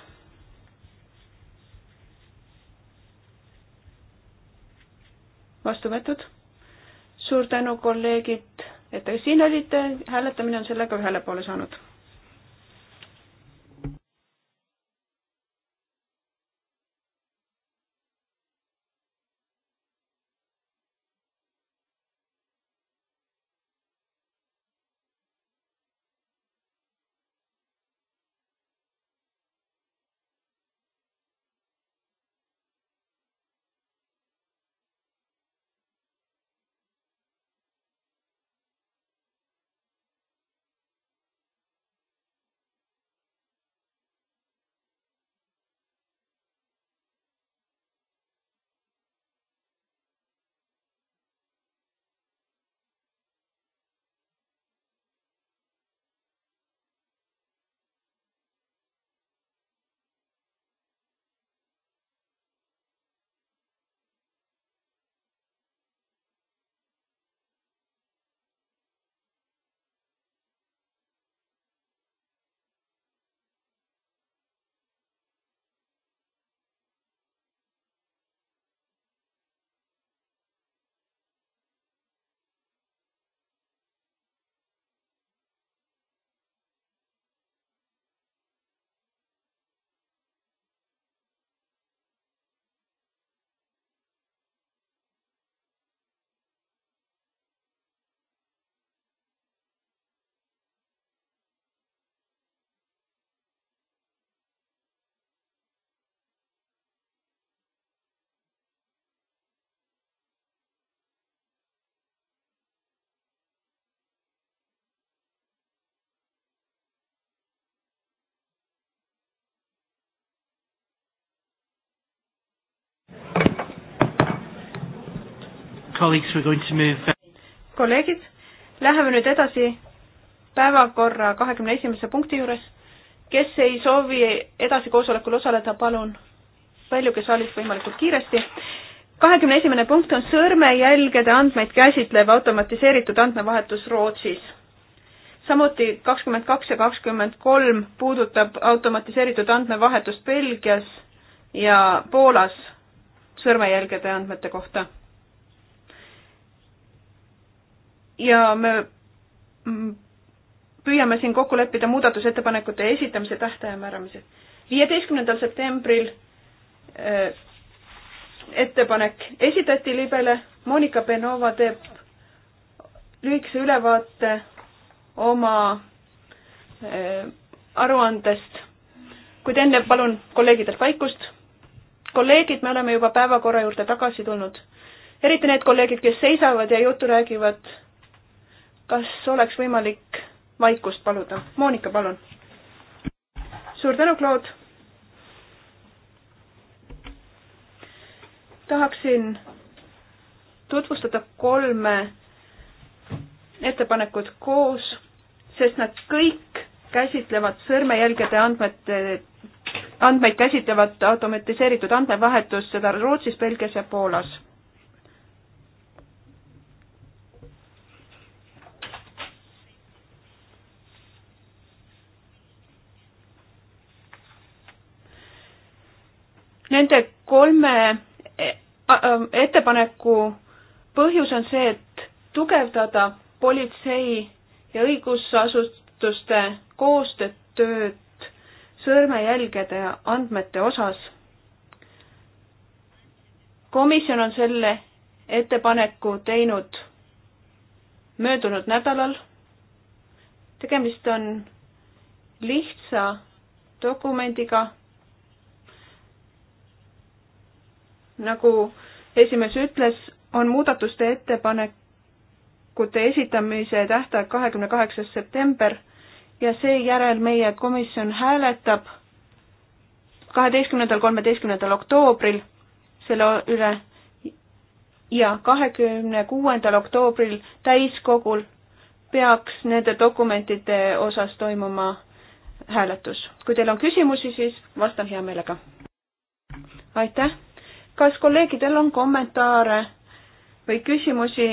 vastu võetud. suur tänu, kolleegid, et te siin olite, hääletamine on sellega ühele poole saanud kolleegid, läheme nüüd edasi päevakorra kahekümne esimese punkti juures. kes ei soovi edasi koosolekul osaleda, palun väljuge saalist võimalikult kiiresti. kahekümne esimene punkt on sõrmejälgede andmeid käsitlev automatiseeritud andmevahetus Rootsis. samuti kakskümmend kaks ja kakskümmend kolm puudutab automatiseeritud andmevahetust Belgias ja Poolas sõrmejälgede andmete kohta ja me mm, püüame siin kokku leppida muudatusettepanekute esitamise tähtaja määramises. viieteistkümnendal septembril äh, ettepanek esitati libele, Monika Benova teeb lühikese ülevaate oma äh, aruandest, kuid enne palun kolleegidelt vaikust. kolleegid, me oleme juba päevakorra juurde tagasi tulnud, eriti need kolleegid, kes seisavad ja juttu räägivad kas oleks võimalik vaikust paluda? Monika, palun. suur tänu, Claude. tahaksin tutvustada kolme ettepanekut koos, sest nad kõik käsitlevad sõrmejälgede andmete, andmeid käsitlevat automatiseeritud andmevahetust, seda Rootsis, Belgias ja Poolas Nende kolme e, ettepaneku põhjus on see, et tugevdada politsei ja õigusasutuste koostööd sõrmejälgede andmete osas. komisjon on selle ettepaneku teinud möödunud nädalal. tegemist on lihtsa dokumendiga nagu esimees ütles, on muudatuste ettepanekute esitamise tähtaeg kahekümne kaheksas september ja seejärel meie komisjon hääletab kaheteistkümnendal, kolmeteistkümnendal oktoobril selle üle ja kahekümne kuuendal oktoobril täiskogul peaks nende dokumentide osas toimuma hääletus. kui teil on küsimusi, siis vastan hea meelega. aitäh! kas kolleegidel on kommentaare või küsimusi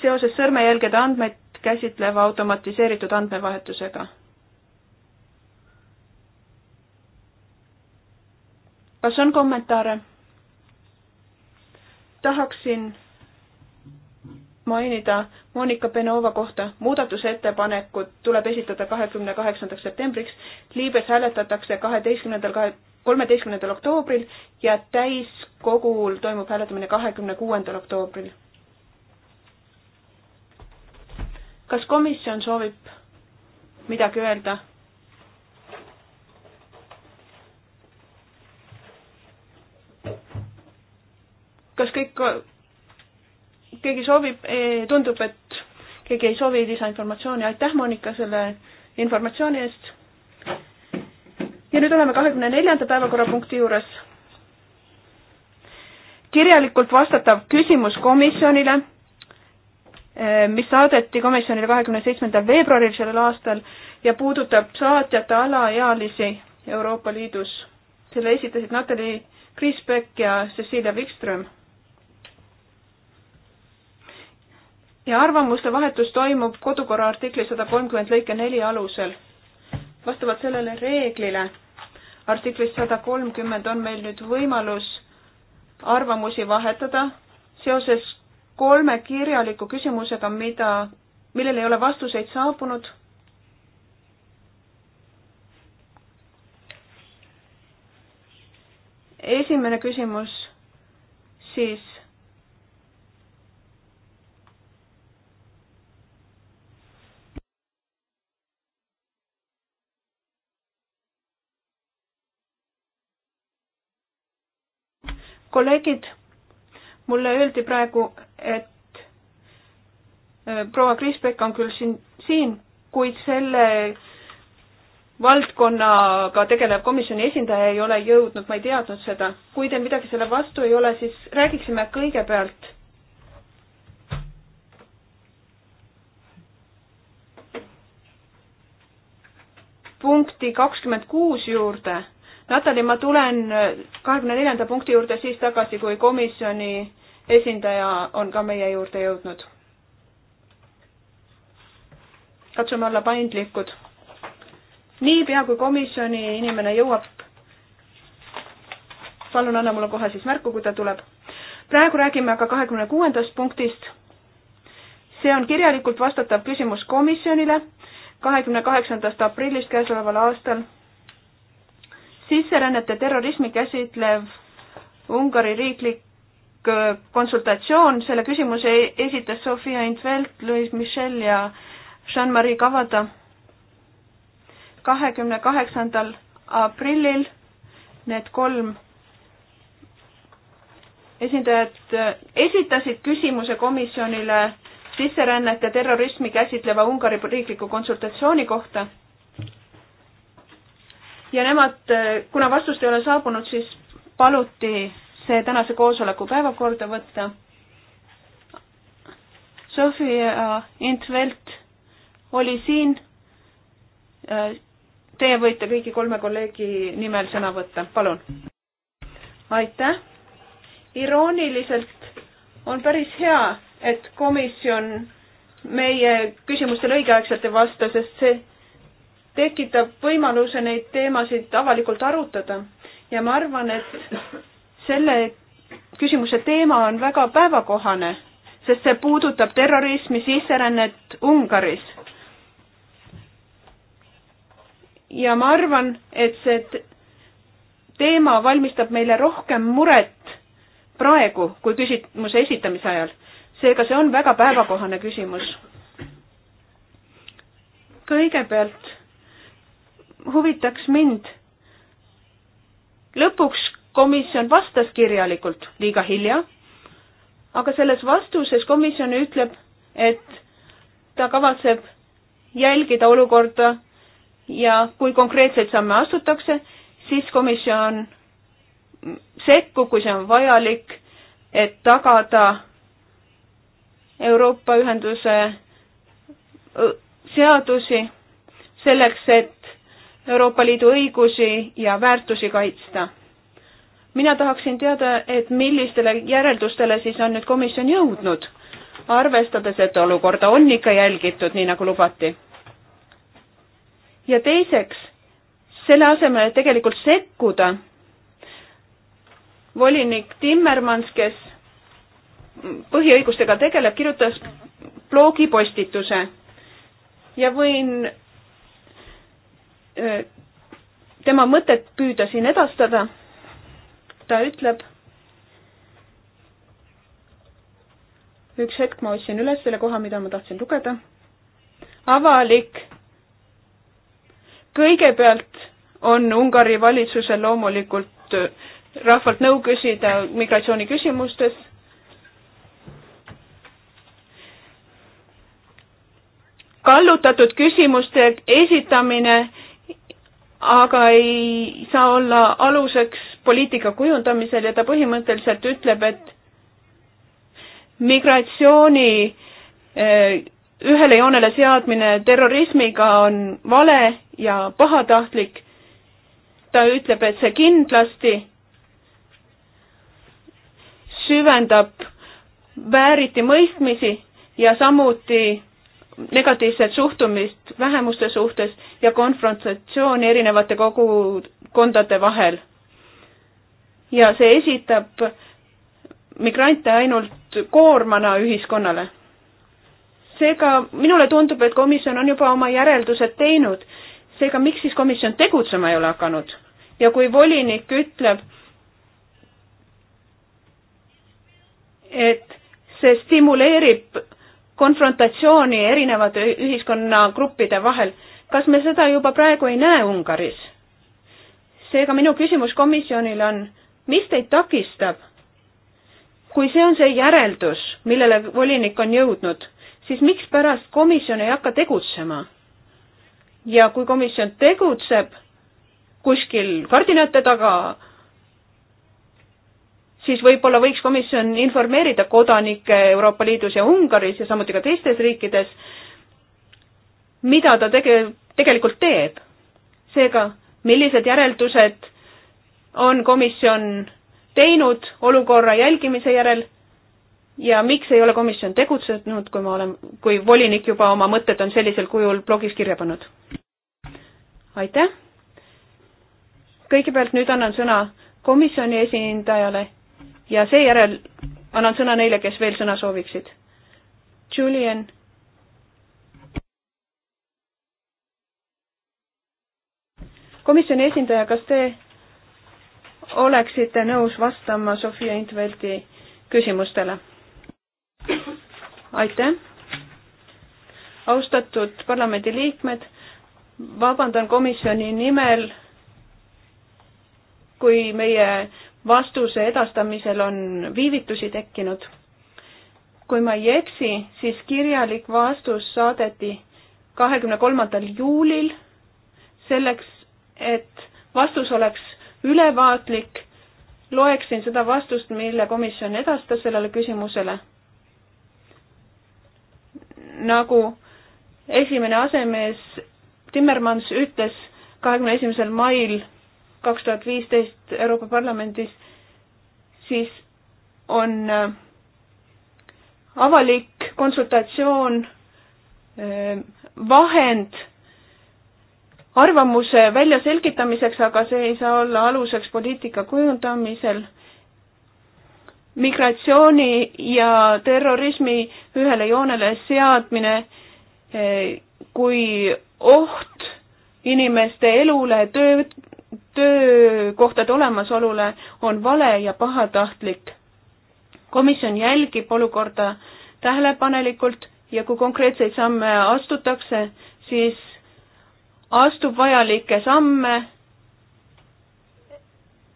seoses sõrmejälgede andmeid käsitleva automatiseeritud andmevahetusega? kas on kommentaare? tahaksin mainida Monika Benova kohta. muudatusettepanekud tuleb esitada kahekümne kaheksandaks septembriks. Liibes hääletatakse kaheteistkümnendal, kolmeteistkümnendal oktoobril ja täiskogul toimub hääletamine kahekümne kuuendal oktoobril. kas komisjon soovib midagi öelda? kas kõik, keegi soovib, eh, tundub, et keegi ei soovi lisainformatsiooni, aitäh, Monika, selle informatsiooni eest ja nüüd oleme kahekümne neljanda päevakorrapunkti juures. kirjalikult vastatav küsimus komisjonile, eh, mis saadeti komisjonile kahekümne seitsmendal veebruaril sellel aastal ja puudutab saatjate alaealisi Euroopa Liidus. selle esitasid Natalja Kriisbeck ja Cecilia Wikström. ja arvamuste vahetus toimub kodukorra artikli sada kolmkümmend lõike neli alusel. vastavalt sellele reeglile artiklist sada kolmkümmend on meil nüüd võimalus arvamusi vahetada seoses kolme kirjaliku küsimusega, mida, millele ei ole vastuseid saabunud. esimene küsimus siis kolleegid, mulle öeldi praegu, et äh, proua Kriisbeck on küll siin, siin, kuid selle valdkonnaga tegelev komisjoni esindaja ei ole jõudnud, ma ei teadnud seda. kui teil midagi selle vastu ei ole, siis räägiksime kõigepealt punkti kakskümmend kuus juurde Natali, ma tulen äh, kahekümne neljanda punkti juurde siis tagasi, kui komisjoni esindaja on ka meie juurde jõudnud. katsume olla paindlikud. niipea, kui komisjoni inimene jõuab, palun anna mulle kohe siis märku, kui ta tuleb. praegu räägime aga kahekümne kuuendast punktist. see on kirjalikult vastatav küsimus komisjonile kahekümne kaheksandast aprillist käesoleval aastal sisserännet ja terrorismi käsitlev Ungari riiklik äh, konsultatsioon, selle küsimuse e-, esitas Sofia Intvelt, Louis Michel ja Jean-Marie Kavada kahekümne kaheksandal aprillil need kolm esindajad äh, esitasid küsimuse komisjonile sisserännet ja terrorismi käsitleva Ungari riikliku konsultatsiooni kohta ja nemad, äh, kuna vastust ei ole saabunud, siis paluti see tänase koosoleku päevakorda võtta. Sofia Intvelt oli siin. Äh, teie võite kõigi kolme kolleegi nimel sõna võtta, palun. aitäh. irooniliselt on päris hea, et komisjon meie küsimustele õigeaegselt ei vasta, sest see tekitab võimaluse neid teemasid avalikult arutada ja ma arvan, et selle küsimuse teema on väga päevakohane, sest see puudutab terrorismi sisserännet Ungaris. ja ma arvan, et see teema valmistab meile rohkem muret praegu kui küsimuse esitamise ajal. seega see on väga päevakohane küsimus. kõigepealt huvitaks mind. lõpuks komisjon vastas kirjalikult, liiga hilja, aga selles vastuses komisjon ütleb, et ta kavatseb jälgida olukorda ja kui konkreetseid samme astutakse, siis komisjon sekkub, kui see on vajalik, et tagada Euroopa Ühenduse seadusi selleks, et Euroopa Liidu õigusi ja väärtusi kaitsta. mina tahaksin teada, et millistele järeldustele siis on nüüd komisjon jõudnud, arvestades, et olukorda on ikka jälgitud, nii nagu lubati. ja teiseks, selle asemel, et tegelikult sekkuda, volinik Timmermans, kes põhiõigustega tegeleb, kirjutas blogipostituse ja võin Äh, tema mõtet püüda siin edastada. ta ütleb, üks hetk, ma otsin üles selle koha, mida ma tahtsin lugeda. avalik. kõigepealt on Ungari valitsusel loomulikult äh, rahvalt nõu küsida migratsiooniküsimustes kallutatud küsimuste esitamine aga ei saa olla aluseks poliitika kujundamisel ja ta põhimõtteliselt ütleb, et migratsiooni eh, ühele joonele seadmine terrorismiga on vale ja pahatahtlik. ta ütleb, et see kindlasti süvendab vääritimõistmisi ja samuti negatiivset suhtumist vähemuste suhtes ja konfrontatsiooni erinevate kogukondade vahel. ja see esitab migrante ainult koormana ühiskonnale. seega minule tundub, et komisjon on juba oma järeldused teinud, seega miks siis komisjon tegutsema ei ole hakanud? ja kui volinik ütleb, et see stimuleerib konfrontatsiooni erinevate ühiskonnagruppide vahel. kas me seda juba praegu ei näe Ungaris? seega minu küsimus komisjonile on, mis teid takistab? kui see on see järeldus, millele volinik on jõudnud, siis mikspärast komisjon ei hakka tegutsema? ja kui komisjon tegutseb kuskil kardinate taga siis võib-olla võiks komisjon informeerida kodanikke Euroopa Liidus ja Ungaris ja samuti ka teistes riikides, mida ta tege-, tegelikult teeb. seega, millised järeldused on komisjon teinud olukorra jälgimise järel ja miks ei ole komisjon tegutsenud, kui ma olen, kui volinik juba oma mõtted on sellisel kujul blogis kirja pannud? aitäh! kõigepealt nüüd annan sõna komisjoni esindajale ja seejärel annan sõna neile, kes veel sõna sooviksid. Julian. komisjoni esindaja, kas te oleksite nõus vastama Sofia Intveldi küsimustele? aitäh. austatud parlamendiliikmed, vabandan komisjoni nimel, kui meie vastuse edastamisel on viivitusi tekkinud. kui ma ei eksi, siis kirjalik vastus saadeti kahekümne kolmandal juulil selleks, et vastus oleks ülevaatlik, loeksin seda vastust, mille komisjon edastas sellele küsimusele. nagu esimene asemees Timmermans ütles kahekümne esimesel mail kaks tuhat viisteist Euroopa Parlamendis, siis on äh, avalik konsultatsioon äh, vahend arvamuse väljaselgitamiseks, aga see ei saa olla aluseks poliitika kujundamisel. migratsiooni ja terrorismi ühele joonele seadmine äh, kui oht inimeste elule, töö, töökohtade olemasolule on vale ja pahatahtlik. komisjon jälgib olukorda tähelepanelikult ja kui konkreetseid samme astutakse, siis astub vajalikke samme,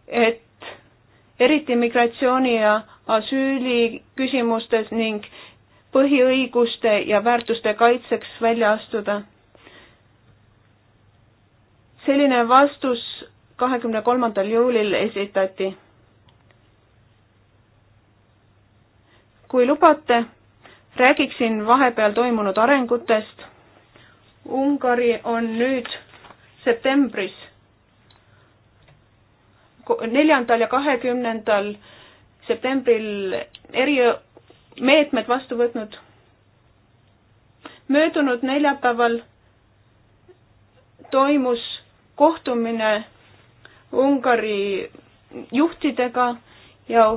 et eriti migratsiooni ja asüüli küsimustes ning põhiõiguste ja väärtuste kaitseks välja astuda. selline vastus kahekümne kolmandal juulil esitati. kui lubate, räägiksin vahepeal toimunud arengutest. Ungari on nüüd septembris, neljandal ja kahekümnendal septembril erimeetmed vastu võtnud. möödunud neljapäeval toimus kohtumine Ungari juhtidega ja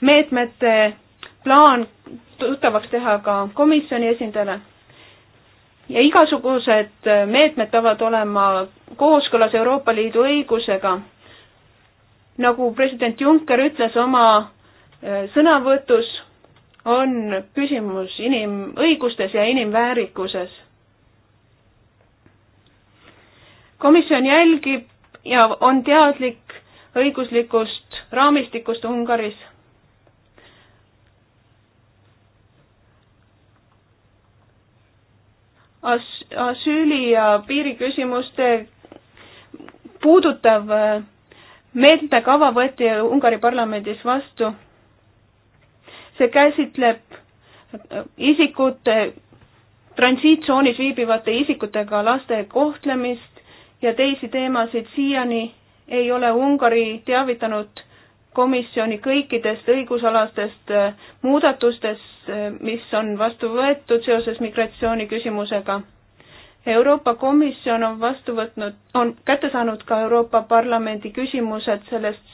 meetmete plaan tuttavaks teha ka komisjoni esindajale. ja igasugused meetmed peavad olema kooskõlas Euroopa Liidu õigusega. nagu president Juncker ütles oma e, sõnavõtus, on küsimus inimõigustes ja inimväärikuses. komisjon jälgib ja on teadlik õiguslikust raamistikust Ungaris. As-, asüüli ja piiriküsimuste puudutav eh, meetmekava võeti Ungari parlamendis vastu. see käsitleb eh, isikute, transiitsoonis viibivate isikutega laste kohtlemist, ja teisi teemasid siiani ei ole Ungari teavitanud komisjoni kõikidest õigusalastest äh, muudatustest, äh, mis on vastu võetud seoses migratsiooniküsimusega. Euroopa Komisjon on vastu võtnud, on kätte saanud ka Euroopa Parlamendi küsimused sellest,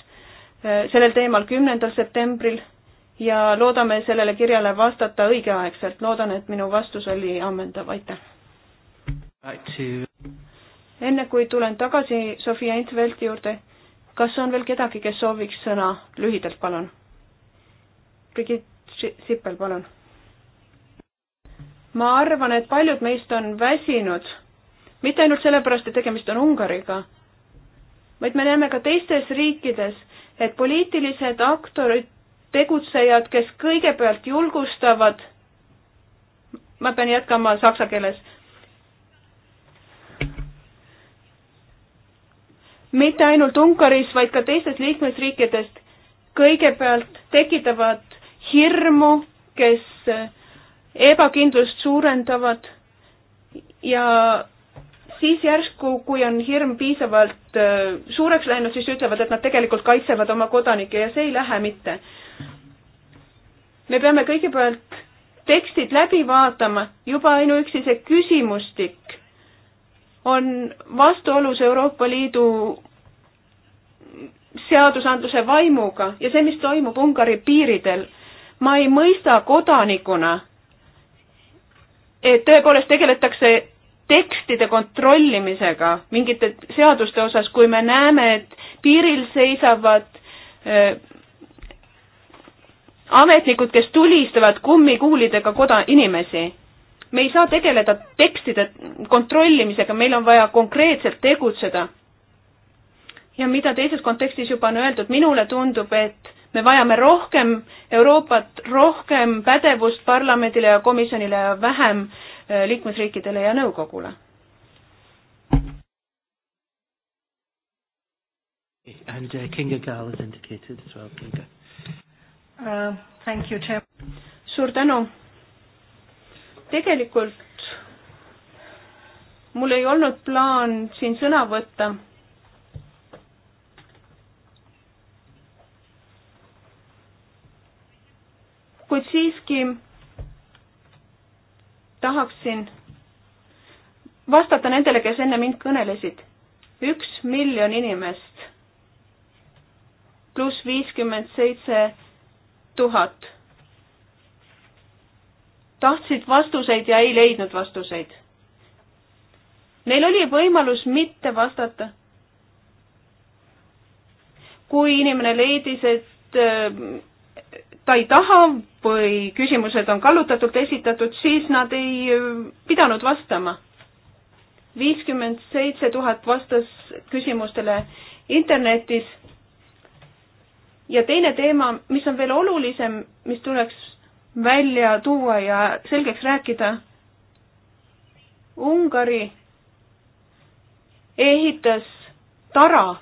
äh, sellel teemal kümnendal septembril ja loodame sellele kirjale vastata õigeaegselt. loodan, et minu vastus oli ammendav, aitäh! enne kui tulen tagasi Sofia Intvelti juurde, kas on veel kedagi, kes sooviks sõna lühidalt, palun? Brigitte Sippel, palun. ma arvan, et paljud meist on väsinud, mitte ainult sellepärast, et tegemist on Ungariga, vaid me näeme ka teistes riikides, et poliitilised aktorid, tegutsejad, kes kõigepealt julgustavad, ma pean jätkama saksa keeles mitte ainult Ungaris, vaid ka teistest liikmesriikidest, kõigepealt tekitavad hirmu, kes äh, ebakindlust suurendavad ja siis järsku, kui on hirm piisavalt äh, suureks läinud, siis ütlevad, et nad tegelikult kaitsevad oma kodanikke ja see ei lähe mitte. me peame kõigepealt tekstid läbi vaatama, juba ainuüksi see küsimustik on vastuolus Euroopa Liidu seadusandluse vaimuga ja see, mis toimub Ungari piiridel, ma ei mõista kodanikuna, et tõepoolest tegeletakse tekstide kontrollimisega mingite seaduste osas, kui me näeme, et piiril seisavad äh, ametnikud, kes tulistavad kummikuulidega koda-, inimesi me ei saa tegeleda tekstide kontrollimisega, meil on vaja konkreetselt tegutseda. ja mida teises kontekstis juba on öeldud, minule tundub, et me vajame rohkem Euroopat, rohkem pädevust parlamendile ja komisjonile ja vähem äh, liikmesriikidele ja nõukogule. And uh, Kinga Gall has indicated as well, Kinga. Uh, thank you, Chair. Suur tänu tegelikult mul ei olnud plaan siin sõna võtta. kuid siiski tahaksin vastata nendele, kes enne mind kõnelesid. üks miljon inimest pluss viiskümmend seitse tuhat tahtsid vastuseid ja ei leidnud vastuseid. Neil oli võimalus mitte vastata. kui inimene leidis, et äh, ta ei taha või küsimused on kallutatult esitatud, siis nad ei äh, pidanud vastama. viiskümmend seitse tuhat vastas küsimustele internetis ja teine teema, mis on veel olulisem, mis tuleks välja tuua ja selgeks rääkida. Ungari ehitas tara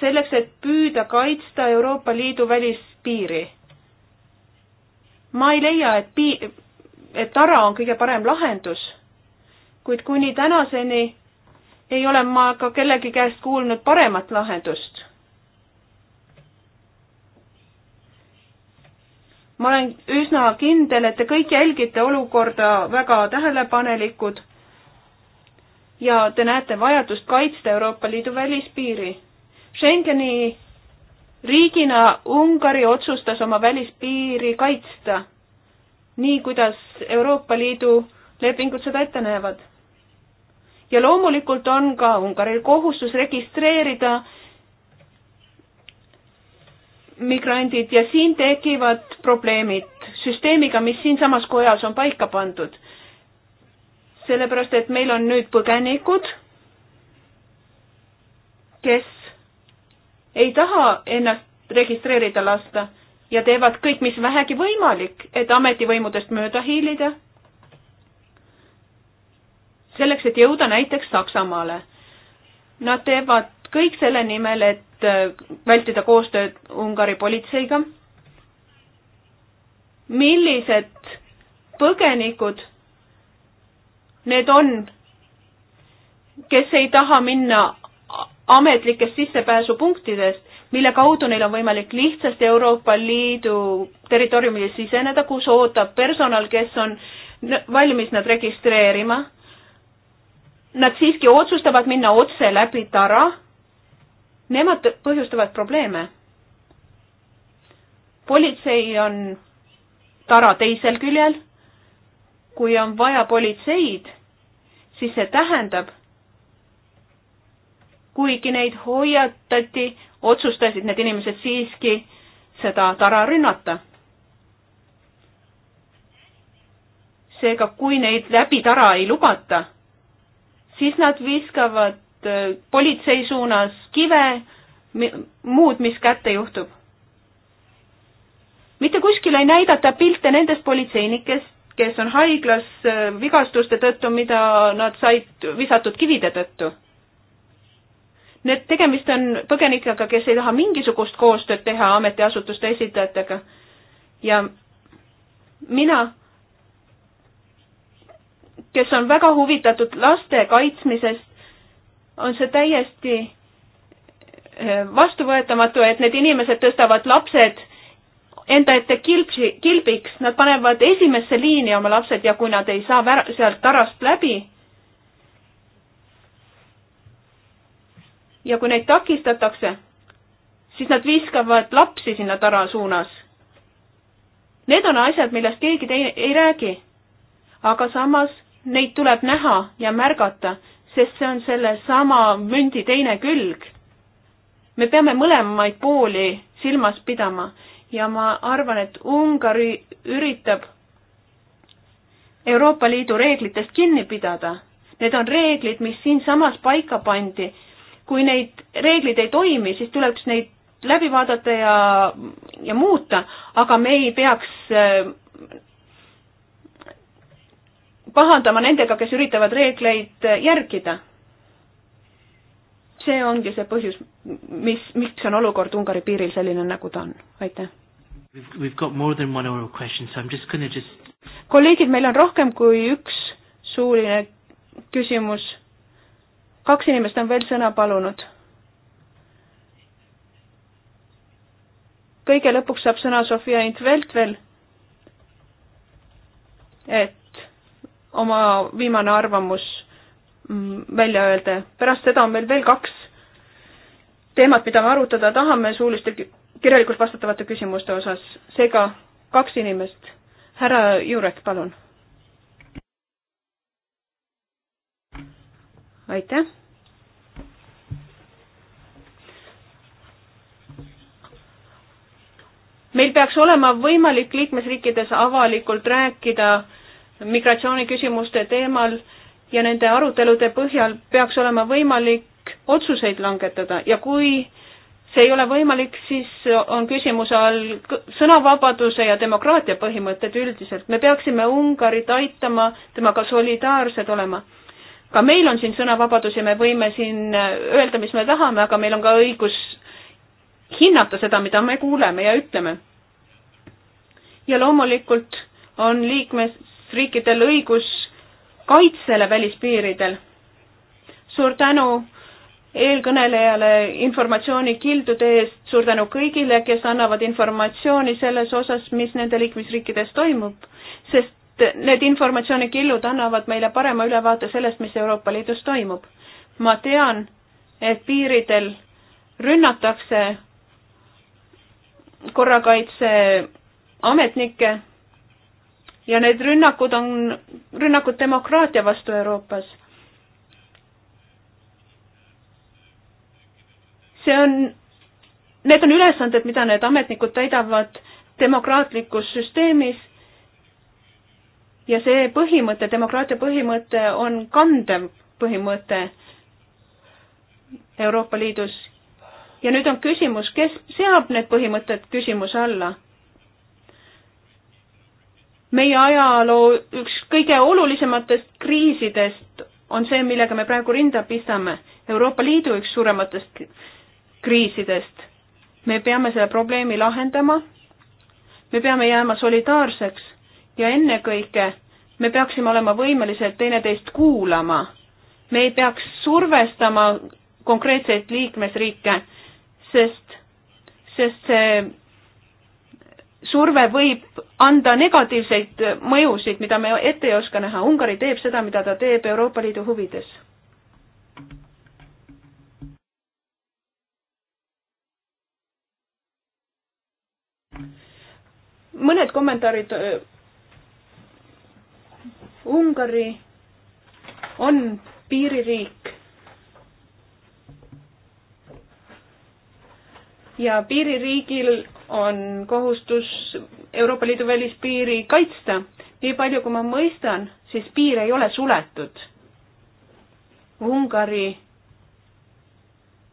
selleks, et püüda kaitsta Euroopa Liidu välispiiri. ma ei leia, et pii-, et tara on kõige parem lahendus, kuid kuni tänaseni ei ole ma ka kellegi käest kuulnud paremat lahendust. ma olen üsna kindel, et te kõik jälgite olukorda väga tähelepanelikud ja te näete vajadust kaitsta Euroopa Liidu välispiiri. Schengeni riigina Ungari otsustas oma välispiiri kaitsta, nii kuidas Euroopa Liidu lepingud seda ette näevad. ja loomulikult on ka Ungaril kohustus registreerida migrandid ja siin tekivad probleemid süsteemiga, mis siinsamas kojas on paika pandud. sellepärast, et meil on nüüd põgenikud, kes ei taha ennast registreerida lasta ja teevad kõik, mis vähegi võimalik, et ametivõimudest mööda hiilida. selleks, et jõuda näiteks Saksamaale. Nad teevad kõik selle nimel, et et äh, vältida koostööd Ungari politseiga. millised põgenikud need on, kes ei taha minna ametlikest sissepääsupunktidest, mille kaudu neil on võimalik lihtsasti Euroopa Liidu territooriumile siseneda, kus ootab personal, kes on valmis nad registreerima. Nad siiski otsustavad minna otse läbi tara Nemad põhjustavad probleeme. politsei on tara teisel küljel. kui on vaja politseid, siis see tähendab, kuigi neid hoiatati, otsustasid need inimesed siiski seda tara rünnata. seega, kui neid läbi tara ei lubata, siis nad viskavad Äh, politsei suunas kive, muud, mis kätte juhtub. mitte kuskil ei näidata pilte nendest politseinikest, kes on haiglas äh, vigastuste tõttu, mida nad said visatud kivide tõttu. Need, tegemist on põgenikega, kes ei taha mingisugust koostööd teha ametiasutuste esindajatega. ja mina kes on väga huvitatud laste kaitsmisest, on see täiesti eh, vastuvõetamatu, et need inimesed tõstavad lapsed enda ette kilpsi, kilbiks, nad panevad esimesse liini oma lapsed ja kui nad ei saa vära, sealt tarast läbi, ja kui neid takistatakse, siis nad viskavad lapsi sinna tara suunas. Need on asjad, millest keegi teine ei räägi. aga samas neid tuleb näha ja märgata, sest see on sellesama mündi teine külg. me peame mõlemaid pooli silmas pidama ja ma arvan, et Ungari üritab Euroopa Liidu reeglitest kinni pidada. Need on reeglid, mis siinsamas paika pandi. kui neid reeglid ei toimi, siis tuleks neid läbi vaadata ja, ja muuta, aga me ei peaks pahandama nendega, kes üritavad reegleid eh, järgida. see ongi see põhjus, mis, miks on olukord Ungari piiril selline, nagu ta on, aitäh. We've got more than one oral question, so I'm just gonna just kolleegid, meil on rohkem kui üks suuline küsimus. kaks inimest on veel sõna palunud. kõige lõpuks saab sõna Sofia Intvelt veel. et oma viimane arvamus mm, välja öelda. pärast seda on meil veel kaks teemat, mida me arutada tahame suuliste kirjalikult vastatavate küsimuste osas. seega kaks inimest. härra Jurek, palun. aitäh. meil peaks olema võimalik liikmesriikides avalikult rääkida migratsiooniküsimuste teemal ja nende arutelude põhjal peaks olema võimalik otsuseid langetada ja kui see ei ole võimalik, siis on küsimuse all sõnavabaduse ja demokraatia põhimõtted üldiselt. me peaksime Ungarit aitama, temaga solidaarsed olema. ka meil on siin sõnavabadus ja me võime siin öelda, mis me tahame, aga meil on ka õigus hinnata seda, mida me kuuleme ja ütleme. ja loomulikult on liikmes, liikmesriikidel õigus kaitsele välispiiridel. suur tänu eelkõnelejale informatsiooni kildude eest, suur tänu kõigile, kes annavad informatsiooni selles osas, mis nende liikmesriikides toimub, sest need informatsioonikillud annavad meile parema ülevaate sellest, mis Euroopa Liidus toimub. ma tean, et piiridel rünnatakse korrakaitseametnikke ja need rünnakud on rünnakud demokraatia vastu Euroopas. see on, need on ülesanded, mida need ametnikud täidavad demokraatlikus süsteemis ja see põhimõte, demokraatia põhimõte on kandev põhimõte Euroopa Liidus. ja nüüd on küsimus, kes seab need põhimõtted küsimuse alla meie ajaloo üks kõige olulisematest kriisidest on see, millega me praegu rinda pistame. Euroopa Liidu üks suurematest kriisidest. me peame selle probleemi lahendama, me peame jääma solidaarseks ja ennekõike me peaksime olema võimelised teineteist kuulama. me ei peaks survestama konkreetseid liikmesriike, sest, sest see surve võib anda negatiivseid mõjusid, mida me ette ei oska näha. Ungari teeb seda, mida ta teeb Euroopa Liidu huvides. mõned kommentaarid. Ungari on piiririik ja piiririigil on kohustus Euroopa Liidu välispiiri kaitsta. nii palju, kui ma mõistan, siis piir ei ole suletud. Ungari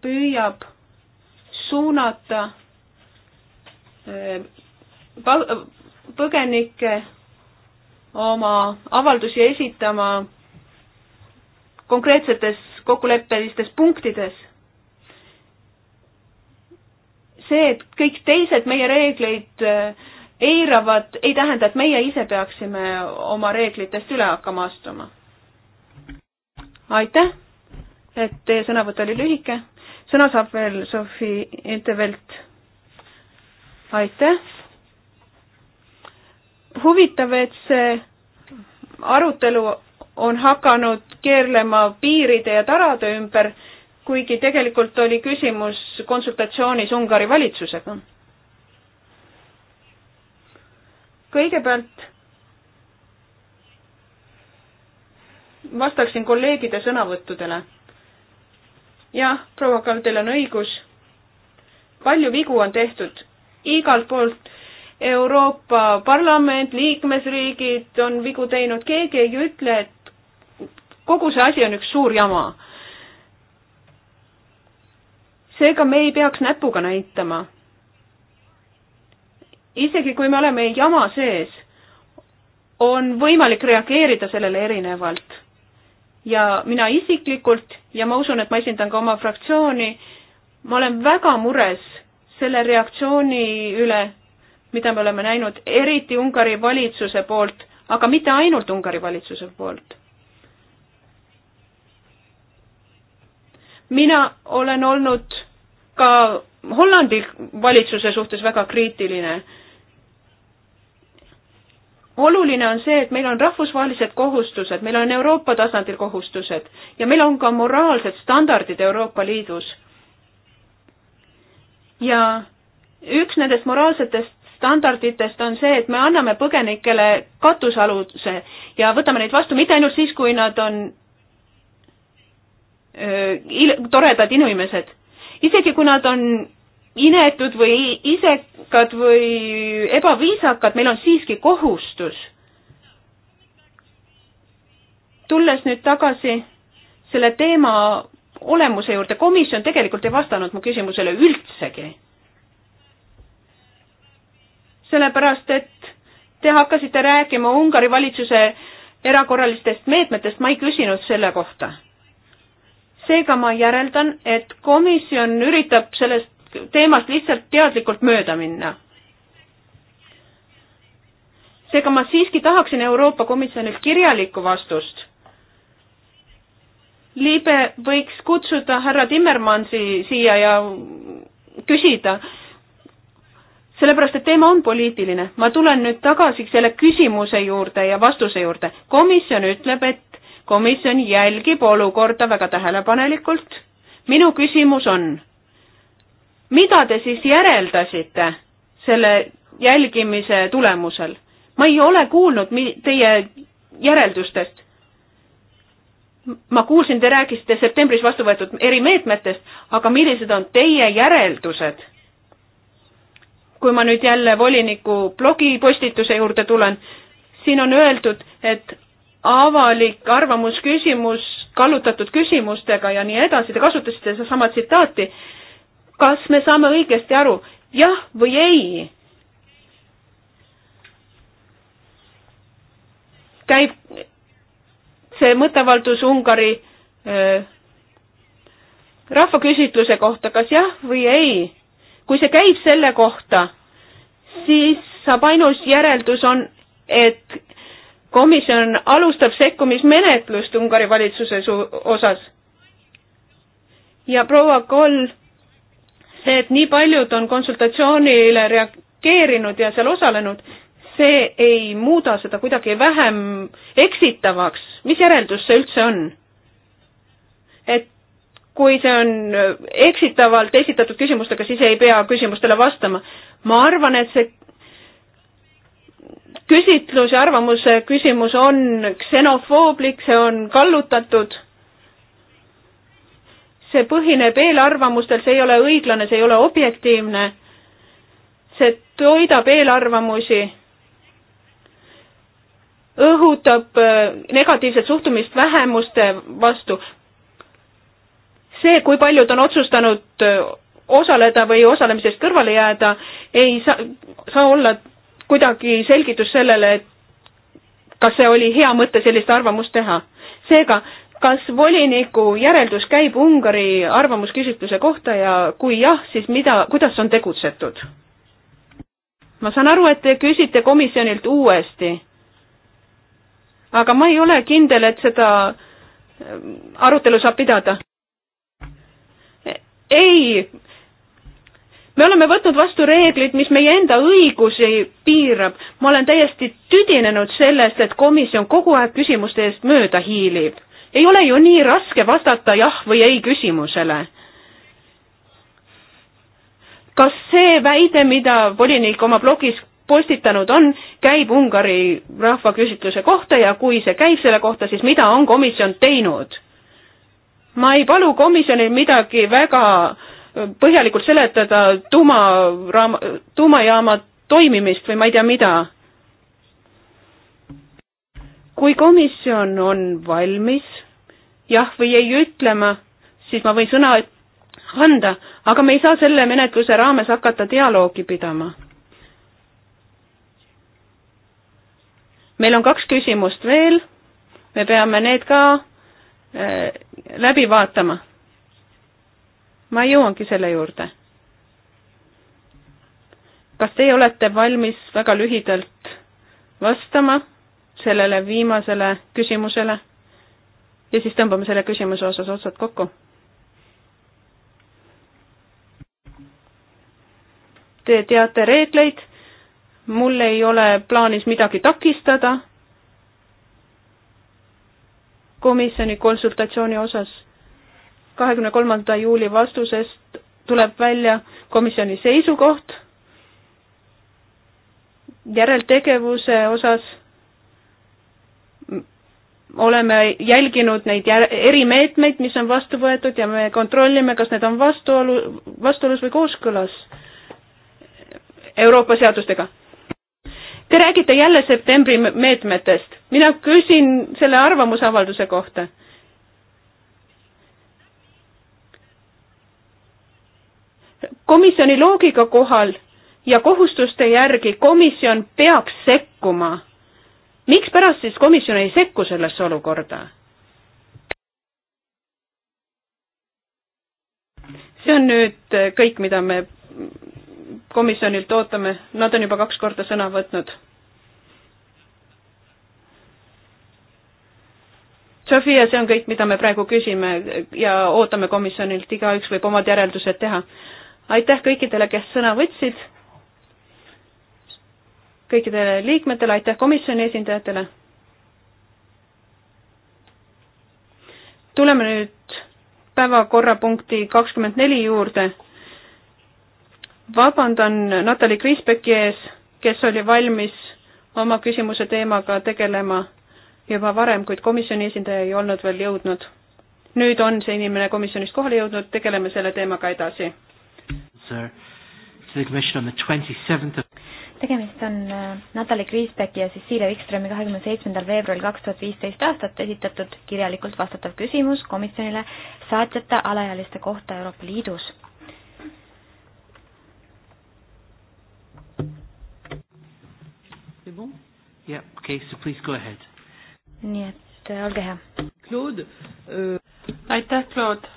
püüab suunata eh, põgenikke oma avaldusi esitama konkreetsetes kokkuleppelistes punktides see, et kõik teised meie reegleid äh, eiravad, ei tähenda, et meie ise peaksime oma reeglitest üle hakkama astuma. aitäh, et teie sõnavõtt oli lühike. sõna saab veel Sofi Entevelt. aitäh. huvitav, et see arutelu on hakanud keerlema piiride ja tarade ümber kuigi tegelikult oli küsimus konsultatsioonis Ungari valitsusega. kõigepealt vastaksin kolleegide sõnavõttudele. jah, proua Kall, teil on õigus, palju vigu on tehtud igalt poolt Euroopa Parlament, liikmesriigid on vigu teinud, keegi ei ütle, et kogu see asi on üks suur jama seega me ei peaks näpuga näitama. isegi kui me oleme jama sees, on võimalik reageerida sellele erinevalt. ja mina isiklikult ja ma usun, et ma esindan ka oma fraktsiooni, ma olen väga mures selle reaktsiooni üle, mida me oleme näinud, eriti Ungari valitsuse poolt, aga mitte ainult Ungari valitsuse poolt mina olen olnud ka Hollandi valitsuse suhtes väga kriitiline. oluline on see, et meil on rahvusvahelised kohustused, meil on Euroopa tasandil kohustused ja meil on ka moraalsed standardid Euroopa Liidus. ja üks nendest moraalsetest standarditest on see, et me anname põgenikele katusealuse ja võtame neid vastu mitte ainult siis, kui nad on Äh, toredad inimesed. isegi kui nad on inetud või isekad või ebaviisakad, meil on siiski kohustus. tulles nüüd tagasi selle teema olemuse juurde, komisjon tegelikult ei vastanud mu küsimusele üldsegi. sellepärast, et te hakkasite rääkima Ungari valitsuse erakorralistest meetmetest, ma ei küsinud selle kohta seega ma järeldan, et komisjon üritab sellest teemast lihtsalt teadlikult mööda minna. seega ma siiski tahaksin Euroopa Komisjonilt kirjalikku vastust. libe võiks kutsuda härra Timmermansi siia ja küsida, sellepärast, et teema on poliitiline. ma tulen nüüd tagasi selle küsimuse juurde ja vastuse juurde. komisjon ütleb, et komisjon jälgib olukorda väga tähelepanelikult. minu küsimus on, mida te siis järeldasite selle jälgimise tulemusel? ma ei ole kuulnud teie järeldustest. ma kuulsin, te rääkisite septembris vastu võetud erimeetmetest, aga millised on teie järeldused? kui ma nüüd jälle voliniku blogipostituse juurde tulen, siin on öeldud, et avalik arvamusküsimus kallutatud küsimustega ja nii edasi, te kasutasite sedasama tsitaati. kas me saame õigesti aru, jah või ei? käib see mõtteavaldus Ungari öö, rahvaküsitluse kohta, kas jah või ei. kui see käib selle kohta, siis saab ainus järeldus on, et komisjon alustab sekkumismenetlust Ungari valitsuse osas. ja proua Koll, see, et nii paljud on konsultatsioonile reageerinud ja seal osalenud, see ei muuda seda kuidagi vähem eksitavaks. mis järeldus see üldse on? et kui see on eksitavalt esitatud küsimustega, siis ei pea küsimustele vastama. ma arvan, et see küsitlus ja arvamuse küsimus on ksenofooblik, see on kallutatud. see põhineb eelarvamustel, see ei ole õiglane, see ei ole objektiivne. see toidab eelarvamusi, õhutab äh, negatiivset suhtumist vähemuste vastu. see, kui paljud on otsustanud äh, osaleda või osalemisest kõrvale jääda, ei saa, saa olla kuidagi selgitus sellele, et kas see oli hea mõte sellist arvamust teha. seega, kas voliniku järeldus käib Ungari arvamusküsitluse kohta ja kui jah, siis mida, kuidas on tegutsetud? ma saan aru, et te küsite komisjonilt uuesti. aga ma ei ole kindel, et seda ähm, arutelu saab pidada. ei, me oleme võtnud vastu reeglid, mis meie enda õigusi piirab. ma olen täiesti tüdinenud sellest, et komisjon kogu aeg küsimuste eest mööda hiilib. ei ole ju nii raske vastata jah või ei küsimusele. kas see väide, mida volinik oma blogis postitanud on, käib Ungari rahvaküsitluse kohta ja kui see käib selle kohta, siis mida on komisjon teinud? ma ei palu komisjonil midagi väga äh, põhjalikult seletada tuumaraam-, tuumajaama toimimist või ma ei tea mida. kui komisjon on valmis jah või ei ütlema, siis ma võin sõna anda, aga me ei saa selle menetluse raames hakata dialoogi pidama. meil on kaks küsimust veel, me peame need ka äh, läbi vaatama ma jõuangi selle juurde. kas teie olete valmis väga lühidalt vastama sellele viimasele küsimusele ja siis tõmbame selle küsimuse osas otsad kokku? Te teate reegleid, mul ei ole plaanis midagi takistada komisjoni konsultatsiooni osas kahekümne kolmanda juuli vastusest tuleb välja komisjoni seisukoht järeltegevuse osas oleme jälginud neid erimeetmeid, mis on vastu võetud ja me kontrollime, kas need on vastuolu, vastuolus või kooskõlas Euroopa seadustega. Te räägite jälle septembri meetmetest. mina küsin selle arvamusavalduse kohta komisjoni loogika kohal ja kohustuste järgi komisjon peaks sekkuma. mikspärast siis komisjon ei sekku sellesse olukorda? see on nüüd kõik, mida me komisjonilt ootame, nad on juba kaks korda sõna võtnud. Sofia, see on kõik, mida me praegu küsime ja ootame komisjonilt, igaüks võib omad järeldused teha aitäh kõikidele, kes sõna võtsid, kõikidele liikmetele, aitäh komisjoni esindajatele. tuleme nüüd päevakorrapunkti kakskümmend neli juurde. vabandan Natalja Kriisbeki ees, kes oli valmis oma küsimuse teemaga tegelema juba varem, kuid komisjoni esindaja ei olnud veel jõudnud. nüüd on see inimene komisjonist kohale jõudnud, tegeleme selle teemaga edasi answer to the Commission on the 27th of tegemist on äh, Natali Kriisbecki ja Cecilia Wikströmi kahekümne seitsmendal veebruaril kaks tuhat viisteist aastat esitatud kirjalikult vastatav küsimus komisjonile saatjate alaealiste kohta Euroopa Liidus. Yeah, okay, so please go ahead. nii et äh, olge hea. Claude uh... Äh.... aitäh, Claude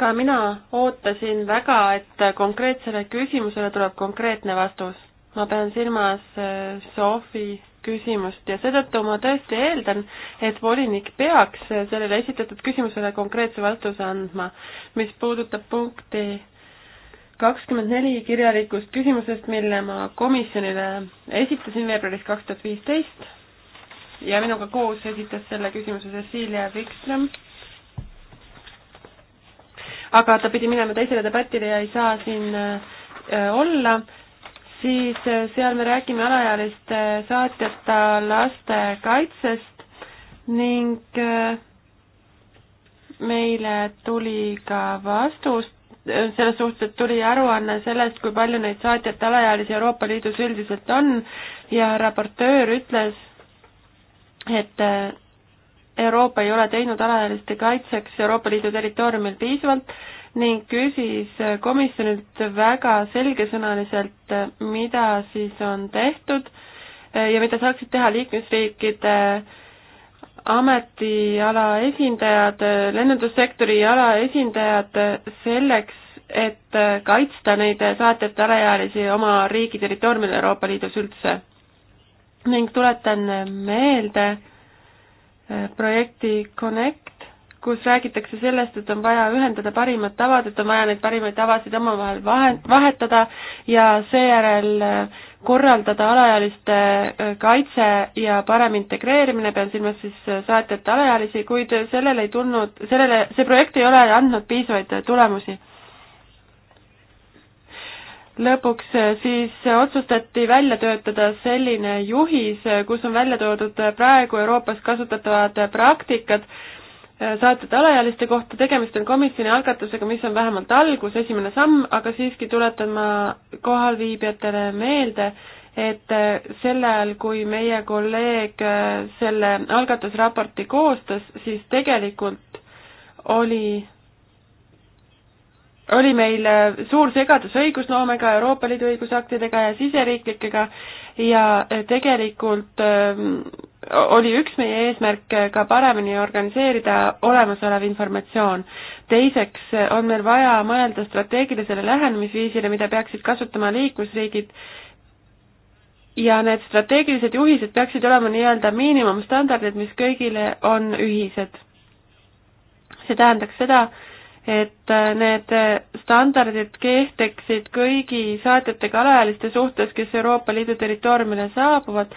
ka mina ootasin väga, et konkreetsele küsimusele tuleb konkreetne vastus. ma pean silmas äh, Sofi küsimust ja seetõttu ma tõesti eeldan, et volinik peaks sellele esitatud küsimusele konkreetse vastuse andma. mis puudutab punkti kakskümmend neli kirjalikust küsimusest, mille ma komisjonile esitasin veebruaris kaks tuhat viisteist ja minuga koos esitas selle küsimuse Cecilia Wikström aga ta pidi minema teisele debatile ja ei saa siin äh, olla, siis äh, seal me räägime alaealiste saatjata laste kaitsest ning äh, meile tuli ka vastus selles suhtes, et tuli aruanne sellest, kui palju neid saatjate alaealisi Euroopa Liidus üldiselt on ja raportöör ütles, et Euroopa ei ole teinud alaealiste kaitseks Euroopa Liidu territooriumil piisavalt ning küsis komisjonilt väga selgesõnaliselt, mida siis on tehtud ja mida saaksid teha liikmesriikide ametiala esindajad, lennundussektori ala esindajad selleks, et kaitsta neid saatjate alaealisi oma riigi territooriumil Euroopa Liidus üldse. ning tuletan meelde, Äh, projekti Connect, kus räägitakse sellest, et on vaja ühendada parimad tavad, et on vaja neid parimaid tavasid omavahel vahe, vahetada ja seejärel äh, korraldada alaealiste äh, kaitse ja parem integreerimine, pean silmas siis saatjate alaealisi, kuid sellele ei tulnud, sellele, see projekt ei ole andnud piisavaid tulemusi lõpuks eh, siis eh, otsustati välja töötada selline juhis, eh, kus on välja toodud praegu Euroopas kasutatavad praktikad saatjate alaealiste kohta, tegemist on komisjoni algatusega, mis on vähemalt algus, esimene samm, aga siiski tuletan ma kohalviibijatele meelde, et sel ajal, kui meie kolleeg selle algatusraporti koostas, siis tegelikult oli oli meil äh, suur segadus õigusloomega, Euroopa Liidu õigusaktidega ja siseriiklikega ja äh, tegelikult ähm, oli üks meie eesmärk äh, ka paremini organiseerida olemasolev informatsioon. teiseks on meil vaja mõelda strateegilisele lähenemisviisile, mida peaksid kasutama liikmesriigid ja need strateegilised juhised peaksid olema nii-öelda miinimumstandardid, mis kõigile on ühised. see tähendaks seda, et äh, need äh, standardid kehteksid kõigi saatjatega alaealiste suhtes, kes Euroopa Liidu territooriumile saabuvad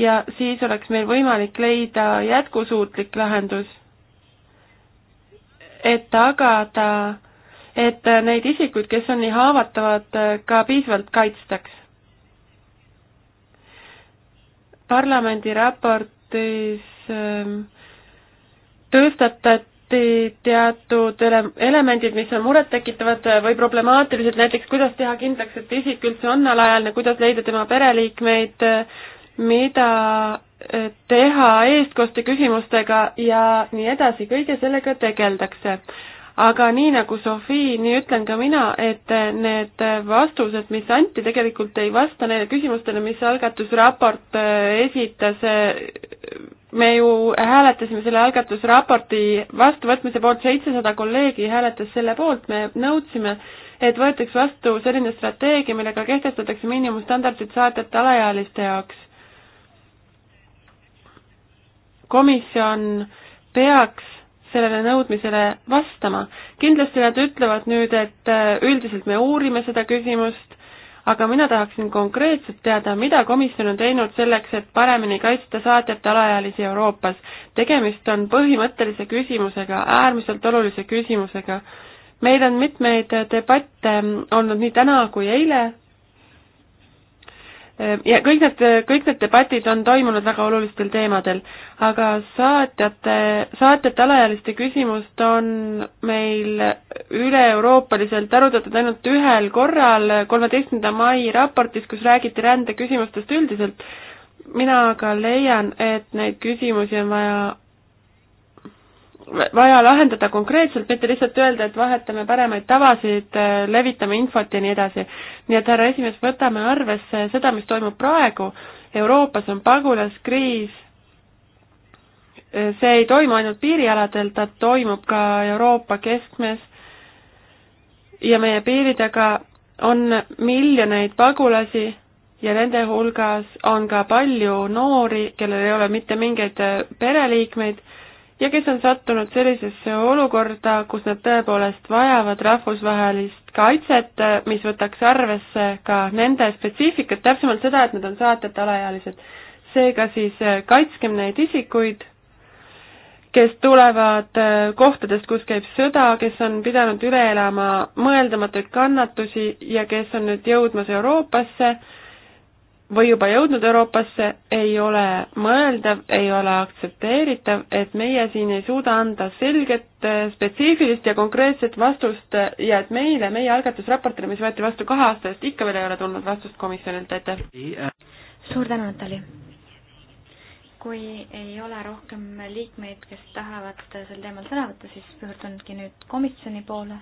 ja siis oleks meil võimalik leida jätkusuutlik lahendus, et tagada, et äh, neid isikuid, kes on nii haavatavad, ka piisavalt kaitstaks. parlamendi raportis ähm, tõstatati samuti teatud ele-, elemendid, mis on murettekitavad või problemaatilised, näiteks kuidas teha kindlaks, et isik üldse on alaealine, kuidas leida tema pereliikmeid, mida e, teha eestkoste küsimustega ja nii edasi, kõige sellega tegeldakse aga nii nagu Sofii, nii ütlen ka mina, et need vastused, mis anti, tegelikult ei vasta neile küsimustele, mis algatusraport äh, esitas. me ju hääletasime selle algatusraporti vastuvõtmise poolt, seitsesada kolleegi hääletas selle poolt, me nõudsime, et võetaks vastu selline strateegia, millega kehtestatakse miinimumstandardid saatjate alaealiste jaoks. komisjon peaks sellele nõudmisele vastama. kindlasti nad ütlevad nüüd, et äh, üldiselt me uurime seda küsimust, aga mina tahaksin konkreetselt teada, mida komisjon on teinud selleks, et paremini kaitsta saatjate alaealisi Euroopas. tegemist on põhimõttelise küsimusega, äärmiselt olulise küsimusega. meil on mitmeid debatte olnud nii täna kui eile Ehm, ja kõik need, kõik need debatid on toimunud väga olulistel teemadel, aga saatjate, saatjate alaealiste küsimust on meil üle-euroopaliselt arutatud ainult ühel korral, kolmeteistkümnenda mai raportis, kus räägiti rändeküsimustest üldiselt. mina aga leian, et neid küsimusi on vaja vaja lahendada konkreetselt, mitte lihtsalt öelda, et vahetame paremaid tavasid, levitame infot ja nii edasi. nii et härra esimees, võtame arvesse seda, mis toimub praegu, Euroopas on pagulaskriis, see ei toimu ainult piirialadel, ta toimub ka Euroopa keskmes ja meie piiri taga on miljoneid pagulasi ja nende hulgas on ka palju noori, kellel ei ole mitte mingeid pereliikmeid ja kes on sattunud sellisesse olukorda, kus nad tõepoolest vajavad rahvusvahelist kaitset, mis võtaks arvesse ka nende spetsiifikat, täpsemalt seda, et nad on saatjate alaealised. seega siis äh, kaitskem neid isikuid, kes tulevad äh, kohtadest, kus käib sõda, kes on pidanud üle elama mõeldamatuid kannatusi ja kes on nüüd jõudmas Euroopasse või juba jõudnud Euroopasse, ei ole mõeldav, ei ole aktsepteeritav, et meie siin ei suuda anda selget, äh, spetsiifilist ja konkreetset vastust ja et meile, meie algatusraportile, mis võeti vastu kahe aasta eest, ikka veel ei ole tulnud vastust komisjonilt, aitäh! suur tänu, Natali! kui ei ole rohkem liikmeid, kes tahavad sel teemal sõna võtta, siis pöördungi nüüd komisjoni poole.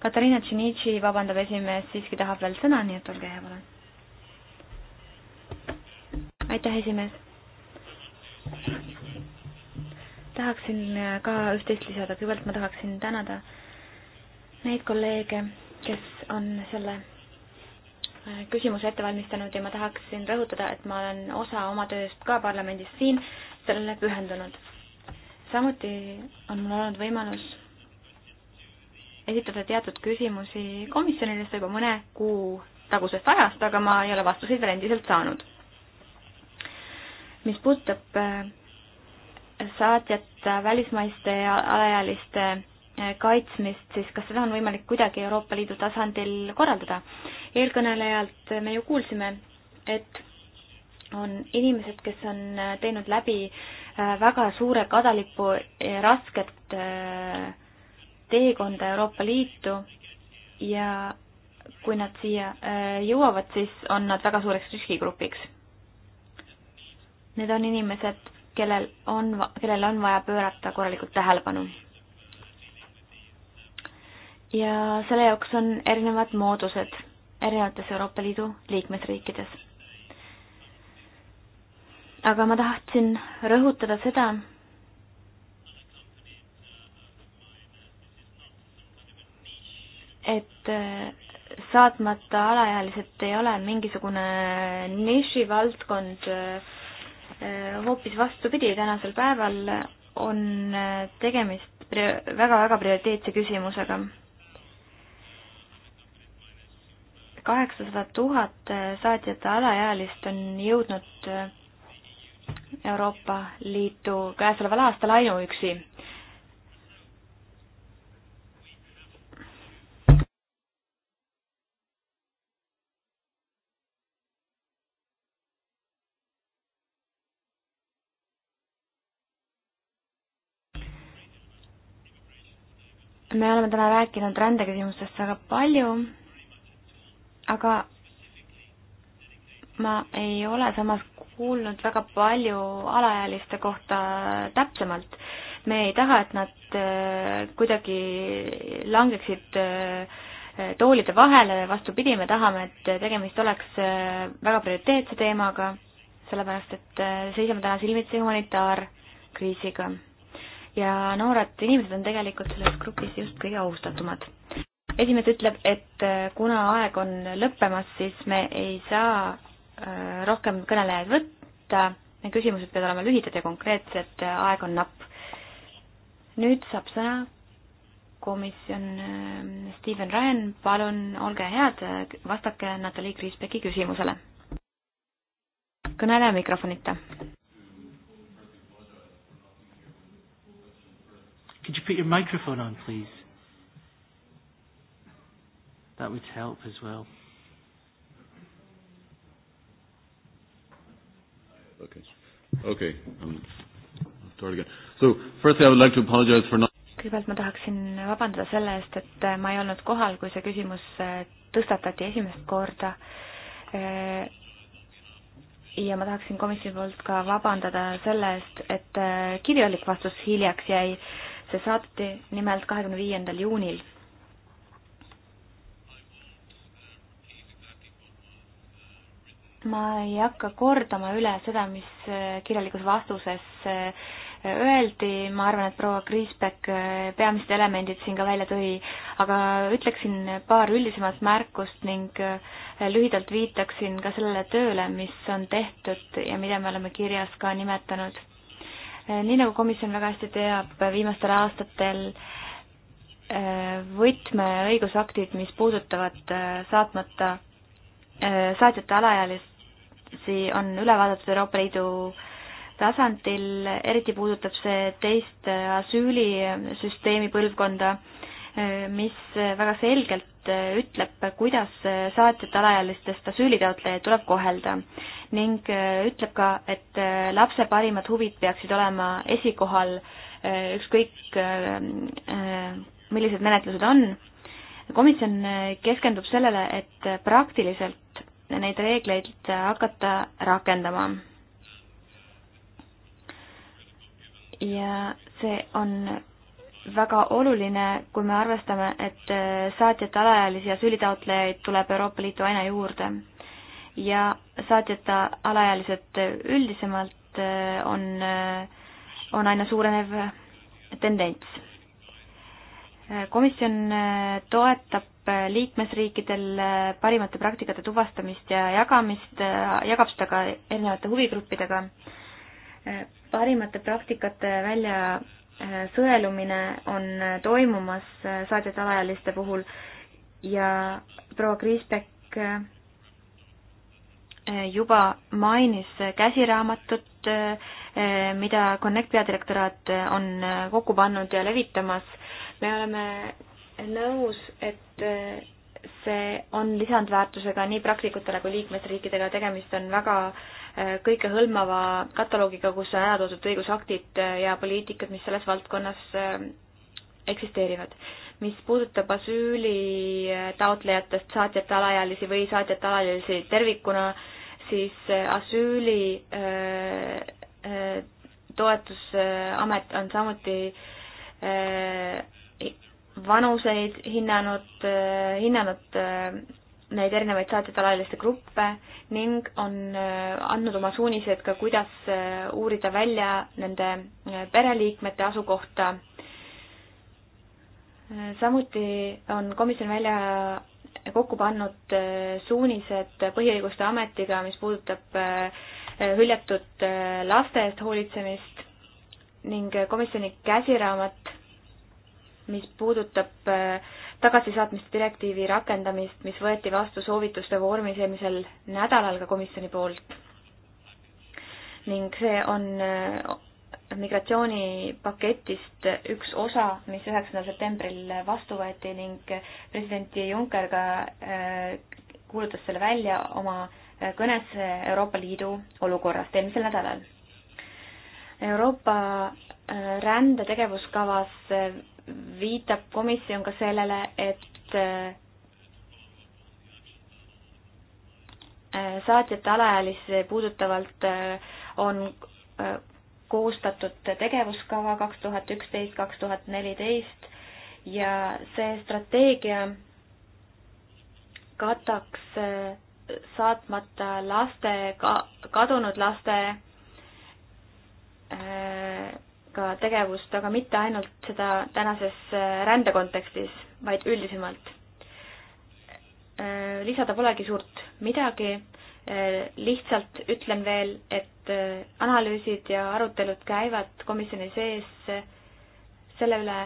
Katariina Tšinitši, vabandav esimees, siiski tahab veel sõna, nii et olge hea, palun aitäh, esimees. tahaksin äh, ka üht-teist lisada, kõigepealt ma tahaksin tänada neid kolleege, kes on selle äh, küsimuse ette valmistanud ja ma tahaksin rõhutada, et ma olen osa oma tööst ka parlamendis siin sellele pühendunud. samuti on mul olnud võimalus esitada teatud küsimusi komisjonidest juba mõne kuu tagusest ajast, aga ma ei ole vastuseid veel endiselt saanud mis puudutab äh, saatjat äh, välismaiste ja alaealiste äh, kaitsmist, siis kas seda on võimalik kuidagi Euroopa Liidu tasandil korraldada? eelkõnelejalt me ju kuulsime, et on inimesed, kes on teinud läbi väga suure kadalipu rasket teekonda Euroopa Liitu ja kui nad siia jõuavad, siis on nad väga suureks riskigrupiks Need on inimesed, kellel on, kellel on vaja pöörata korralikult tähelepanu. ja selle jaoks on erinevad moodused erinevates Euroopa Liidu liikmesriikides. aga ma tahtsin rõhutada seda, et äh, saatmata alaealised ei ole mingisugune nišivaldkond äh, Äh, hoopis vastupidi, tänasel päeval on äh, tegemist väga-väga prioriteetse küsimusega. kaheksasada tuhat äh, saatjate alaealist on jõudnud Euroopa Liitu käesoleval aastal ainuüksi me oleme täna rääkinud rändeküsimustest väga palju, aga ma ei ole samas kuulnud väga palju alaealiste kohta täpsemalt. me ei taha, et nad äh, kuidagi langeksid äh, toolide vahele, vastupidi, me tahame, et tegemist oleks äh, väga prioriteetse teemaga, sellepärast et seisame täna silmitsi humanitaarkriisiga ja noored inimesed on tegelikult selles grupis just kõige ohustatumad. esimees ütleb, et äh, kuna aeg on lõppemas, siis me ei saa äh, rohkem kõnelejaid võtta, küsimused peavad olema lühidad ja konkreetsed, äh, aeg on napp. nüüd saab sõna komisjon Steven Ryan, palun olge head, vastake Natalja Kriisbecki küsimusele. kõneleja mikrofonita Could you put your microphone on, please? That would help as well. Okay. Okay. Um, I'll start again. So, firstly, I would like to apologize for not kõigepealt ma tahaksin vabandada selle eest, et äh, ma ei olnud kohal, kui see küsimus äh, tõstatati esimest korda. Äh, ja ma tahaksin komisjoni poolt ka vabandada selle eest, et kirjalik vastus hiljaks jäi see saadeti nimelt kahekümne viiendal juunil. ma ei hakka kordama üle seda, mis kirjalikus vastuses öeldi, ma arvan, et proua Kriisbeck peamised elemendid siin ka välja tõi, aga ütleksin paar üldisemat märkust ning lühidalt viitaksin ka sellele tööle, mis on tehtud ja mida me oleme kirjas ka nimetanud nii nagu komisjon väga hästi teab, viimastel aastatel äh, võtmeõigusaktid, mis puudutavad äh, saatmata, äh, saatjate alaealisi, on üle vaadatud Euroopa Liidu tasandil, eriti puudutab see teist asüülisüsteemi põlvkonda, mis väga selgelt Äh, ütleb, kuidas äh, saated alaealistest asüülitaotlejaid tuleb kohelda ning äh, ütleb ka, et lapse parimad huvid peaksid olema esikohal ükskõik millised menetlused on. komisjon keskendub sellele, et praktiliselt neid reegleid hakata rakendama. ja see on väga oluline, kui me arvestame, et äh, saatjate alaealisi ja süülitaotlejaid tuleb Euroopa Liitu aina juurde. ja saatjate alaealised üldisemalt äh, on, äh, on aina suurenev tendents. komisjon toetab liikmesriikidel parimate praktikate tuvastamist ja jagamist, jagab seda ka erinevate huvigruppidega. parimate praktikate välja sõelumine on toimumas saatjate alaealiste puhul ja proua Kriisbeck eh, juba mainis käsiraamatut, eh, mida Connect peadirektoraat on kokku pannud ja levitamas. me oleme nõus, et eh, see on lisandväärtusega nii praktikutele kui liikmesriikidega, tegemist on väga äh, Äh, kõikehõlmava kataloogiga, kus on ära toodud õigusaktid äh, ja poliitikad, mis selles valdkonnas äh, eksisteerivad. mis puudutab asüüli taotlejatest saatjate alaealisi või saatjate alaealisi tervikuna, siis asüüli toetusamet on samuti vanuseid hinnanud, hinnanud neid erinevaid saatjate alaliste gruppe ning on äh, andnud oma suunised ka, kuidas äh, uurida välja nende äh, pereliikmete asukohta. samuti on komisjon välja kokku pannud suunised Põhiõiguste Ametiga, mis puudutab hüljatud laste eest hoolitsemist ning komisjoni käsiraamat, mis puudutab äh, tagasisaatmiste direktiivi rakendamist, mis võeti vastu soovituste vormis eelmisel nädalal ka komisjoni poolt. ning see on äh, migratsioonipaketist üks osa, mis üheksandal septembril vastu võeti ning president Juncker ka äh, kuulutas selle välja oma äh, kõnes Euroopa Liidu olukorrast eelmisel nädalal. Euroopa rändetegevuskavas viitab komisjon ka sellele, et äh, saatjate alaealisi puudutavalt äh, on äh, koostatud tegevuskava kaks tuhat üksteist, kaks tuhat neliteist ja see strateegia kataks saatmata laste, kadunud laste ka tegevust, aga mitte ainult seda tänases äh, rändekontekstis, vaid üldisemalt. Äh, lisada polegi suurt midagi, äh, lihtsalt ütlen veel, et analüüsid ja arutelud käivad komisjoni sees selle üle,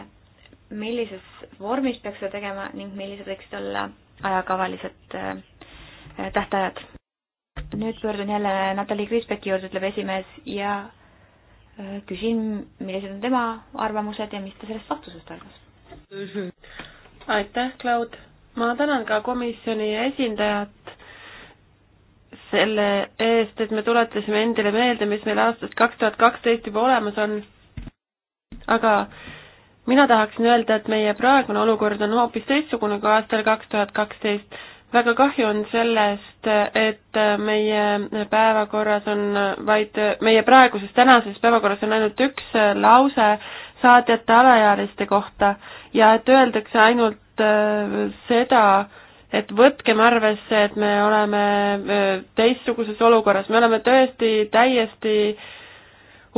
millises vormis peaks seda tegema ning millised võiksid olla ajakavalised tähtajad. nüüd pöördun jälle Natalja Kriisbeki juurde, ütleb esimees ja küsin, millised on tema arvamused ja mis ta sellest vastusest arvas. aitäh, Claud. ma tänan ka komisjoni esindajat selle eest, et me tuletasime endile meelde, mis meil aastast kaks tuhat kaksteist juba olemas on. aga mina tahaksin öelda, et meie praegune olukord on hoopis teistsugune kui aastal kaks tuhat kaksteist väga kahju on sellest, et meie päevakorras on vaid, meie praeguses, tänases päevakorras on ainult üks lause saatjate alaealiste kohta ja et öeldakse ainult äh, seda, et võtkem arvesse, et me oleme äh, teistsuguses olukorras, me oleme tõesti täiesti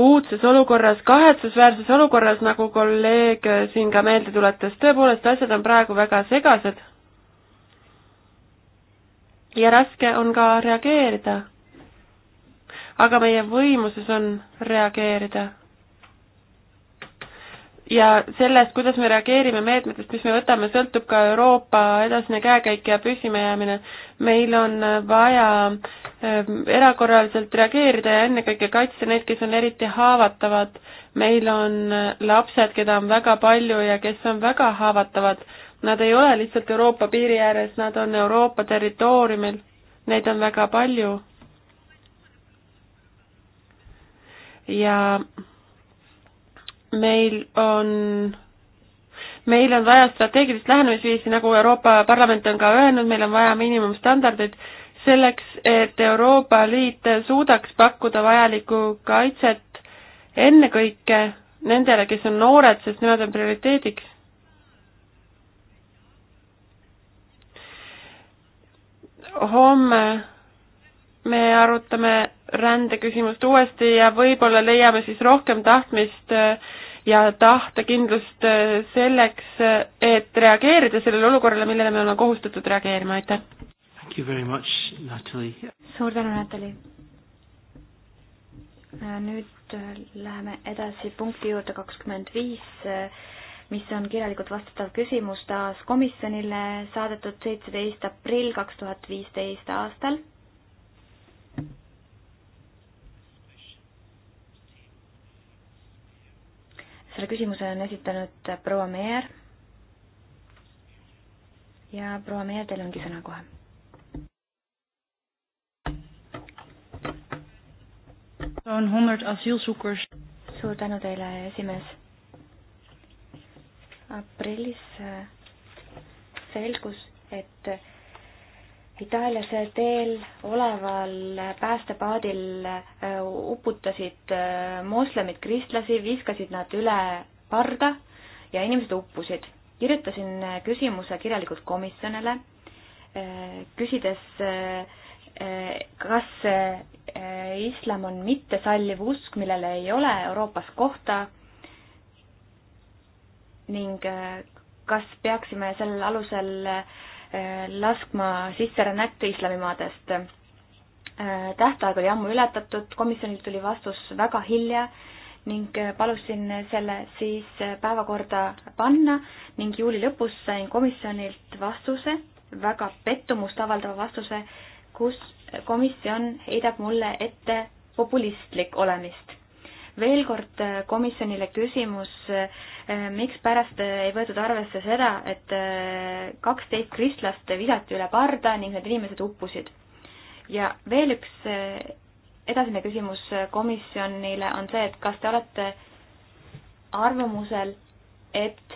uudses olukorras, kahetsusväärses olukorras, nagu kolleeg siin ka meelde tuletas, tõepoolest asjad on praegu väga segased ja raske on ka reageerida. aga meie võimuses on reageerida. ja sellest, kuidas me reageerime meetmetest, mis me võtame, sõltub ka Euroopa edasine käekäik ja püsimajäämine. meil on vaja ähm, erakorraliselt reageerida ja ennekõike kaitsta neid, kes on eriti haavatavad. meil on äh, lapsed, keda on väga palju ja kes on väga haavatavad Nad ei ole lihtsalt Euroopa piiri ääres, nad on Euroopa territooriumil, neid on väga palju. ja meil on, meil on vaja strateegilist lähenemisviisi, nagu Euroopa Parlament on ka öelnud, meil on vaja miinimumstandardeid selleks, et Euroopa Liit suudaks pakkuda vajalikku kaitset ennekõike nendele, kes on noored, sest nemad on prioriteediks homme me arutame rändeküsimust uuesti ja võib-olla leiame siis rohkem tahtmist äh, ja tahtekindlust äh, selleks, äh, et reageerida sellele olukorrale, millele me oleme kohustatud reageerima, aitäh! suur tänu, Natali! nüüd läheme edasi punkti juurde kakskümmend viis mis on kirjalikult vastatav küsimus taas komisjonile saadetud seitseteist aprill kaks tuhat viisteist aastal. selle küsimuse on esitanud proua Meer. ja proua Meer, teil ongi sõna kohe zo'n honderd asielzoekers. Suur tänu teile, esimees aprillis äh, selgus, et Itaalias teel oleval päästepaadil äh, uputasid äh, moslemid kristlasi, viskasid nad üle parda ja inimesed uppusid. kirjutasin küsimuse kirjalikult komisjonile, küsides, kas islam on mittesalliv usk, millele ei ole Euroopas kohta ning äh, kas peaksime sel alusel äh, laskma sisserännet islamimaadest. Äh, tähtaeg oli ammu ületatud, komisjonilt tuli vastus väga hilja ning palusin selle siis päevakorda panna ning juuli lõpus sain komisjonilt vastuse, väga pettumust avaldava vastuse, kus komisjon heidab mulle ette populistlik olemist veel kord äh, komisjonile küsimus, äh, mikspärast äh, ei võetud arvesse seda, et kaksteist kristlast visati üle parda ning need inimesed uppusid. ja veel üks edasine küsimus komisjonile on see, et kas te olete arvamusel, et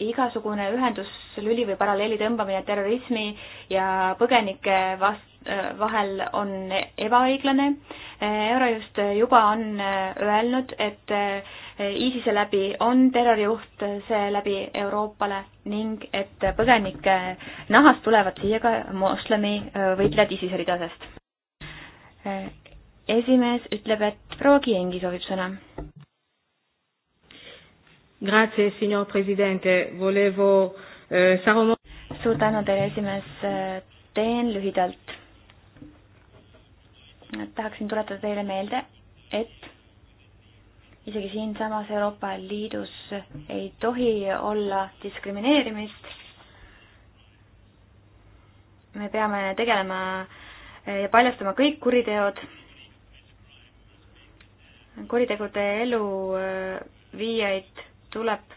igasugune ühenduslüli või paralleeli tõmbamine terrorismi ja põgenike vast-, vahel on ebaõiglane Eurojust juba on äh, öelnud, et äh, ISISe läbi on terrorijuht see läbi Euroopale ning et põgenike nahast tulevad siia ka moslemi äh, võitlejad ISISe ridadest. esimees ütleb, et proua Kiengi soovib sõna. Grazie, signor presidente, volevo eh, Saromo... suur tänu teile, esimees, teen lühidalt tahaksin tuletada teile meelde, et isegi siinsamas Euroopa Liidus ei tohi olla diskrimineerimist. me peame tegelema ja paljastama kõik kuriteod, kuritegude elluviijaid äh, tuleb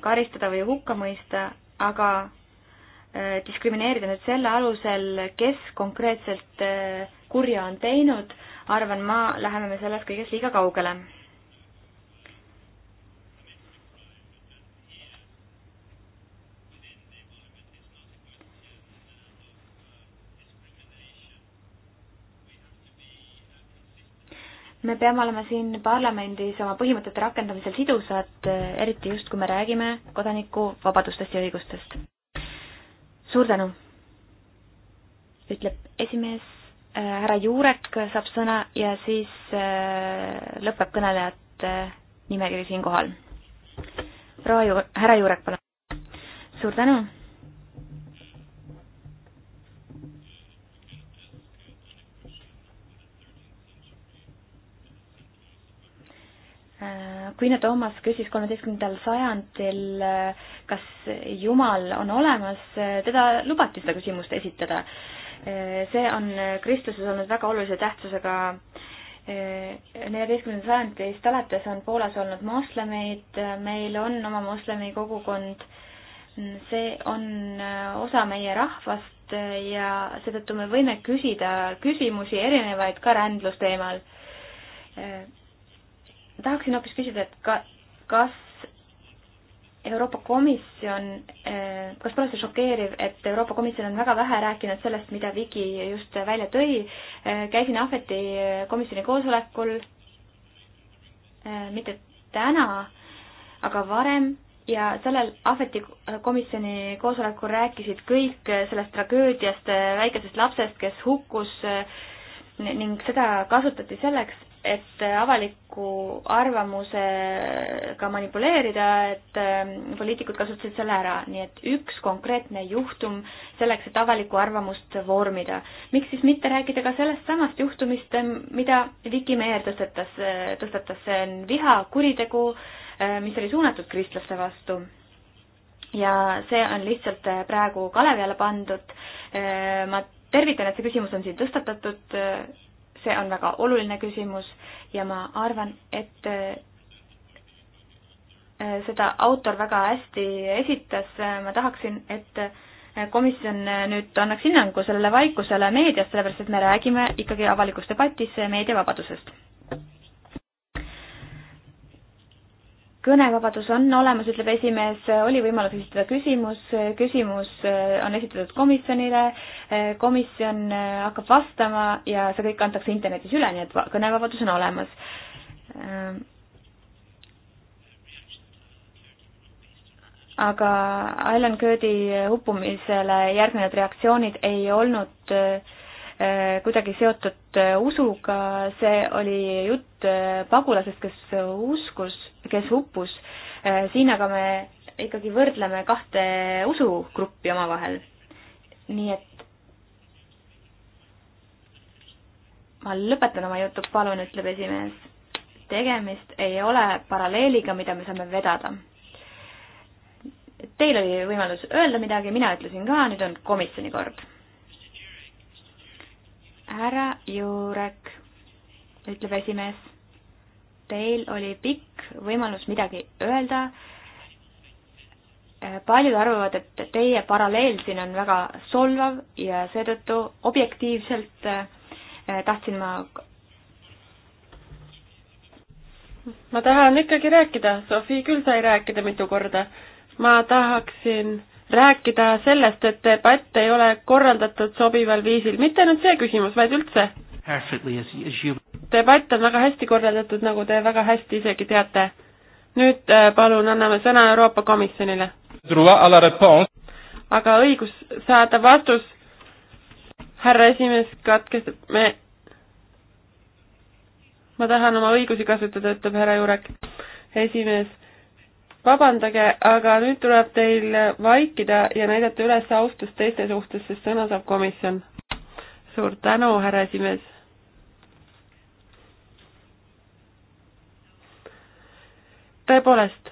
karistada või hukka mõista, aga äh, diskrimineerida nüüd selle alusel, kes konkreetselt äh, kurja on teinud, arvan ma, läheme me selles kõiges liiga kaugele. me peame olema siin parlamendis oma põhimõtete rakendamisel sidusad, eriti just, kui me räägime kodanikuvabadustest ja õigustest. suur tänu, ütleb esimees härra Juurek saab sõna ja siis äh, lõpeb kõnelejate äh, nimekiri siinkohal. proua Ju-, härra Juurek, palun. suur tänu. Äh, Queen Thomas küsis kolmeteistkümnendal sajandil, kas Jumal on olemas, teda lubati seda küsimust esitada see on kristluses olnud väga olulise tähtsusega. neljateistkümnenda sajandist alates on Poolas olnud moslemeid, meil on oma moslemi kogukond. see on osa meie rahvast ja seetõttu me võime küsida küsimusi erinevaid ka rändlusteemal. tahaksin hoopis küsida, et ka, kas Euroopa Komisjon, eh, kas pole see šokeeriv, et Euroopa Komisjon on väga vähe rääkinud sellest, mida Viki just välja tõi, eh, käisin Ahveti komisjoni koosolekul, eh, mitte täna, aga varem ja sellel Ahveti komisjoni koosolekul rääkisid kõik sellest tragöödiast, väikesest lapsest, kes hukkus ning seda kasutati selleks, et avaliku arvamusega manipuleerida, et ähm, poliitikud kasutasid selle ära, nii et üks konkreetne juhtum selleks, et avalikku arvamust vormida. miks siis mitte rääkida ka sellest samast juhtumist, ähm, mida Viki Meer tõstetas, äh, tõstatas, see on vihakuritegu, äh, mis oli suunatud kristlaste vastu. ja see on lihtsalt äh, praegu kalevi alla pandud, ma tervitan, et see küsimus on siin tõstatatud, see on väga oluline küsimus ja ma arvan, et äh, seda autor väga hästi esitas, ma tahaksin, et komisjon nüüd annaks hinnangu sellele vaikusele meedias, sellepärast et me räägime ikkagi avalikus debatis meediavabadusest kõnevabadus on olemas, ütleb esimees, oli võimalus esitada küsimus, küsimus äh, on esitatud komisjonile, äh, komisjon äh, hakkab vastama ja see kõik antakse internetis üle, nii et kõnevabadus on olemas. aga Alan Kurdi uppumisele järgnenud reaktsioonid ei olnud äh, Äh, kuidagi seotud äh, usuga, see oli jutt äh, pagulasest, kes uskus, kes uppus. siin aga me ikkagi võrdleme kahte usugruppi omavahel. nii et ma lõpetan oma jutu, palun, ütleb esimees. tegemist ei ole paralleeliga, mida me saame vedada. Teil oli võimalus öelda midagi, mina ütlesin ka, nüüd on komisjoni kord härra Juurek, ütleb esimees, teil oli pikk võimalus midagi öelda. Äh, paljud arvavad, et teie paralleel siin on väga solvav ja seetõttu objektiivselt äh, tahtsin ma ma tahan ikkagi rääkida, Sofi küll sai rääkida mitu korda. ma tahaksin rääkida sellest, et debatt ei ole korraldatud sobival viisil, mitte ainult see küsimus, vaid üldse. debatt on väga hästi korraldatud, nagu te väga hästi isegi teate. nüüd äh, palun anname sõna Euroopa Komisjonile. aga õigus saada vastus, härra esimees katkestab, me ma tahan oma õigusi kasutada, ütleb härra Jurek. esimees vabandage, aga nüüd tuleb teil vaikida ja näidata üles austust teiste suhtes, sest sõna saab komisjon. suur tänu, härra esimees. tõepoolest,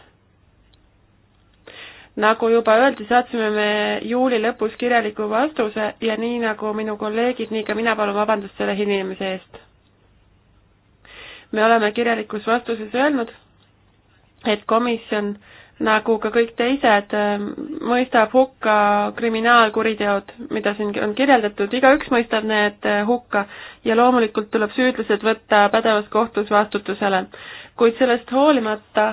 nagu juba öeldi, saatsime me juuli lõpus kirjaliku vastuse ja nii nagu minu kolleegid, nii ka mina palun vabandust selle hilinemise eest. me oleme kirjalikus vastuses öelnud et komisjon nagu ka kõik teised, ähm, mõistab hukka kriminaalkuriteod, mida siin on kirjeldatud, igaüks mõistab need äh, hukka ja loomulikult tuleb süüdlased võtta pädevas kohtus vastutusele. kuid sellest hoolimata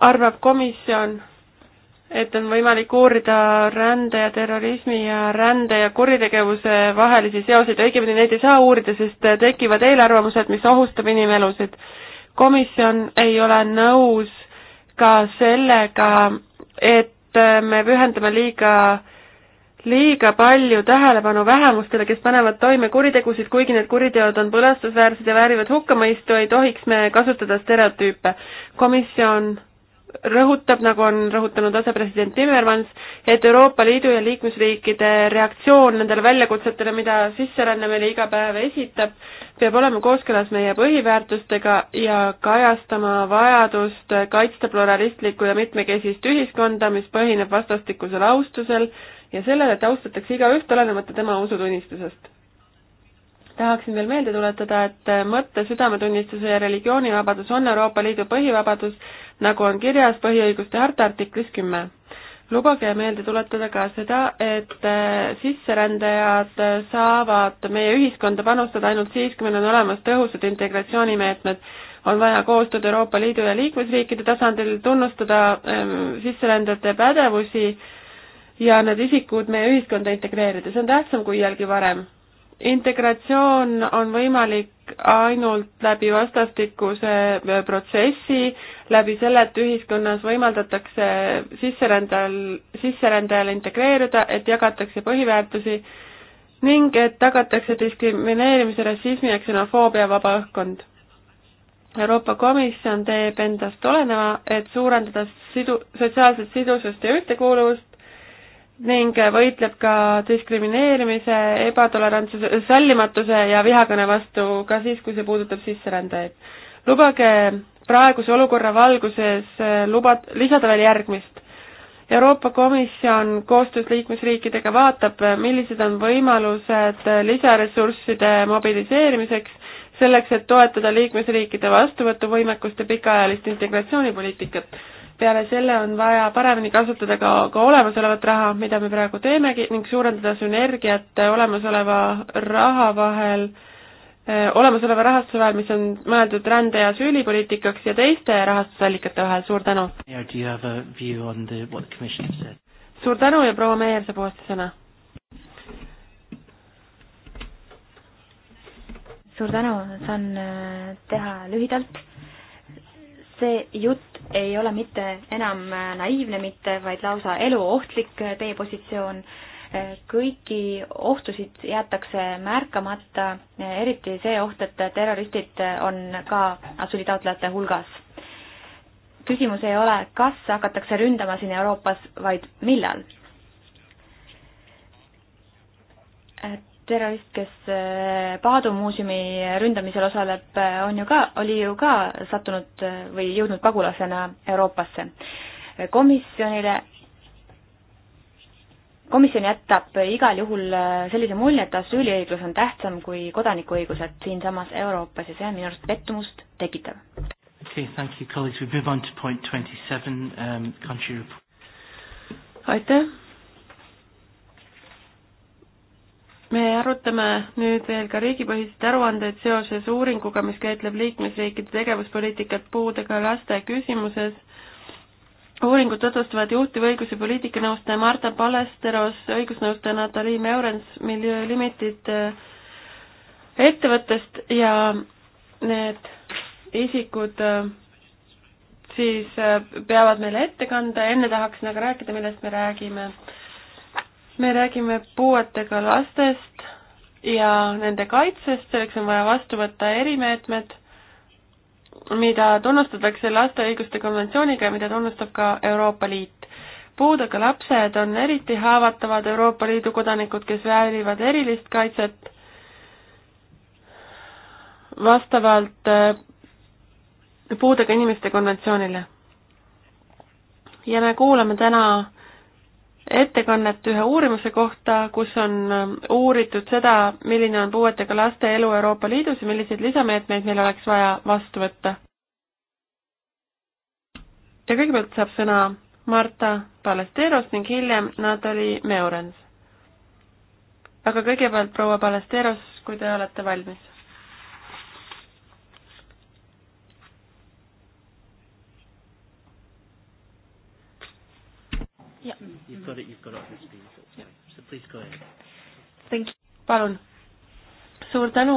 arvab komisjon, et on võimalik uurida rände ja terrorismi ja rände ja kuritegevuse vahelisi seoseid, õigemini neid ei saa uurida, sest äh, tekivad eelarvamused, mis ohustab inimelusid komisjon ei ole nõus ka sellega, et me pühendame liiga liiga palju tähelepanu vähemustele, kes panevad toime kuritegusid, kuigi need kuriteod on põlastusväärsed ja väärivad hukkamõistu, ei tohiks me kasutada stereotüüpe. komisjon rõhutab, nagu on rõhutanud asepresident Timmermans, et Euroopa Liidu ja liikmesriikide reaktsioon nendele väljakutsetele, mida sisseränne meile iga päev esitab, peab olema kooskõlas meie põhiväärtustega ja kajastama vajadust kaitsta pluralistlikku ja mitmekesist ühiskonda, mis põhineb vastastikusel austusel ja sellele, et austatakse igaüht, olenemata tema usutunnistusest tahaksin veel meelde tuletada, et mõtte, südametunnistuse ja religioonivabadus on Euroopa Liidu põhivabadus, nagu on kirjas põhiõiguste harta artiklis kümme. lubage meelde tuletada ka seda, et äh, sisserändajad saavad meie ühiskonda panustada ainult siis, kui meil on olemas tõhusad integratsioonimeetmed. on vaja koostööd Euroopa Liidu ja liikmesriikide tasandil, tunnustada ähm, sisserändajate pädevusi ja need isikud meie ühiskonda integreerida, see on tähtsam kui iialgi varem integratsioon on võimalik ainult läbi vastastikuse äh, protsessi, läbi selle, et ühiskonnas võimaldatakse sisserändajal, sisserändajal integreeruda, et jagatakse põhiväärtusi ning et tagatakse diskrimineerimise, rassismi ja ksenofoobia vaba õhkkond. Euroopa Komisjon teeb endast oleneva, et suurendada sidu, sotsiaalset sidusust ja ühtekuuluvust ning võitleb ka diskrimineerimise, ebatolerantsuse, sallimatuse ja vihakõne vastu ka siis, kui see puudutab sisserändajaid. lubage praeguse olukorra valguses äh, lubad, lisada veel järgmist. Euroopa Komisjon koostöös liikmesriikidega vaatab, äh, millised on võimalused äh, lisaressursside mobiliseerimiseks, selleks, et toetada liikmesriikide vastuvõtuvõimekust ja pikaajalist integratsioonipoliitikat peale selle on vaja paremini kasutada ka, ka olemasolevat raha, mida me praegu teemegi, ning suurendada sünergiat olemasoleva raha vahel äh, Äh, olemasoleva rahastuse vahel, mis on mõeldud rände- ja süülipoliitikaks ja teiste rahastusallikate vahel, suur tänu! suur tänu ja proua Meier saab uuesti sõna. suur tänu, saan äh, teha lühidalt. see jutt ei ole mitte enam äh, naiivne mitte, vaid lausa eluohtlik, teie positsioon äh, kõiki ohtusid jäetakse märkamata, eriti see oht, et terroristid on ka asüülitaotlejate hulgas. küsimus ei ole, kas hakatakse ründama siin Euroopas, vaid millal. terrorist, kes eh, Paadu muuseumi ründamisel osaleb, eh, on ju ka, oli ju ka sattunud eh, või jõudnud pagulasena Euroopasse. komisjonile komisjon jätab igal juhul äh, sellise mulje, et asüüliõiglus on tähtsam kui kodanikuõigused siinsamas Euroopas ja see on minu arust pettumust tekitav. Okay, thank you, colleagues. We move on to point 27, um, country report. Aitäh. me arutame nüüd veel ka riigipõhiseid aruandeid seoses uuringuga, mis käitleb liikmesriikide tegevuspoliitikat puudega laste küsimuses uuringut tutvustavad juhtiv õiguspoliitika nõustaja Marta Palesteros, õigusnõustaja Natalii Meurens Milieu Limited äh, ettevõttest ja need isikud äh, siis äh, peavad meile ette kanda, enne tahaksin aga rääkida, millest me räägime. me räägime puuetega lastest ja nende kaitsest, selleks on vaja vastu võtta erimeetmed mida tunnustatakse laste õiguste konventsiooniga ja mida tunnustab ka Euroopa Liit. puudega lapsed on eriti haavatavad Euroopa Liidu kodanikud, kes väärivad erilist kaitset vastavalt äh, puudega inimeste konventsioonile. ja me kuulame täna ettekannet ühe uurimuse kohta, kus on ähm, uuritud seda, milline on puuetega laste elu Euroopa Liidus ja milliseid lisameetmeid meil oleks vaja vastu võtta. ja kõigepealt saab sõna Marta Palesteros ning hiljem Natali Meurens. aga kõigepealt proua Palesteros, kui te olete valmis. Yeah got it, you've got up to speed. That's fine. So please go ahead. Thank you. palun. suur tänu,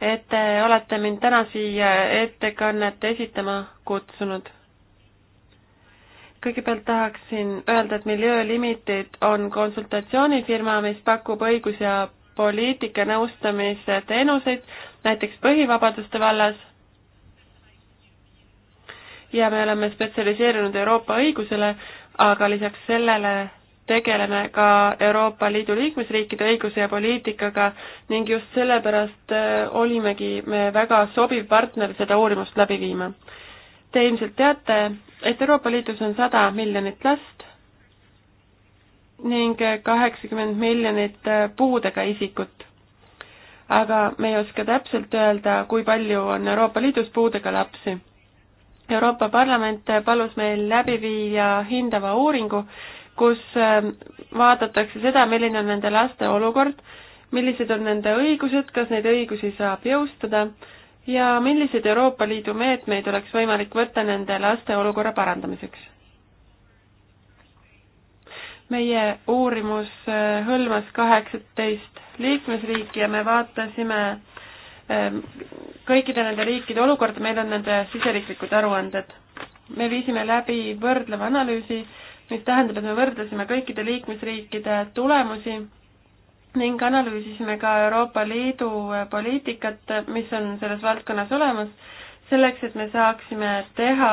et te olete mind täna siia ettekannet esitama kutsunud. kõigepealt tahaksin öelda, et Milieu Limited on konsultatsioonifirma, mis pakub õigus- ja poliitika nõustamise teenuseid, näiteks põhivabaduste vallas ja me oleme spetsialiseerunud Euroopa õigusele, aga lisaks sellele tegeleme ka Euroopa Liidu liikmesriikide õiguse ja poliitikaga ning just sellepärast äh, olimegi me väga sobiv partner seda uurimust läbi viima. Te ilmselt teate, et Euroopa Liidus on sada miljonit last ning kaheksakümmend miljonit äh, puudega isikut. aga me ei oska täpselt öelda, kui palju on Euroopa Liidus puudega lapsi Euroopa Parlament palus meil läbi viia hindava uuringu, kus ähm, vaadatakse seda, milline on nende laste olukord, millised on nende õigused, kas neid õigusi saab jõustada ja milliseid Euroopa Liidu meetmeid oleks võimalik võtta nende laste olukorra parandamiseks. meie uurimus äh, hõlmas kaheksateist liikmesriiki ja me vaatasime Ehm, kõikide nende riikide olukord, meil on nende siseriiklikud aruanded. me viisime läbi võrdleva analüüsi, mis tähendab, et me võrdlesime kõikide liikmesriikide tulemusi ning analüüsisime ka Euroopa Liidu eh, poliitikat, mis on selles valdkonnas olemas, selleks, et me saaksime teha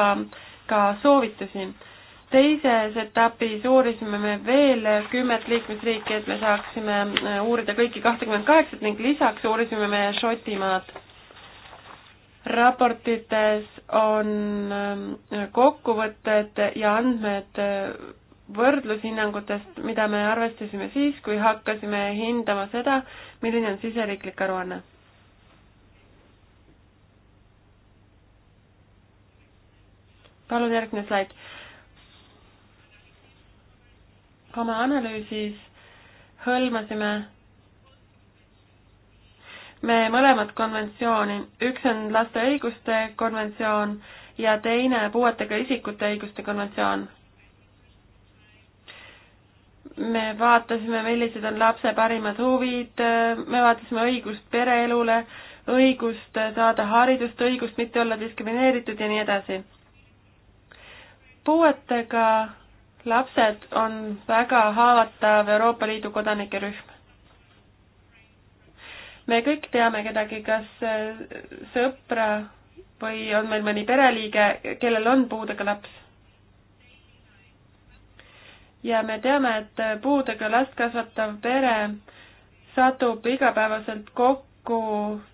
ka soovitusi teises etapis uurisime me veel kümmet liikmesriiki, et me saaksime äh, uurida kõiki kahtekümmet kaheksat ning lisaks uurisime me Šotimaad. raportites on äh, kokkuvõtted ja andmed äh, võrdlushinnangutest, mida me arvestasime siis, kui hakkasime hindama seda, milline on siseriiklik aruanne palun järgmine slaid oma analüüsis hõlmasime me mõlemat konventsiooni, üks on laste õiguste konventsioon ja teine puuetega isikute õiguste konventsioon. me vaatasime, millised on lapse parimad huvid, me vaatasime õigust pereelule, õigust saada haridust, õigust mitte olla diskrimineeritud ja nii edasi. puuetega lapsed on väga haavatav Euroopa Liidu kodanike rühm. me kõik teame kedagi, kas äh, sõpra või on meil mõni pereliige, kellel on puudega laps. ja me teame, et puudega last kasvatav pere satub igapäevaselt kokku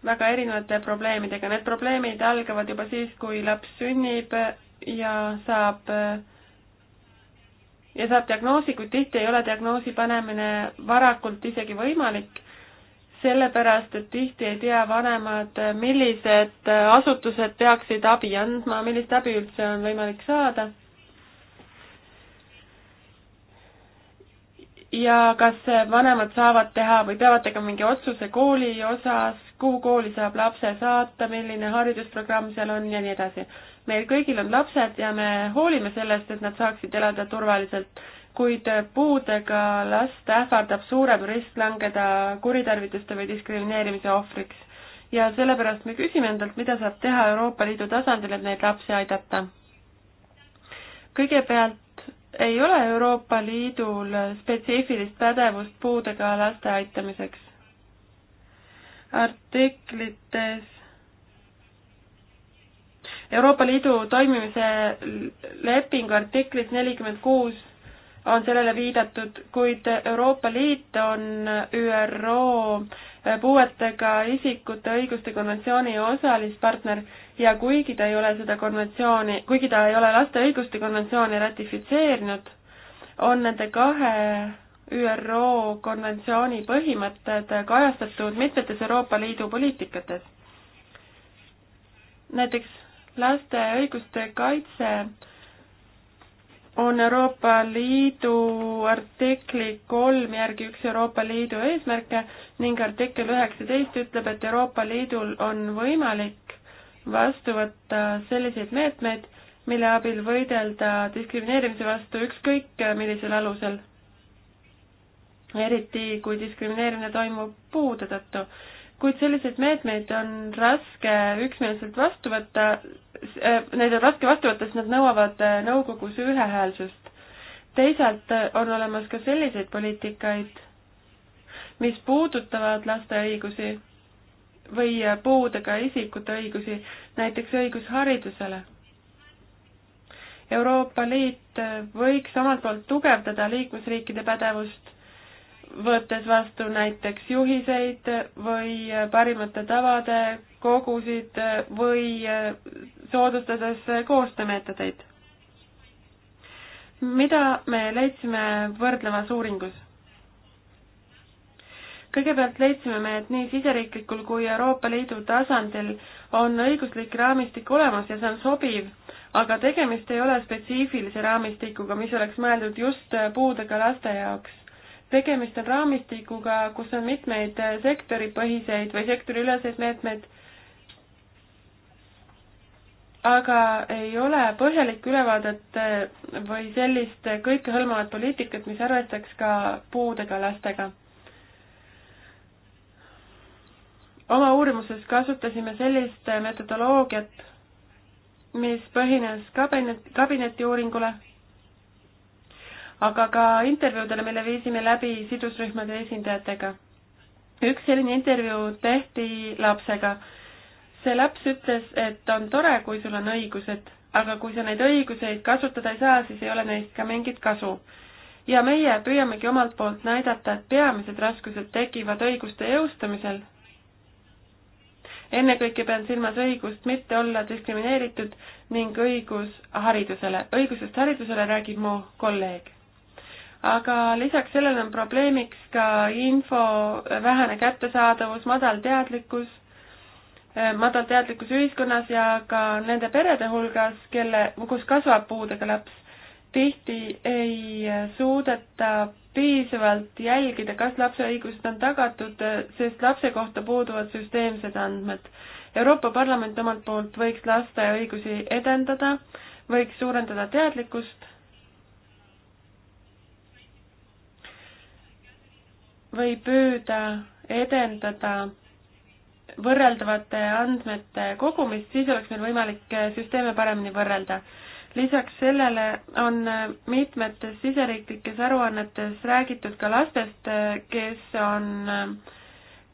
väga erinevate probleemidega. Need probleemid algavad juba siis, kui laps sünnib ja saab äh, ja saab diagnoosi, kuid tihti ei ole diagnoosi panemine varakult isegi võimalik, sellepärast et tihti ei tea vanemad, millised asutused peaksid abi andma, millist abi üldse on võimalik saada. ja kas vanemad saavad teha või peavad tegema mingi otsuse kooli osas, kuhu kooli saab lapse saata, milline haridusprogramm seal on ja nii edasi meil kõigil on lapsed ja me hoolime sellest, et nad saaksid elada turvaliselt, kuid puudega last ähvardab suurem risk langeda kuritarvituste või diskrimineerimise ohvriks. ja sellepärast me küsime endalt, mida saab teha Euroopa Liidu tasandil, et neid lapsi aidata. kõigepealt ei ole Euroopa Liidul spetsiifilist pädevust puudega laste aitamiseks. artiklites Euroopa Liidu toimimise lepingu artiklis nelikümmend kuus on sellele viidatud, kuid Euroopa Liit on ÜRO puuetega isikute õiguste konventsiooni osalispartner ja kuigi ta ei ole seda konventsiooni, kuigi ta ei ole laste õiguste konventsiooni ratifitseerinud, on nende kahe ÜRO konventsiooni põhimõtted kajastatud mitmetes Euroopa Liidu poliitikates. näiteks laste õiguste kaitse on Euroopa Liidu artikli kolm järgi üks Euroopa Liidu eesmärke ning artikkel üheksateist ütleb, et Euroopa Liidul on võimalik vastu võtta selliseid meetmeid, mille abil võidelda diskrimineerimise vastu ükskõik millisel alusel. eriti, kui diskrimineerimine toimub puude tõttu kuid selliseid meetmeid on raske üksmeelselt vastu võtta, äh, neid on raske vastu võtta, sest nad nõuavad äh, nõukogus ühehäälsust. teisalt äh, on olemas ka selliseid poliitikaid, mis puudutavad laste õigusi või puudega isikute õigusi, näiteks õigus haridusele. Euroopa Liit võiks omalt poolt tugevdada liikmesriikide pädevust võttes vastu näiteks juhiseid või parimate tavade kogusid või soodustades koostöömeetodeid. mida me leidsime võrdlevas uuringus? kõigepealt leidsime me, et nii siseriiklikul kui Euroopa Liidu tasandil on õiguslik raamistik olemas ja see on sobiv, aga tegemist ei ole spetsiifilise raamistikuga, mis oleks mõeldud just puudega laste jaoks tegemist on raamistikuga, kus on mitmeid sektoripõhiseid või sektoriüleseid meetmeid, aga ei ole põhjalikku ülevaadet eh, või sellist kõikehõlmavat poliitikat, mis arvestaks ka puudega lastega. oma uurimuses kasutasime sellist metodoloogiat, mis põhines kabinet, kabinetiuuringule aga ka intervjuudele, mille viisime läbi sidusrühmade esindajatega. üks selline intervjuu tehti lapsega. see laps ütles, et on tore, kui sul on õigused, aga kui sa neid õiguseid kasutada ei saa, siis ei ole neist ka mingit kasu. ja meie püüamegi omalt poolt näidata, et peamised raskused tekivad õiguste jõustamisel. ennekõike pean silmas õigust mitte olla diskrimineeritud ning õigus haridusele. õigusest haridusele räägib mu kolleeg aga lisaks sellele on probleemiks ka info vähene kättesaadavus, madal teadlikkus, eh, madal teadlikkus ühiskonnas ja ka nende perede hulgas, kelle, kus kasvab puudega laps. tihti ei suudeta piisavalt jälgida, kas lapse õigused on tagatud, sest lapse kohta puuduvad süsteemsed andmed. Euroopa Parlament omalt poolt võiks laste õigusi edendada, võiks suurendada teadlikkust või püüda edendada võrreldavate andmete kogumist, siis oleks meil võimalik eh, süsteeme paremini võrrelda. lisaks sellele on eh, mitmetes siseriiklikes aruannetes räägitud ka lastest, eh, kes on,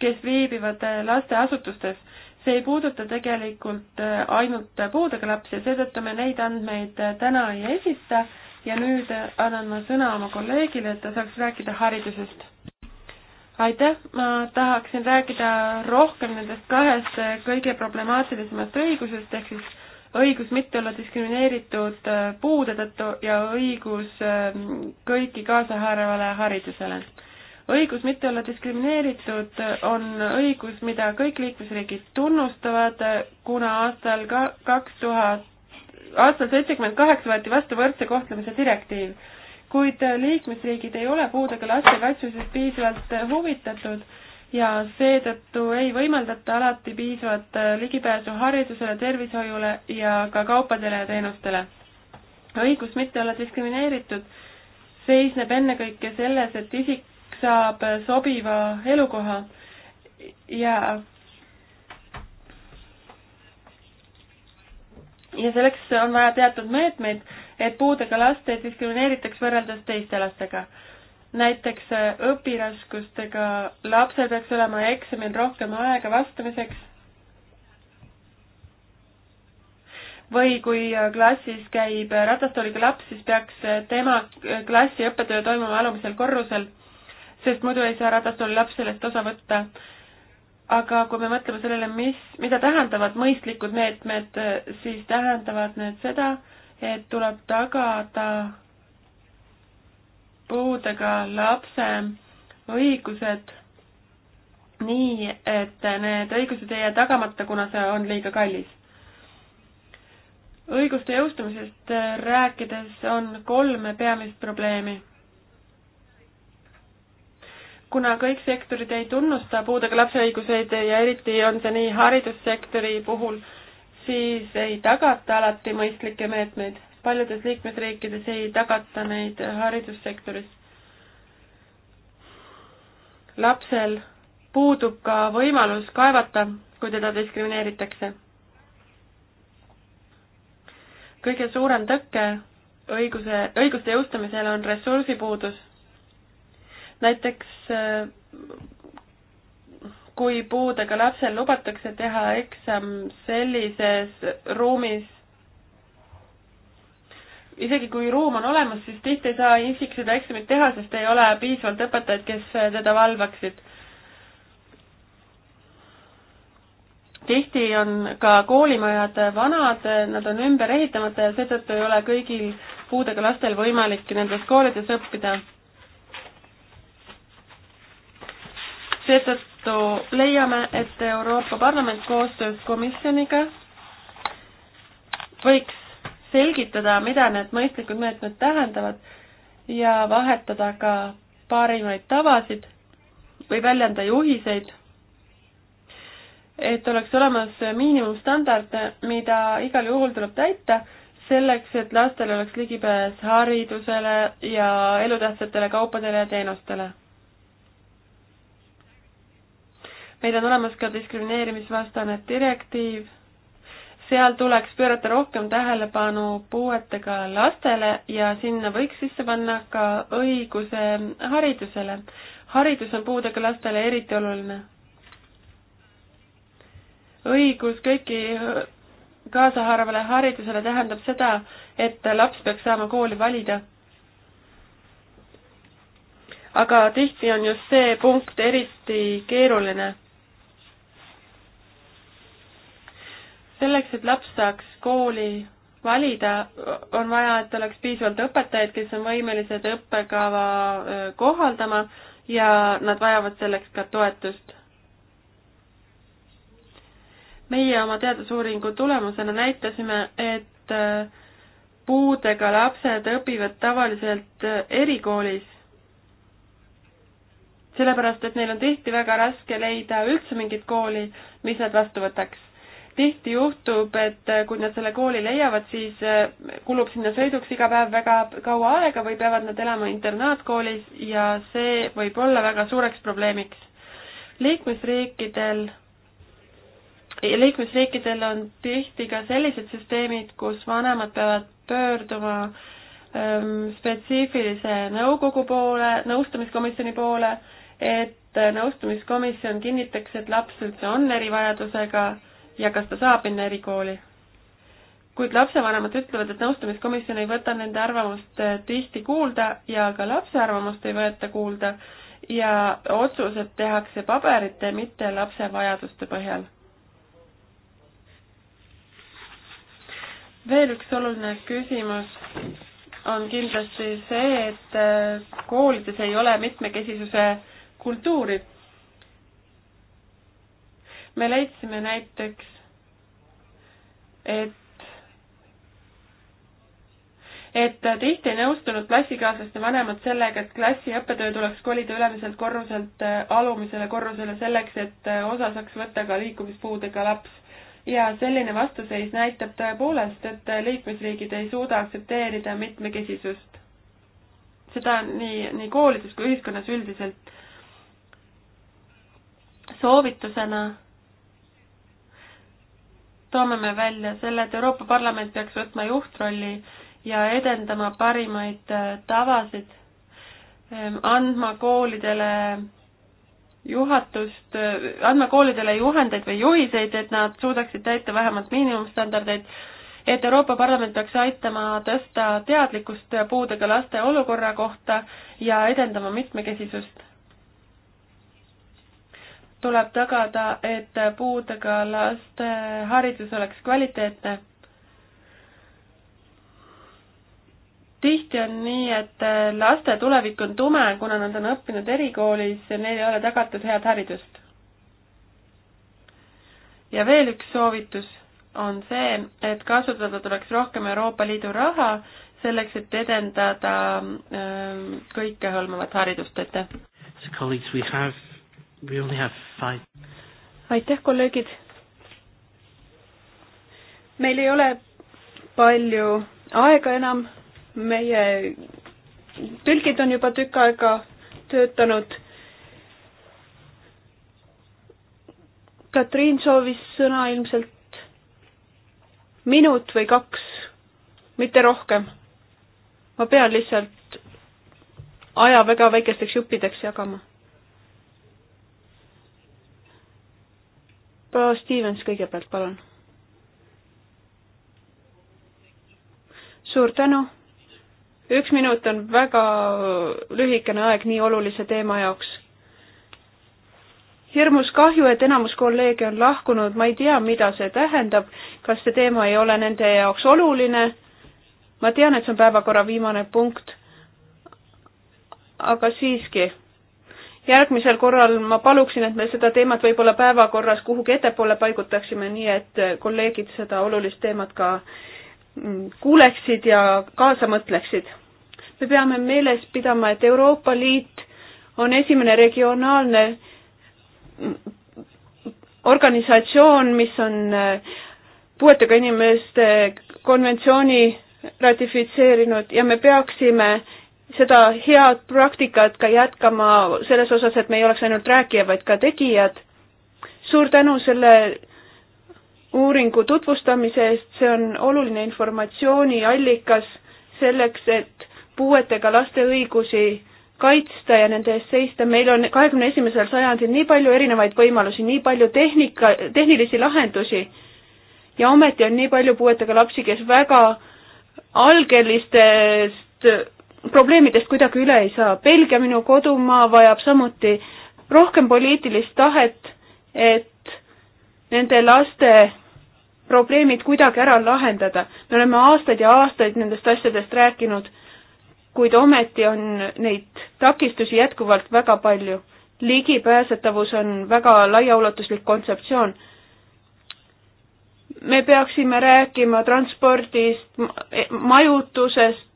kes viibivad lasteasutustes. see ei puuduta tegelikult ainult puudega lapsi, seetõttu me neid andmeid täna ei esita ja nüüd annan ma sõna oma kolleegile, et ta saaks rääkida haridusest aitäh, ma tahaksin rääkida rohkem nendest kahest kõige problemaatilisemast õigusest, ehk siis õigus mitte olla diskrimineeritud äh, puude tõttu ja õigus ähm, kõiki kaasahaarevale haridusele. õigus mitte olla diskrimineeritud on õigus, mida kõik liikmesriigid tunnustavad, äh, kuna aastal ka kaks tuhat, aastal seitsekümmend kaheksa võeti vastu võrdse kohtlemise direktiiv kuid liikmesriigid ei ole puudega laste kaitsmisest piisavalt huvitatud ja seetõttu ei võimaldata alati piisavat ligipääsu haridusele, tervishoiule ja ka kaupadele ja teenustele. õigus mitte olla diskrimineeritud seisneb ennekõike selles, et isik saab sobiva elukoha ja ja selleks on vaja teatud meetmeid, et puudega laste diskrimineeritakse võrreldes teiste lastega. näiteks äh, õpiraskustega lapsel peaks olema eksamil rohkem aega vastamiseks või kui äh, klassis käib äh, ratastooliga laps, siis peaks tema klassi õppetöö toimuma alumisel korrusel, sest muidu ei saa ratastooli laps sellest osa võtta. aga kui me mõtleme sellele, mis, mida tähendavad mõistlikud meetmed, siis tähendavad need seda, et tuleb tagada puudega lapse õigused nii, et need õigused ei jää tagamata, kuna see on liiga kallis. õiguste jõustumisest rääkides on kolm peamist probleemi. kuna kõik sektorid ei tunnusta puudega lapse õiguseid ja eriti on see nii haridussektori puhul, siis ei tagata alati mõistlikke meetmeid. paljudes liikmesriikides ei tagata neid haridussektoris. lapsel puudub ka võimalus kaevata, kui teda diskrimineeritakse. kõige suurem tõke õiguse, õiguste jõustamisel on ressursipuudus. näiteks kui puudega lapsel lubatakse teha eksam sellises ruumis, isegi kui ruum on olemas, siis tihti ei saa isik seda eksamit teha, sest ei ole piisavalt õpetajaid, kes teda valvaksid. tihti on ka koolimajad vanad, nad on ümber ehitamata ja seetõttu ei ole kõigil puudega lastel võimalik nendes koolides õppida seetõttu leiame, et Euroopa Parlament koostöös komisjoniga võiks selgitada, mida need mõistlikud meetmed tähendavad ja vahetada ka parimaid tavasid või väljenda juhiseid, et oleks olemas miinimumstandard, mida igal juhul tuleb täita selleks, et lastel oleks ligipääs haridusele ja elutähtsatele kaupadele ja teenustele. meil on olemas ka diskrimineerimisvastane direktiiv, seal tuleks pöörata rohkem tähelepanu puuetega lastele ja sinna võiks sisse panna ka õiguse haridusele. haridus on puudega lastele eriti oluline. õigus kõiki kaasahaarvale haridusele tähendab seda, et laps peaks saama kooli valida aga tihti on just see punkt eriti keeruline. selleks, et laps saaks kooli valida, on vaja, et oleks piisavalt õpetajaid, kes on võimelised õppekava kohaldama ja nad vajavad selleks ka toetust. meie oma teadusuuringu tulemusena näitasime, et puudega lapsed õpivad tavaliselt erikoolis, sellepärast et neil on tihti väga raske leida üldse mingit kooli, mis nad vastu võtaks tihti juhtub, et äh, kui nad selle kooli leiavad, siis äh, kulub sinna sõiduks iga päev väga kaua aega või peavad nad elama internaatkoolis ja see võib olla väga suureks probleemiks. liikmesriikidel, eh, liikmesriikidel on tihti ka sellised süsteemid, kus vanemad peavad pöörduma ähm, spetsiifilise nõukogu poole, nõustamiskomisjoni poole, et äh, nõustamiskomisjon kinnitaks, et laps üldse on erivajadusega ja kas ta saab minna erikooli. kuid lapsevanemad ütlevad, et nõustamiskomisjon ei võta nende arvamust äh, tihti kuulda ja ka lapse arvamust ei võeta kuulda ja otsused tehakse paberite, mitte lapse vajaduste põhjal. veel üks oluline küsimus on kindlasti see, et äh, koolides ei ole mitmekesisuse kultuuri me leidsime näiteks, et, et tihti ei nõustunud klassikaaslaste vanemad sellega, et klassi õppetöö tuleks kolida ülemiselt korruselt äh, alumisele korrusele selleks, et äh, osa saaks võtta ka liikumispuudega laps ja selline vastuseis näitab tõepoolest, et äh, liikmesriigid ei suuda aktsepteerida mitmekesisust. seda nii, nii koolides kui ühiskonnas üldiselt. soovitusena toome me välja selle, et Euroopa Parlament peaks võtma juhtrolli ja edendama parimaid äh, tavasid, ähm, andma koolidele juhatust, äh, andma koolidele juhendeid või juhiseid, et nad suudaksid täita vähemalt miinimumstandardeid, et Euroopa Parlament peaks aitama tõsta teadlikkust puudega laste olukorra kohta ja edendama mitmekesisust tuleb tagada, et puudega laste haridus oleks kvaliteetne. tihti on nii, et laste tulevik on tume, kuna nad on õppinud erikoolis ja neil ei ole tagatud head haridust. ja veel üks soovitus on see, et kasutada tuleks rohkem Euroopa Liidu raha selleks, et edendada ähm, kõikehõlmavat haridust, aitäh! So colleagues, we have aitäh, kolleegid. meil ei ole palju aega enam, meie tõlgid on juba tükk aega töötanud. Katriin soovis sõna ilmselt minut või kaks, mitte rohkem. ma pean lihtsalt aja väga väikesteks juppideks jagama proua Stevens kõigepealt, palun. suur tänu. üks minut on väga lühikene aeg nii olulise teema jaoks. hirmus kahju, et enamus kolleege on lahkunud, ma ei tea, mida see tähendab, kas see teema ei ole nende jaoks oluline. ma tean, et see on päevakorra viimane punkt. aga siiski järgmisel korral ma paluksin, et me seda teemat võib-olla päevakorras kuhugi ettepoole paigutaksime, nii et kolleegid seda olulist teemat ka mm, kuuleksid ja kaasa mõtleksid. me peame meeles pidama, et Euroopa Liit on esimene regionaalne mm, organisatsioon, mis on äh, puuetega inimeste konventsiooni ratifitseerinud ja me peaksime äh, seda head praktikat ka jätkama selles osas, et me ei oleks ainult rääkijad, vaid ka tegijad. suur tänu selle uuringu tutvustamise eest, see on oluline informatsiooniallikas selleks, et puuetega laste õigusi kaitsta ja nende eest seista, meil on kahekümne esimesel sajandil nii palju erinevaid võimalusi, nii palju tehnika, tehnilisi lahendusi ja ometi on nii palju puuetega lapsi, kes väga algelistest probleemidest kuidagi üle ei saa. Belgia, minu kodumaa, vajab samuti rohkem poliitilist tahet, et nende laste probleemid kuidagi ära lahendada. me oleme aastaid ja aastaid nendest asjadest rääkinud, kuid ometi on neid takistusi jätkuvalt väga palju. ligipääsetavus on väga laiaulatuslik kontseptsioon me peaksime rääkima transpordist, majutusest,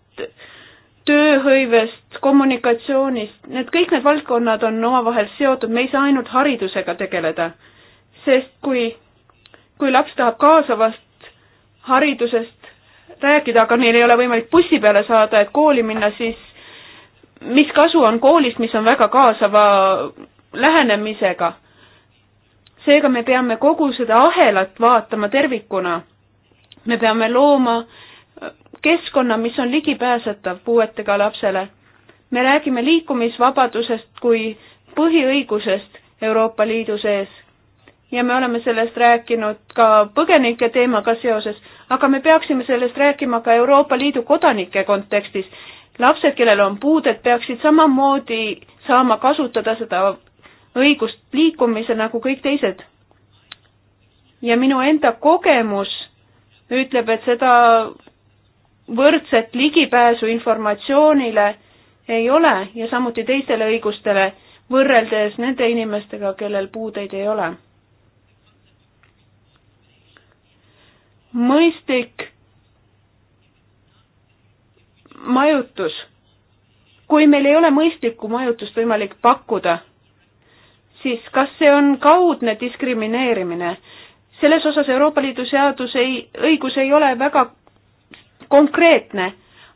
tööhõivest, kommunikatsioonist, need kõik need valdkonnad on omavahel seotud, me ei saa ainult haridusega tegeleda. sest kui, kui laps tahab kaasavast haridusest rääkida, aga neil ei ole võimalik bussi peale saada, et kooli minna, siis mis kasu on koolist, mis on väga kaasava lähenemisega? seega me peame kogu seda ahelat vaatama tervikuna. me peame looma äh, keskkonna, mis on ligipääsetav puuetega lapsele. me räägime liikumisvabadusest kui põhiõigusest Euroopa Liidu sees ja me oleme sellest rääkinud ka põgenike teemaga seoses, aga me peaksime sellest rääkima ka Euroopa Liidu kodanike kontekstis. lapsed, kellel on puuded, peaksid samamoodi saama kasutada seda õigust liikumise nagu kõik teised. ja minu enda kogemus ütleb, et seda võrdset ligipääsu informatsioonile ei ole ja samuti teistele õigustele võrreldes nende inimestega, kellel puudeid ei ole. mõistlik majutus. kui meil ei ole mõistlikku majutust võimalik pakkuda, siis kas see on kaudne diskrimineerimine? selles osas Euroopa Liidu seadus ei, õigus ei ole väga konkreetne,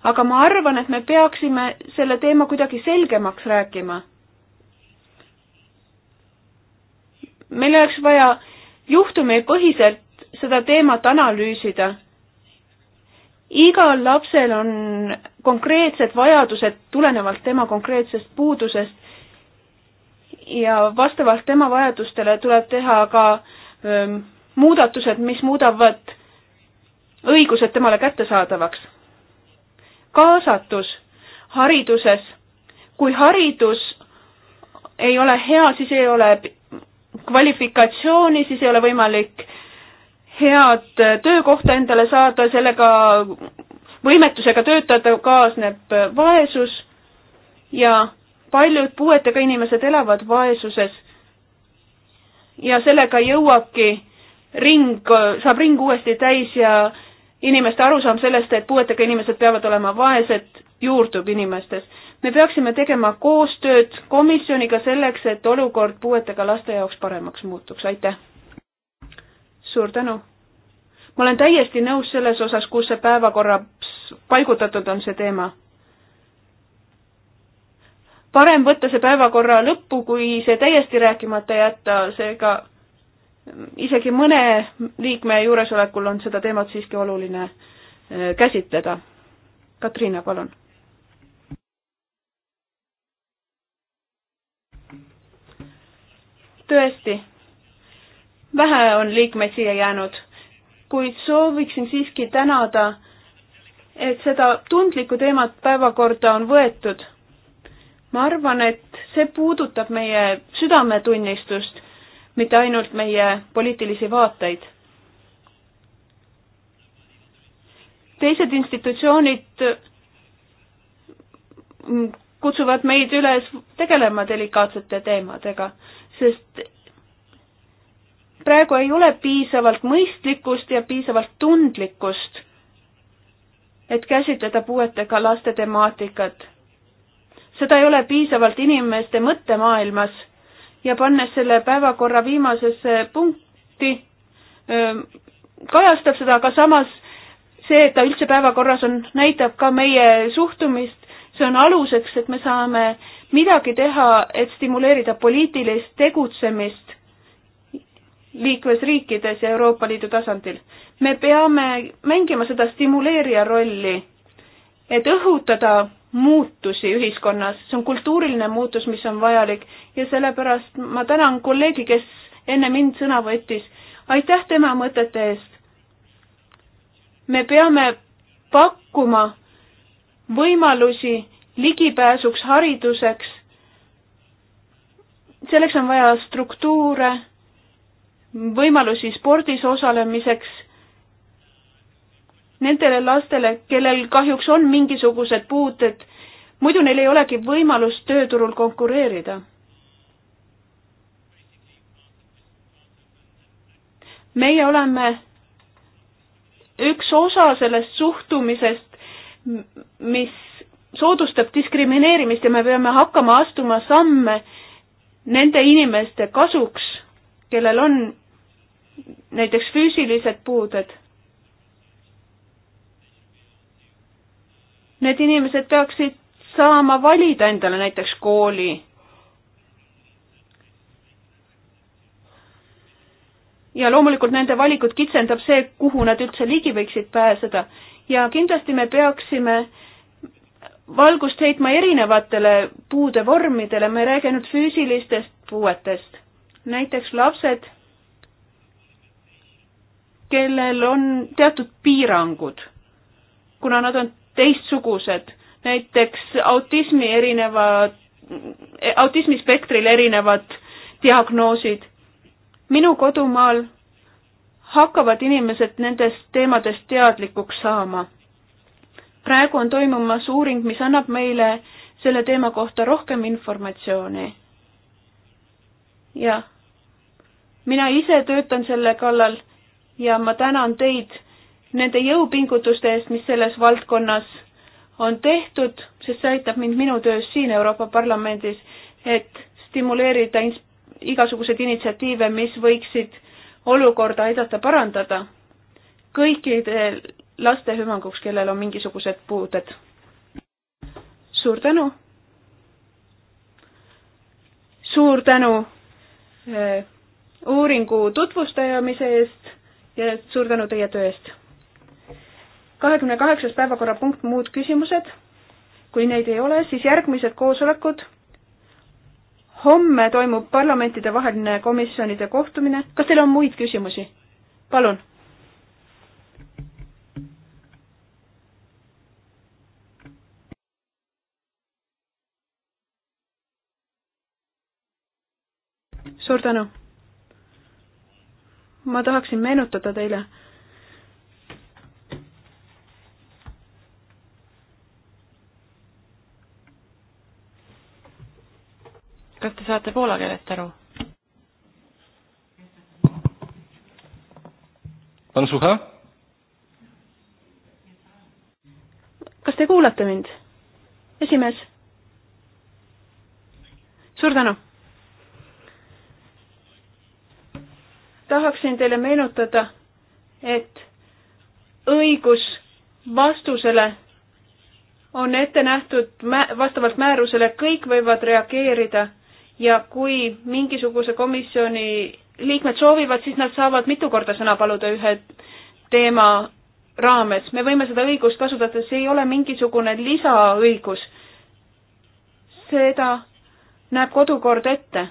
aga ma arvan, et me peaksime selle teema kuidagi selgemaks rääkima. meil oleks vaja juhtumipõhiselt seda teemat analüüsida. igal lapsel on konkreetsed vajadused tulenevalt tema konkreetsest puudusest ja vastavalt tema vajadustele tuleb teha ka öö, ähm, muudatused, mis muudavad õigused temale kättesaadavaks. kaasatus hariduses, kui haridus ei ole hea, siis ei ole kvalifikatsiooni, siis ei ole võimalik head töökohta endale saada, sellega võimetusega töötada kaasneb vaesus ja paljud puuetega inimesed elavad vaesuses. ja sellega jõuabki ring, saab ring uuesti täis ja inimeste arusaam sellest, et puuetega inimesed peavad olema vaesed, juurdub inimestes. me peaksime tegema koostööd komisjoniga selleks, et olukord puuetega laste jaoks paremaks muutuks, aitäh! suur tänu! ma olen täiesti nõus selles osas, kus see päevakorra paigutatud on see teema. parem võtta see päevakorra lõppu, kui see täiesti rääkimata jätta, seega isegi mõne liikme juuresolekul on seda teemat siiski oluline eh, käsitleda. Katriina, palun. tõesti, vähe on liikmeid siia jäänud, kuid sooviksin siiski tänada, et seda tundlikku teemat päevakorda on võetud. ma arvan, et see puudutab meie südametunnistust mitte ainult meie poliitilisi vaateid. teised institutsioonid kutsuvad meid üles tegelema delikaatsete teemadega, sest praegu ei ole piisavalt mõistlikkust ja piisavalt tundlikkust, et käsitleda puuetega laste temaatikat. seda ei ole piisavalt inimeste mõttemaailmas ja pannes selle päevakorra viimasesse punkti, kajastab seda, aga samas see, et ta üldse päevakorras on, näitab ka meie suhtumist, see on aluseks, et me saame midagi teha, et stimuleerida poliitilist tegutsemist liikmesriikides ja Euroopa Liidu tasandil. me peame mängima seda stimuleerija rolli, et õhutada muutusi ühiskonnas, see on kultuuriline muutus, mis on vajalik ja sellepärast ma tänan kolleegi, kes enne mind sõna võttis. aitäh tema mõtete eest. me peame pakkuma võimalusi ligipääsuks hariduseks. selleks on vaja struktuure, võimalusi spordis osalemiseks nendele lastele, kellel kahjuks on mingisugused puuded, muidu neil ei olegi võimalust tööturul konkureerida. meie oleme üks osa sellest suhtumisest, mis soodustab diskrimineerimist ja me peame hakkama astuma samme nende inimeste kasuks, kellel on näiteks füüsilised puuded Need inimesed peaksid saama valida endale näiteks kooli. ja loomulikult nende valikut kitsendab see, kuhu nad üldse ligi võiksid pääseda ja kindlasti me peaksime valgust heitma erinevatele puude vormidele, ma ei räägi ainult füüsilistest puuetest. näiteks lapsed, kellel on teatud piirangud, kuna nad on teistsugused, näiteks autismi erinevad, autismispektril erinevad diagnoosid. minu kodumaal hakkavad inimesed nendest teemadest teadlikuks saama. praegu on toimumas uuring, mis annab meile selle teema kohta rohkem informatsiooni. jah, mina ise töötan selle kallal ja ma tänan teid nende jõupingutuste eest, mis selles valdkonnas on tehtud, sest see aitab mind minu töös siin Euroopa Parlamendis, et stimuleerida ins-, igasuguseid initsiatiive, mis võiksid olukorda aidata parandada kõikidel laste hüvanguks, kellel on mingisugused puuded. suur tänu! suur tänu eh, uuringu tutvustamise eest ja suur tänu teie töö eest! kahekümne kaheksas päevakorrapunkt, muud küsimused. kui neid ei ole, siis järgmised koosolekud. homme toimub parlamentidevaheline komisjonide kohtumine. kas teil on muid küsimusi? palun suur tänu. ma tahaksin meenutada teile, saate poola keelest aru? on suhe? kas te kuulate mind? esimees? suur tänu! tahaksin teile meenutada, et õigus vastusele on ette nähtud mä-, vastavalt määrusele, kõik võivad reageerida ja kui mingisuguse komisjoni liikmed soovivad, siis nad saavad mitu korda sõna paluda ühe teema raames, me võime seda õigust kasutada, see ei ole mingisugune lisaõigus. seda näeb kodukord ette.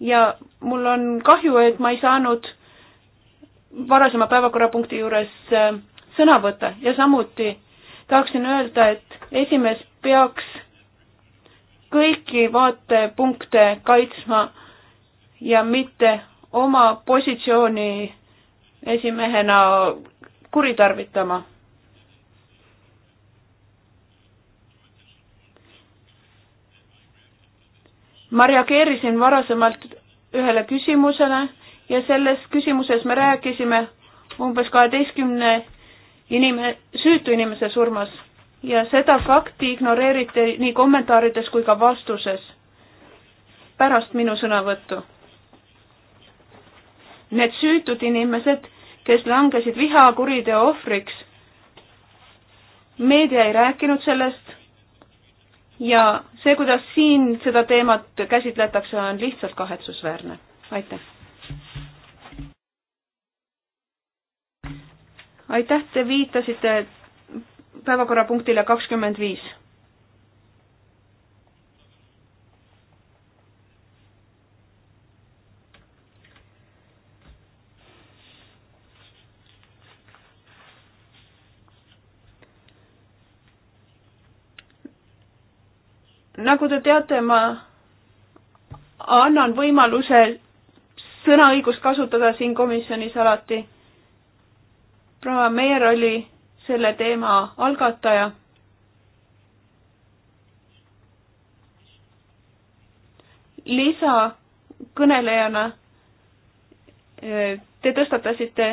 ja mul on kahju, et ma ei saanud varasema päevakorrapunkti juures äh, sõna võtta ja samuti tahaksin öelda, et esimees peaks kõiki vaatepunkte kaitsma ja mitte oma positsiooni esimehena kuritarvitama. ma reageerisin varasemalt ühele küsimusele ja selles küsimuses me rääkisime umbes kaheteistkümne inime-, süütu inimese surmas ja seda fakti ignoreeriti nii kommentaarides kui ka vastuses pärast minu sõnavõttu. Need süütud inimesed, kes langesid vihakuriteo ohvriks, meedia ei rääkinud sellest ja see, kuidas siin seda teemat käsitletakse, on lihtsalt kahetsusväärne. aitäh! aitäh, te viitasite, et päevakorrapunktile kakskümmend viis. nagu te teate, ma annan võimaluse sõnaõigust kasutada siin komisjonis alati. proua Meier oli selle teema algataja. lisakõnelejana eh, te tõstatasite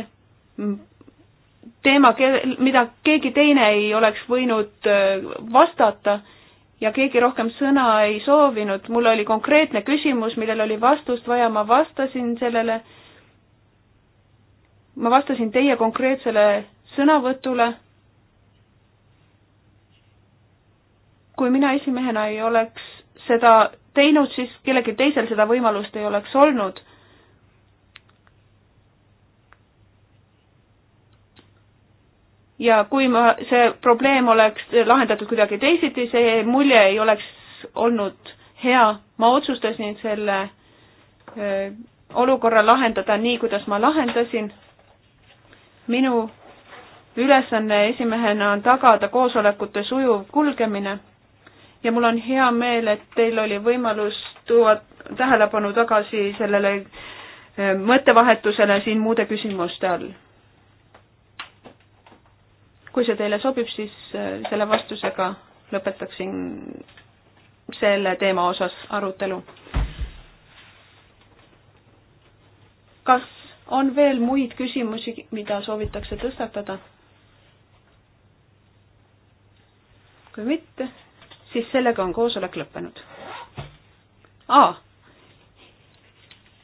teema, mida keegi teine ei oleks võinud eh, vastata ja keegi rohkem sõna ei soovinud. mul oli konkreetne küsimus, millel oli vastust vaja, ma vastasin sellele. ma vastasin teie konkreetsele sõnavõtule. kui mina esimehena ei oleks seda teinud, siis kellelgi teisel seda võimalust ei oleks olnud. ja kui ma, see probleem oleks lahendatud kuidagi teisiti, see mulje ei oleks olnud hea, ma otsustasin selle öö, olukorra lahendada nii, kuidas ma lahendasin. minu ülesanne esimehena on tagada koosolekute sujuv kulgemine ja mul on hea meel, et teil oli võimalus tuua tähelepanu tagasi sellele eh, mõttevahetusele siin muude küsimuste all. kui see teile sobib, siis eh, selle vastusega lõpetaksin selle teema osas arutelu. kas on veel muid küsimusi, mida soovitakse tõstatada? kui mitte, siis sellega on koosolek lõppenud. aa,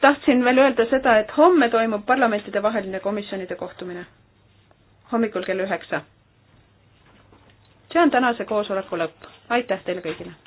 tahtsin veel öelda seda, et homme toimub parlamentidevaheline komisjonide kohtumine hommikul kell üheksa. see on tänase koosoleku lõpp, aitäh teile kõigile!